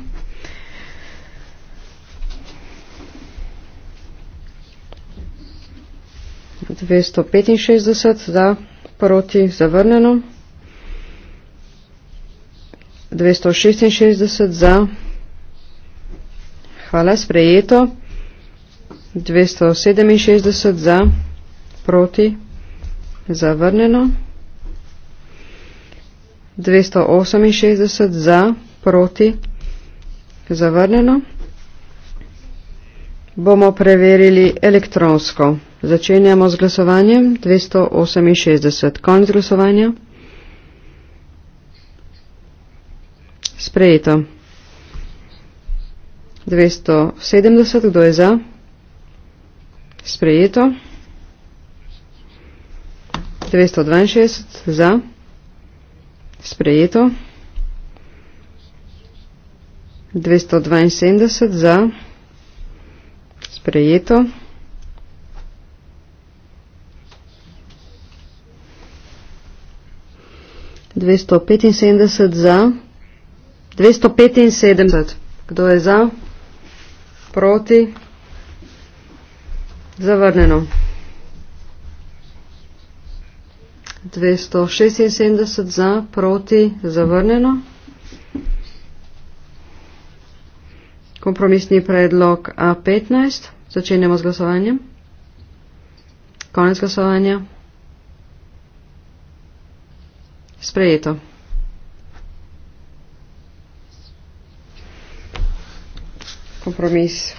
Dvesto petinšestdeset za, proti, zavrnjeno. 266 za. Hvala, sprejeto. 267 za, proti, zavrnjeno. 268 za, proti, zavrnjeno. Bomo preverili elektronsko. Začenjamo z glasovanjem. 268. Konc glasovanja. Sprejeto. 270, kdo je za? Sprejeto. 262, za? Sprejeto. 272, za? Sprejeto. 275 za, 275. Kdo je za? Proti? Zavrneno. 276 za, proti, zavrneno. Kompromisni predlog A15. Začenjamo z glasovanjem. Konec glasovanja. Sprejeto. kompromis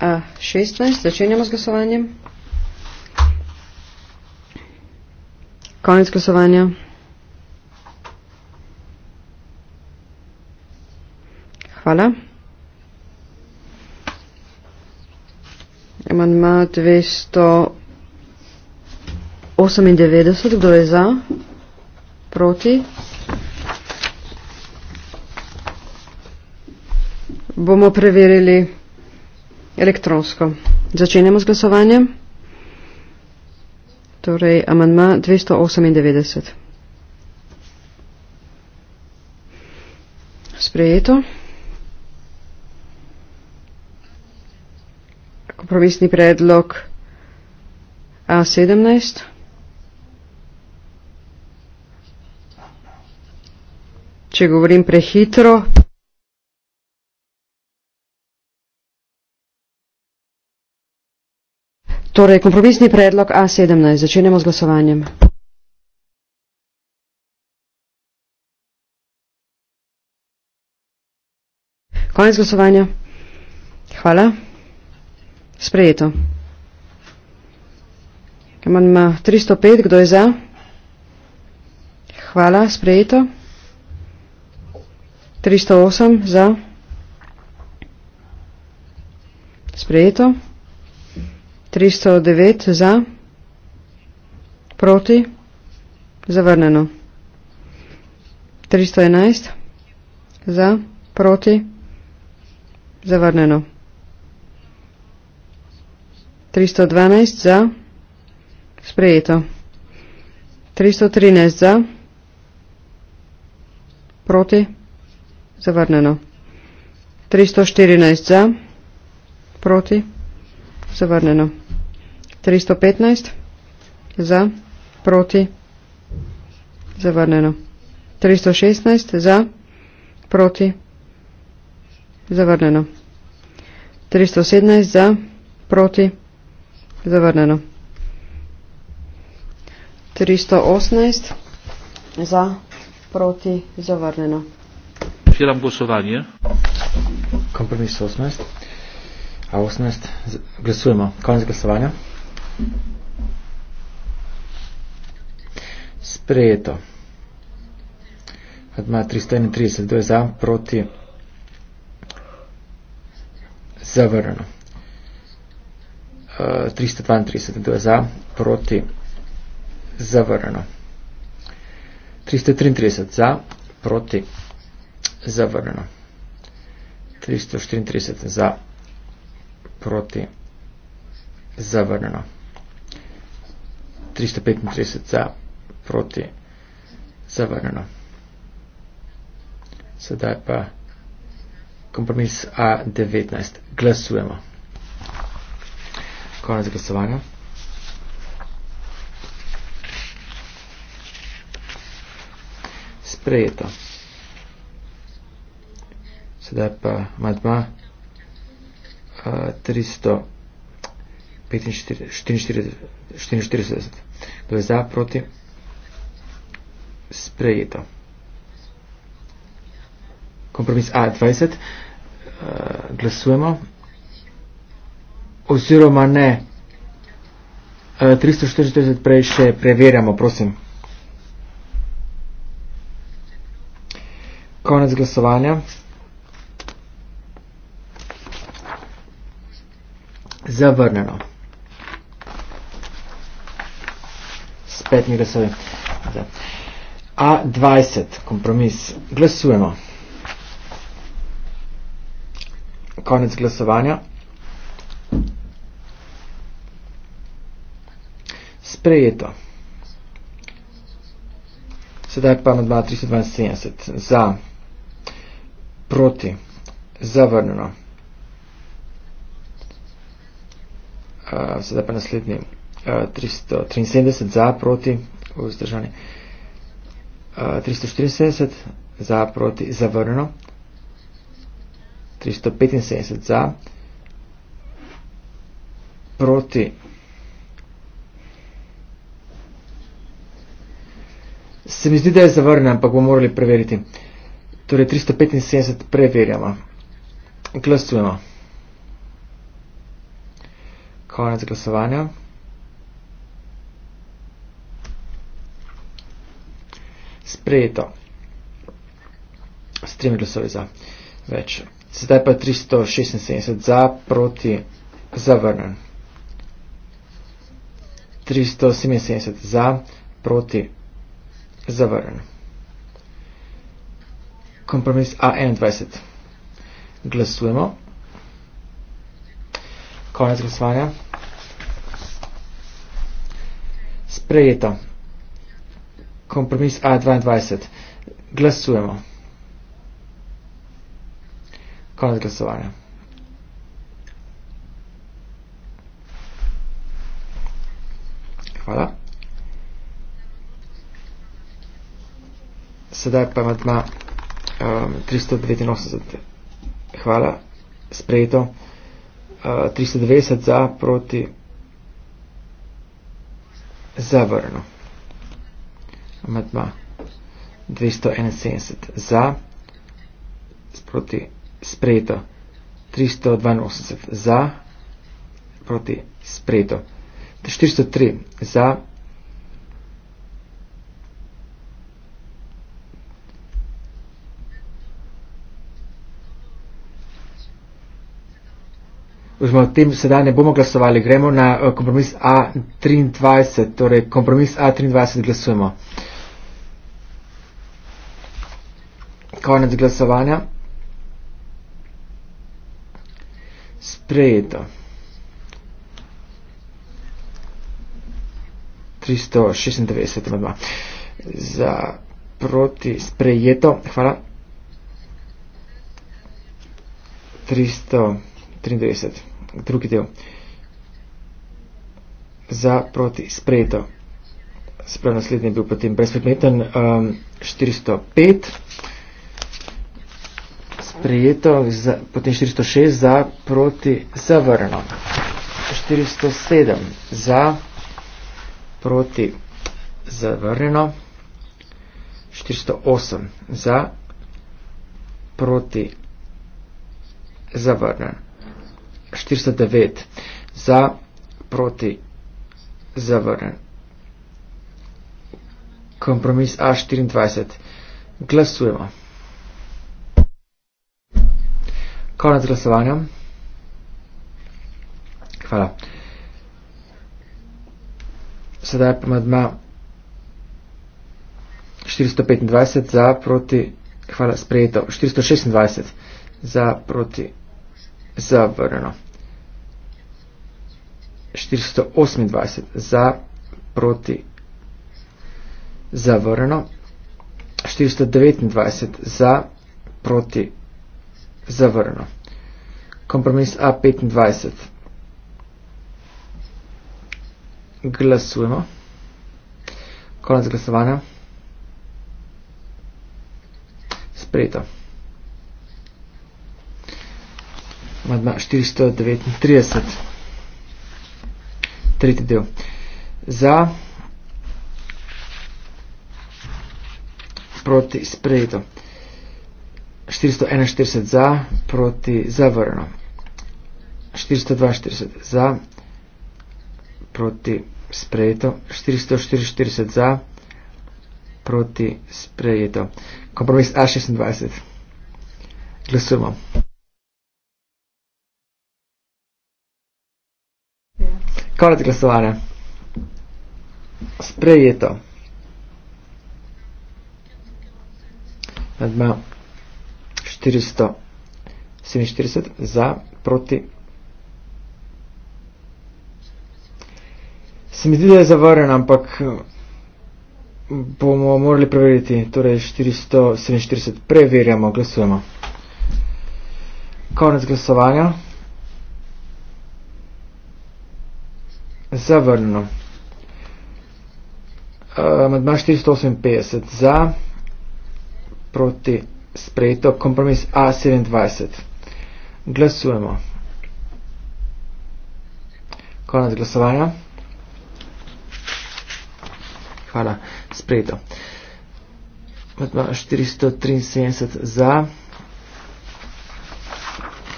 A16. Začenjamo z glasovanjem. Konec glasovanja. Hvala. Amandma 298. Kdo je za? Proti? bomo preverili elektronsko. Začenjamo z glasovanjem. Torej, amanma 298. Sprejeto. Kompromisni predlog A17. Če govorim prehitro, Torej, kompromisni predlog A17. Začenjamo z glasovanjem. Konec glasovanja. Hvala. Sprejeto. Amandma 305. Kdo je za? Hvala. Sprejeto. 308. Za. Sprejeto. 309 za, proti, zavrnjeno. 311 za, proti, zavrnjeno. 312 za, sprejeto. 313 za, proti, zavrnjeno. 314 za, proti, zavrnjeno. 315, za, proti, zavrnjeno. 316, za, proti, zavrnjeno. 317, za, proti, zavrnjeno. 318, za, proti, zavrnjeno. Odpiram glasovanje. Kompromis 18. A 18, glasujemo. Konec glasovanja. Sprejeto. Adma 331, kdo je za, proti, zavrnjeno. Uh, eh, 332, kdo je za, proti, zavrnjeno. 333 za, proti, zavrnjeno. 334 za, proti, zavrnjeno. 335 za proti zavrnjeno. Sedaj pa kompromis A19. Glasujemo. Konec glasovanja. Sprejeto. Sedaj pa madma 344. Kdo je za, proti? Sprejeto. Kompromis A20. Eh, glasujemo. Oziroma ne. 340 eh, prej še preverjamo, prosim. Konec glasovanja. Zavrneno. petimi glasovi. A20, kompromis. Glasujemo. Konec glasovanja. Sprejeto. Sedaj pa na 2372. Za. Proti. Zavrnjeno. Uh, sedaj pa naslednji. 373 eh, za proti vzdržani. 374 eh, za proti zavrno. 375 za proti Se mi zdi, da je zavrne, ampak bomo morali preveriti. Torej, 375 preverjamo. Glasujemo. Konec glasovanja. sprejeto. S tremi glasovi za več. Sedaj pa 376 za proti zavrnen. 377 za proti zavrnen. Kompromis A21. Glasujemo. Konec glasovanja. Sprejeto kompromis A22. Glasujemo. Konec glasovanja. Hvala. Sedaj pa ima um, 389. Hvala. Sprejeto. Uh, 390 za proti zavrno amadma 271 za proti sprejeto 382 za proti sprejeto 403 za oziroma o tem sedaj ne bomo glasovali, gremo na eh, kompromis A23, torej kompromis A23 glasujemo. Konec glasovanja. Sprejeto. 396 za proti sprejeto. Hvala. 393 drugi del. Za proti sprejeto. Sprav naslednji je bil potem brezpredmeten um, 405. Sprejeto, za, potem 406 za proti zavrno. 407 za proti zavrno. 408 za proti zavrnen. 409 za proti zavrnen. Kompromis A24. Glasujemo. Konec glasovanja. Hvala. Sedaj pa med 425 za proti, hvala, sprejeto, 426 za proti zavrno. 428 za, proti, zavrno. 429 za, proti, zavrno. Kompromis A25. Glasujemo. Konec glasovanja. Sprejeto. Madma 439, tretji del. Za proti sprejeto. 441 za proti zavrno. 442 za proti sprejeto. 444 za proti sprejeto. Kompromis A26. Glasujemo. Konec glasovanja. Sprejeto. Nadma 447 za proti. Se mi zdi, da je zavarjen, ampak eh, bomo morali preveriti. Torej 447 preverjamo, glasujemo. Konec glasovanja. zavrnjeno. Amadma 458 za, proti sprejeto, kompromis A27. Glasujemo. Konec glasovanja. Hvala, sprejeto. Amadma 473 za,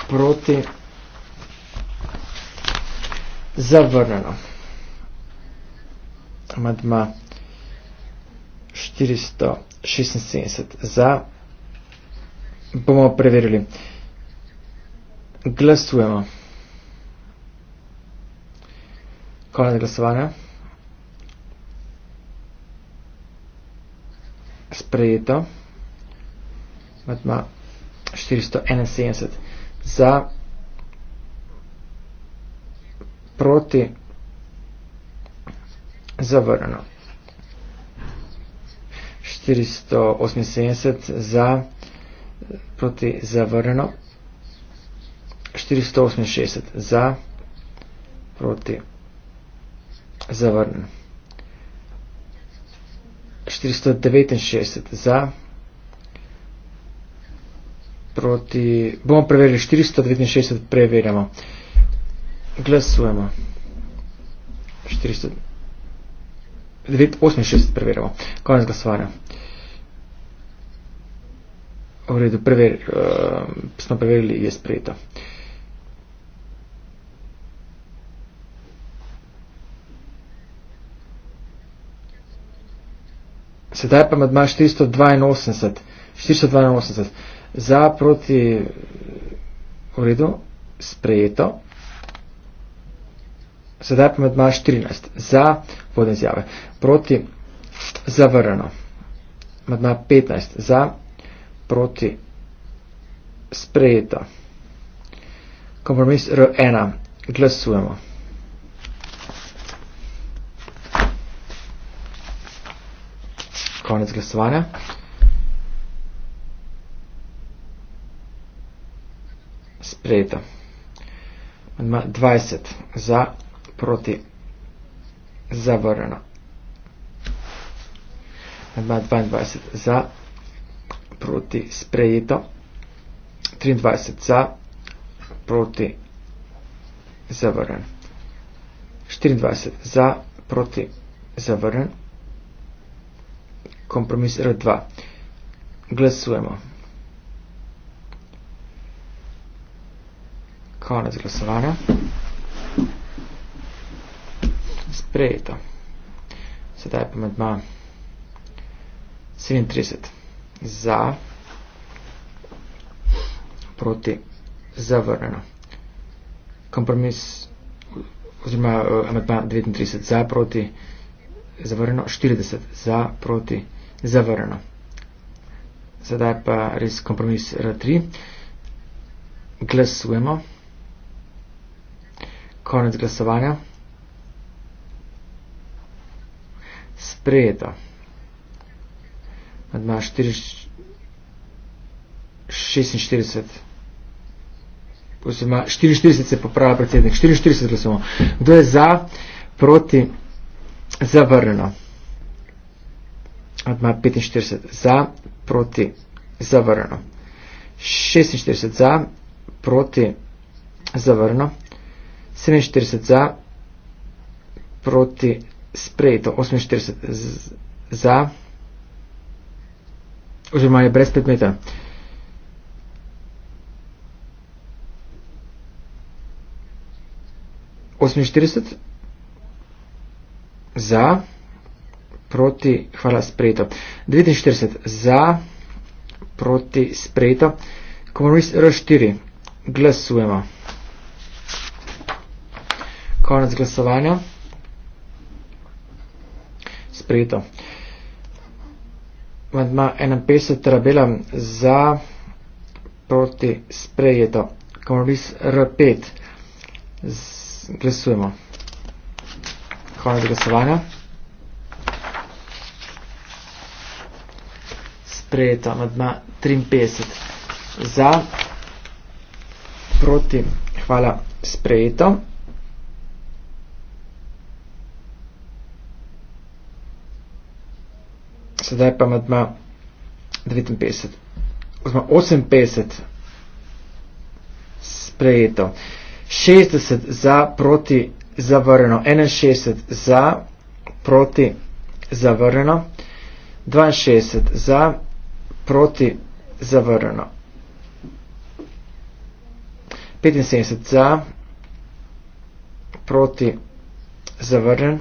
proti sprejeto zavrnjeno. Amadma 476 za. Bomo preverili. Glasujemo. Konec glasovanja. Sprejeto. Amadma 471 za proti zavrano. 478 za proti zavrano. 468 za proti zavrano. 469 za proti bomo preverili 469 preverjamo Glasujemo. 486 preverjamo. Konec glasovanja. V redu, prever, uh, smo preverili, je sprejeto. Sedaj pa med 482. 482. Za proti v redu, sprejeto. Sedaj pa med maš 13. Za vodne izjave. Proti zavrano. Med maš 15. Za proti sprejeto. Kompromis R1. Glasujemo. Konec glasovanja. Sprejeto. Med maš 20. Za sprejeto proti zavrano. Amandma 22 za, proti sprejeto. 23 za, proti zavrnen. 24 za, proti zavrnen. Kompromis R2. Glasujemo. Konec glasovanja sprejeto. Sedaj pa med 37 za, proti zavrnjeno. Kompromis oziroma eh, med 39 za, proti zavrnjeno, 40 za, proti zavrnjeno. Sedaj pa res kompromis R3. Glasujemo. Konec glasovanja. sprejeta. Madma 46. 44 se popravlja predsednik. 44 glasovamo. Kdo je za, proti, zavrnjeno. Madma 45. Za, proti, zavrnjeno. 46 za, proti, zavrnjeno. 47 za, proti, sprejeto 48 za oziroma je brez predmeta. za proti hvala sprejeto 49 za proti sprejeto komoris R4 glasujemo konec glasovanja sprejeto. Amandma 51 trabela za proti sprejeto. Kompromis R5. Glasujemo. Konec glasovanja. Sprejeto. Amandma 53 za proti. Hvala. Sprejeto. sedaj pa med 59 oziroma 58 sprejeto, 60 za proti zavrneno, 61 za proti zavrneno, 62 za proti zavrneno, 75 za proti zavrneno,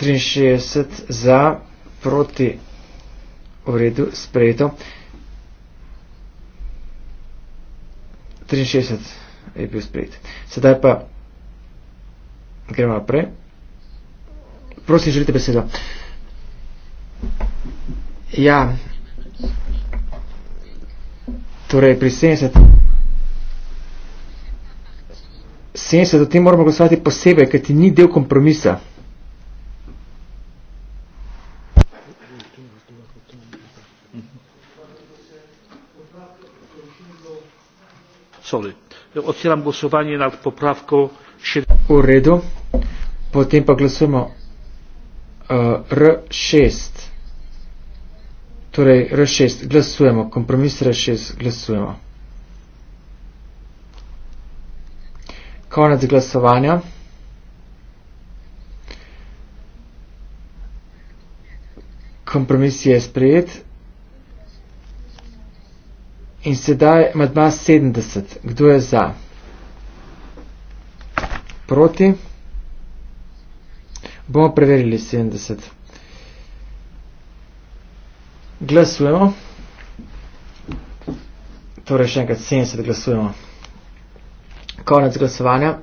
63 za, proti, v redu, sprejeto. 63 je bil sprejet. Sedaj pa gremo naprej. Prosim, želite besedo. Ja, torej pri 70. 70, o tem moramo glasovati posebej, ker ti ni del kompromisa. sorry. No, otwieram głosowanie nad poprawką 7. Uredu. Potem poglasujemy e, R6. Torej R6 głosujemy. Kompromis R6 głosujemy. Koniec głosowania. Kompromis jest przyjęty. In sedaj madma 70. Kdo je za? Proti? Bomo preverili 70. Glasujemo. Torej še enkrat 70 glasujemo. Konec glasovanja.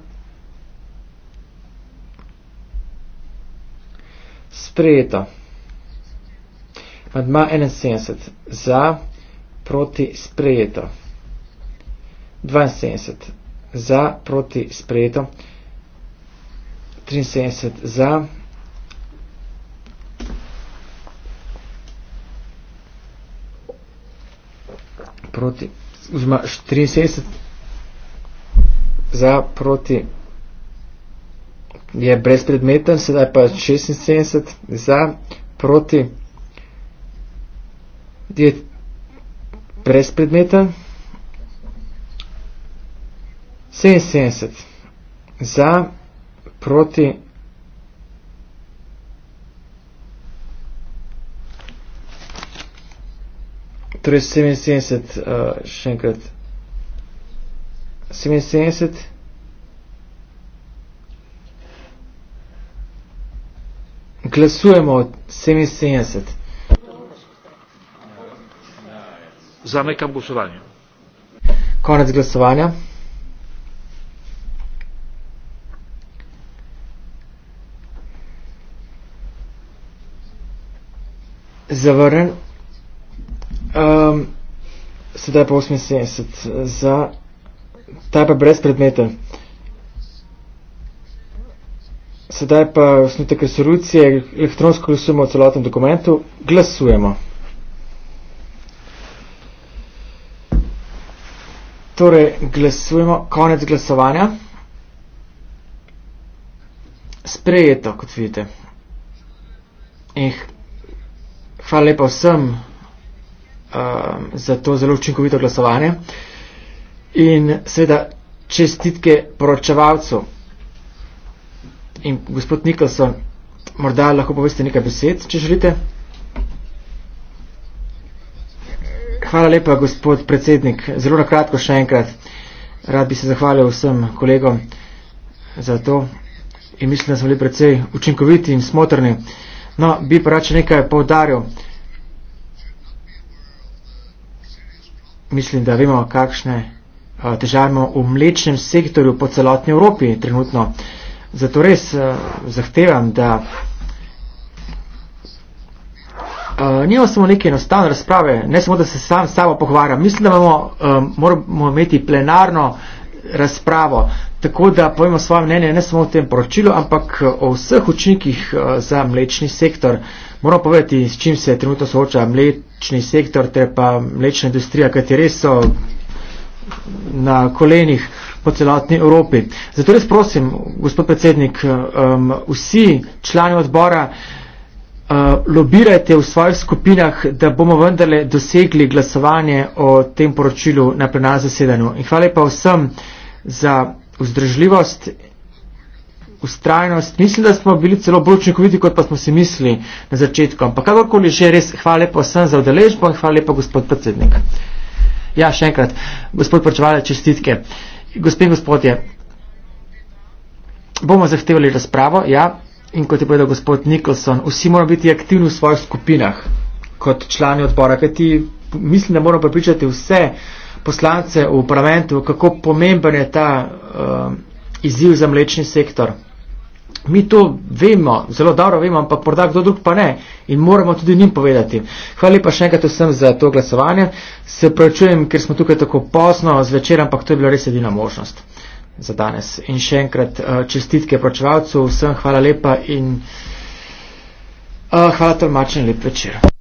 Sprejeto. Madma 71. Za proti sprejeto. 72 za proti sprejeto. 73 za. 73 za proti je brezpredmeten, sedaj pa 76 za proti je brez predmeta, 77 za, proti, torej 77, uh, eh, še enkrat, 77 glasujemo 77 Zamekam glasovanje. Konec glasovanja. Zavrnen. Um, sedaj pa 78 za. Ta pa brez predmeta. Sedaj pa osnutek resolucije, elektronsko glasujemo o celotnem dokumentu, glasujemo. Torej, glasujemo, konec glasovanja. Sprejeto, kot vidite. In eh, hvala lepa vsem um, za to zelo učinkovito glasovanje. In seveda čestitke poročevalcu. In gospod Nikolson, morda lahko poveste nekaj besed, če želite. Hvala lepa, gospod predsednik. Zelo na kratko še enkrat. Rad bi se zahvalil vsem kolegom za to in mislim, da smo bili predvsej učinkoviti in smotrni. No, bi pa rače nekaj povdaril. Mislim, da vemo, kakšne težave imamo v mlečnem sektorju po celotni Evropi trenutno. Zato res zahtevam, da Uh, Nimamo samo neke enostavne razprave, ne samo, da se sam s sabo pogovarjam. Mislim, da imamo, um, moramo imeti plenarno razpravo, tako da povemo svoje mnenje ne samo o tem poročilu, ampak o vseh učinkih uh, za mlečni sektor. Moramo povedati, s čim se trenutno sooča mlečni sektor, ter pa mlečna industrija, kateri so na kolenih po celotni Evropi. Zato res prosim, gospod predsednik, um, vsi člani odbora, uh, Eh, lobirajte v svojih skupinah, da bomo vendarle dosegli glasovanje o tem poročilu na plenarnem zasedanju. In hvala pa vsem za vzdržljivost, ustrajnost. Mislim, da smo bili celo bolj učinkoviti, kot pa smo si mislili na začetku. Ampak kakorkoli že, res hvala pa vsem za udeležbo in hvala pa gospod predsednik. Ja, še enkrat, gospod Pročevalec, čestitke. Gospe in gospodje, bomo zahtevali razpravo. Ja in kot je povedal gospod Nicholson, vsi moramo biti aktivni v svojih skupinah kot člani odbora, kajti mislim, da moramo pripričati vse poslance v parlamentu, kako pomemben je ta uh, izziv za mlečni sektor. Mi to vemo, zelo dobro vemo, ampak morda kdo drug pa ne in moramo tudi njim povedati. Hvala lepa še enkrat vsem za to glasovanje. Se pravčujem, ker smo tukaj tako pozno zvečer, ampak to je bila res edina možnost za danes. In še enkrat uh, čestitke pročevalcu, vsem hvala lepa in uh, hvala tolmačen lep večer.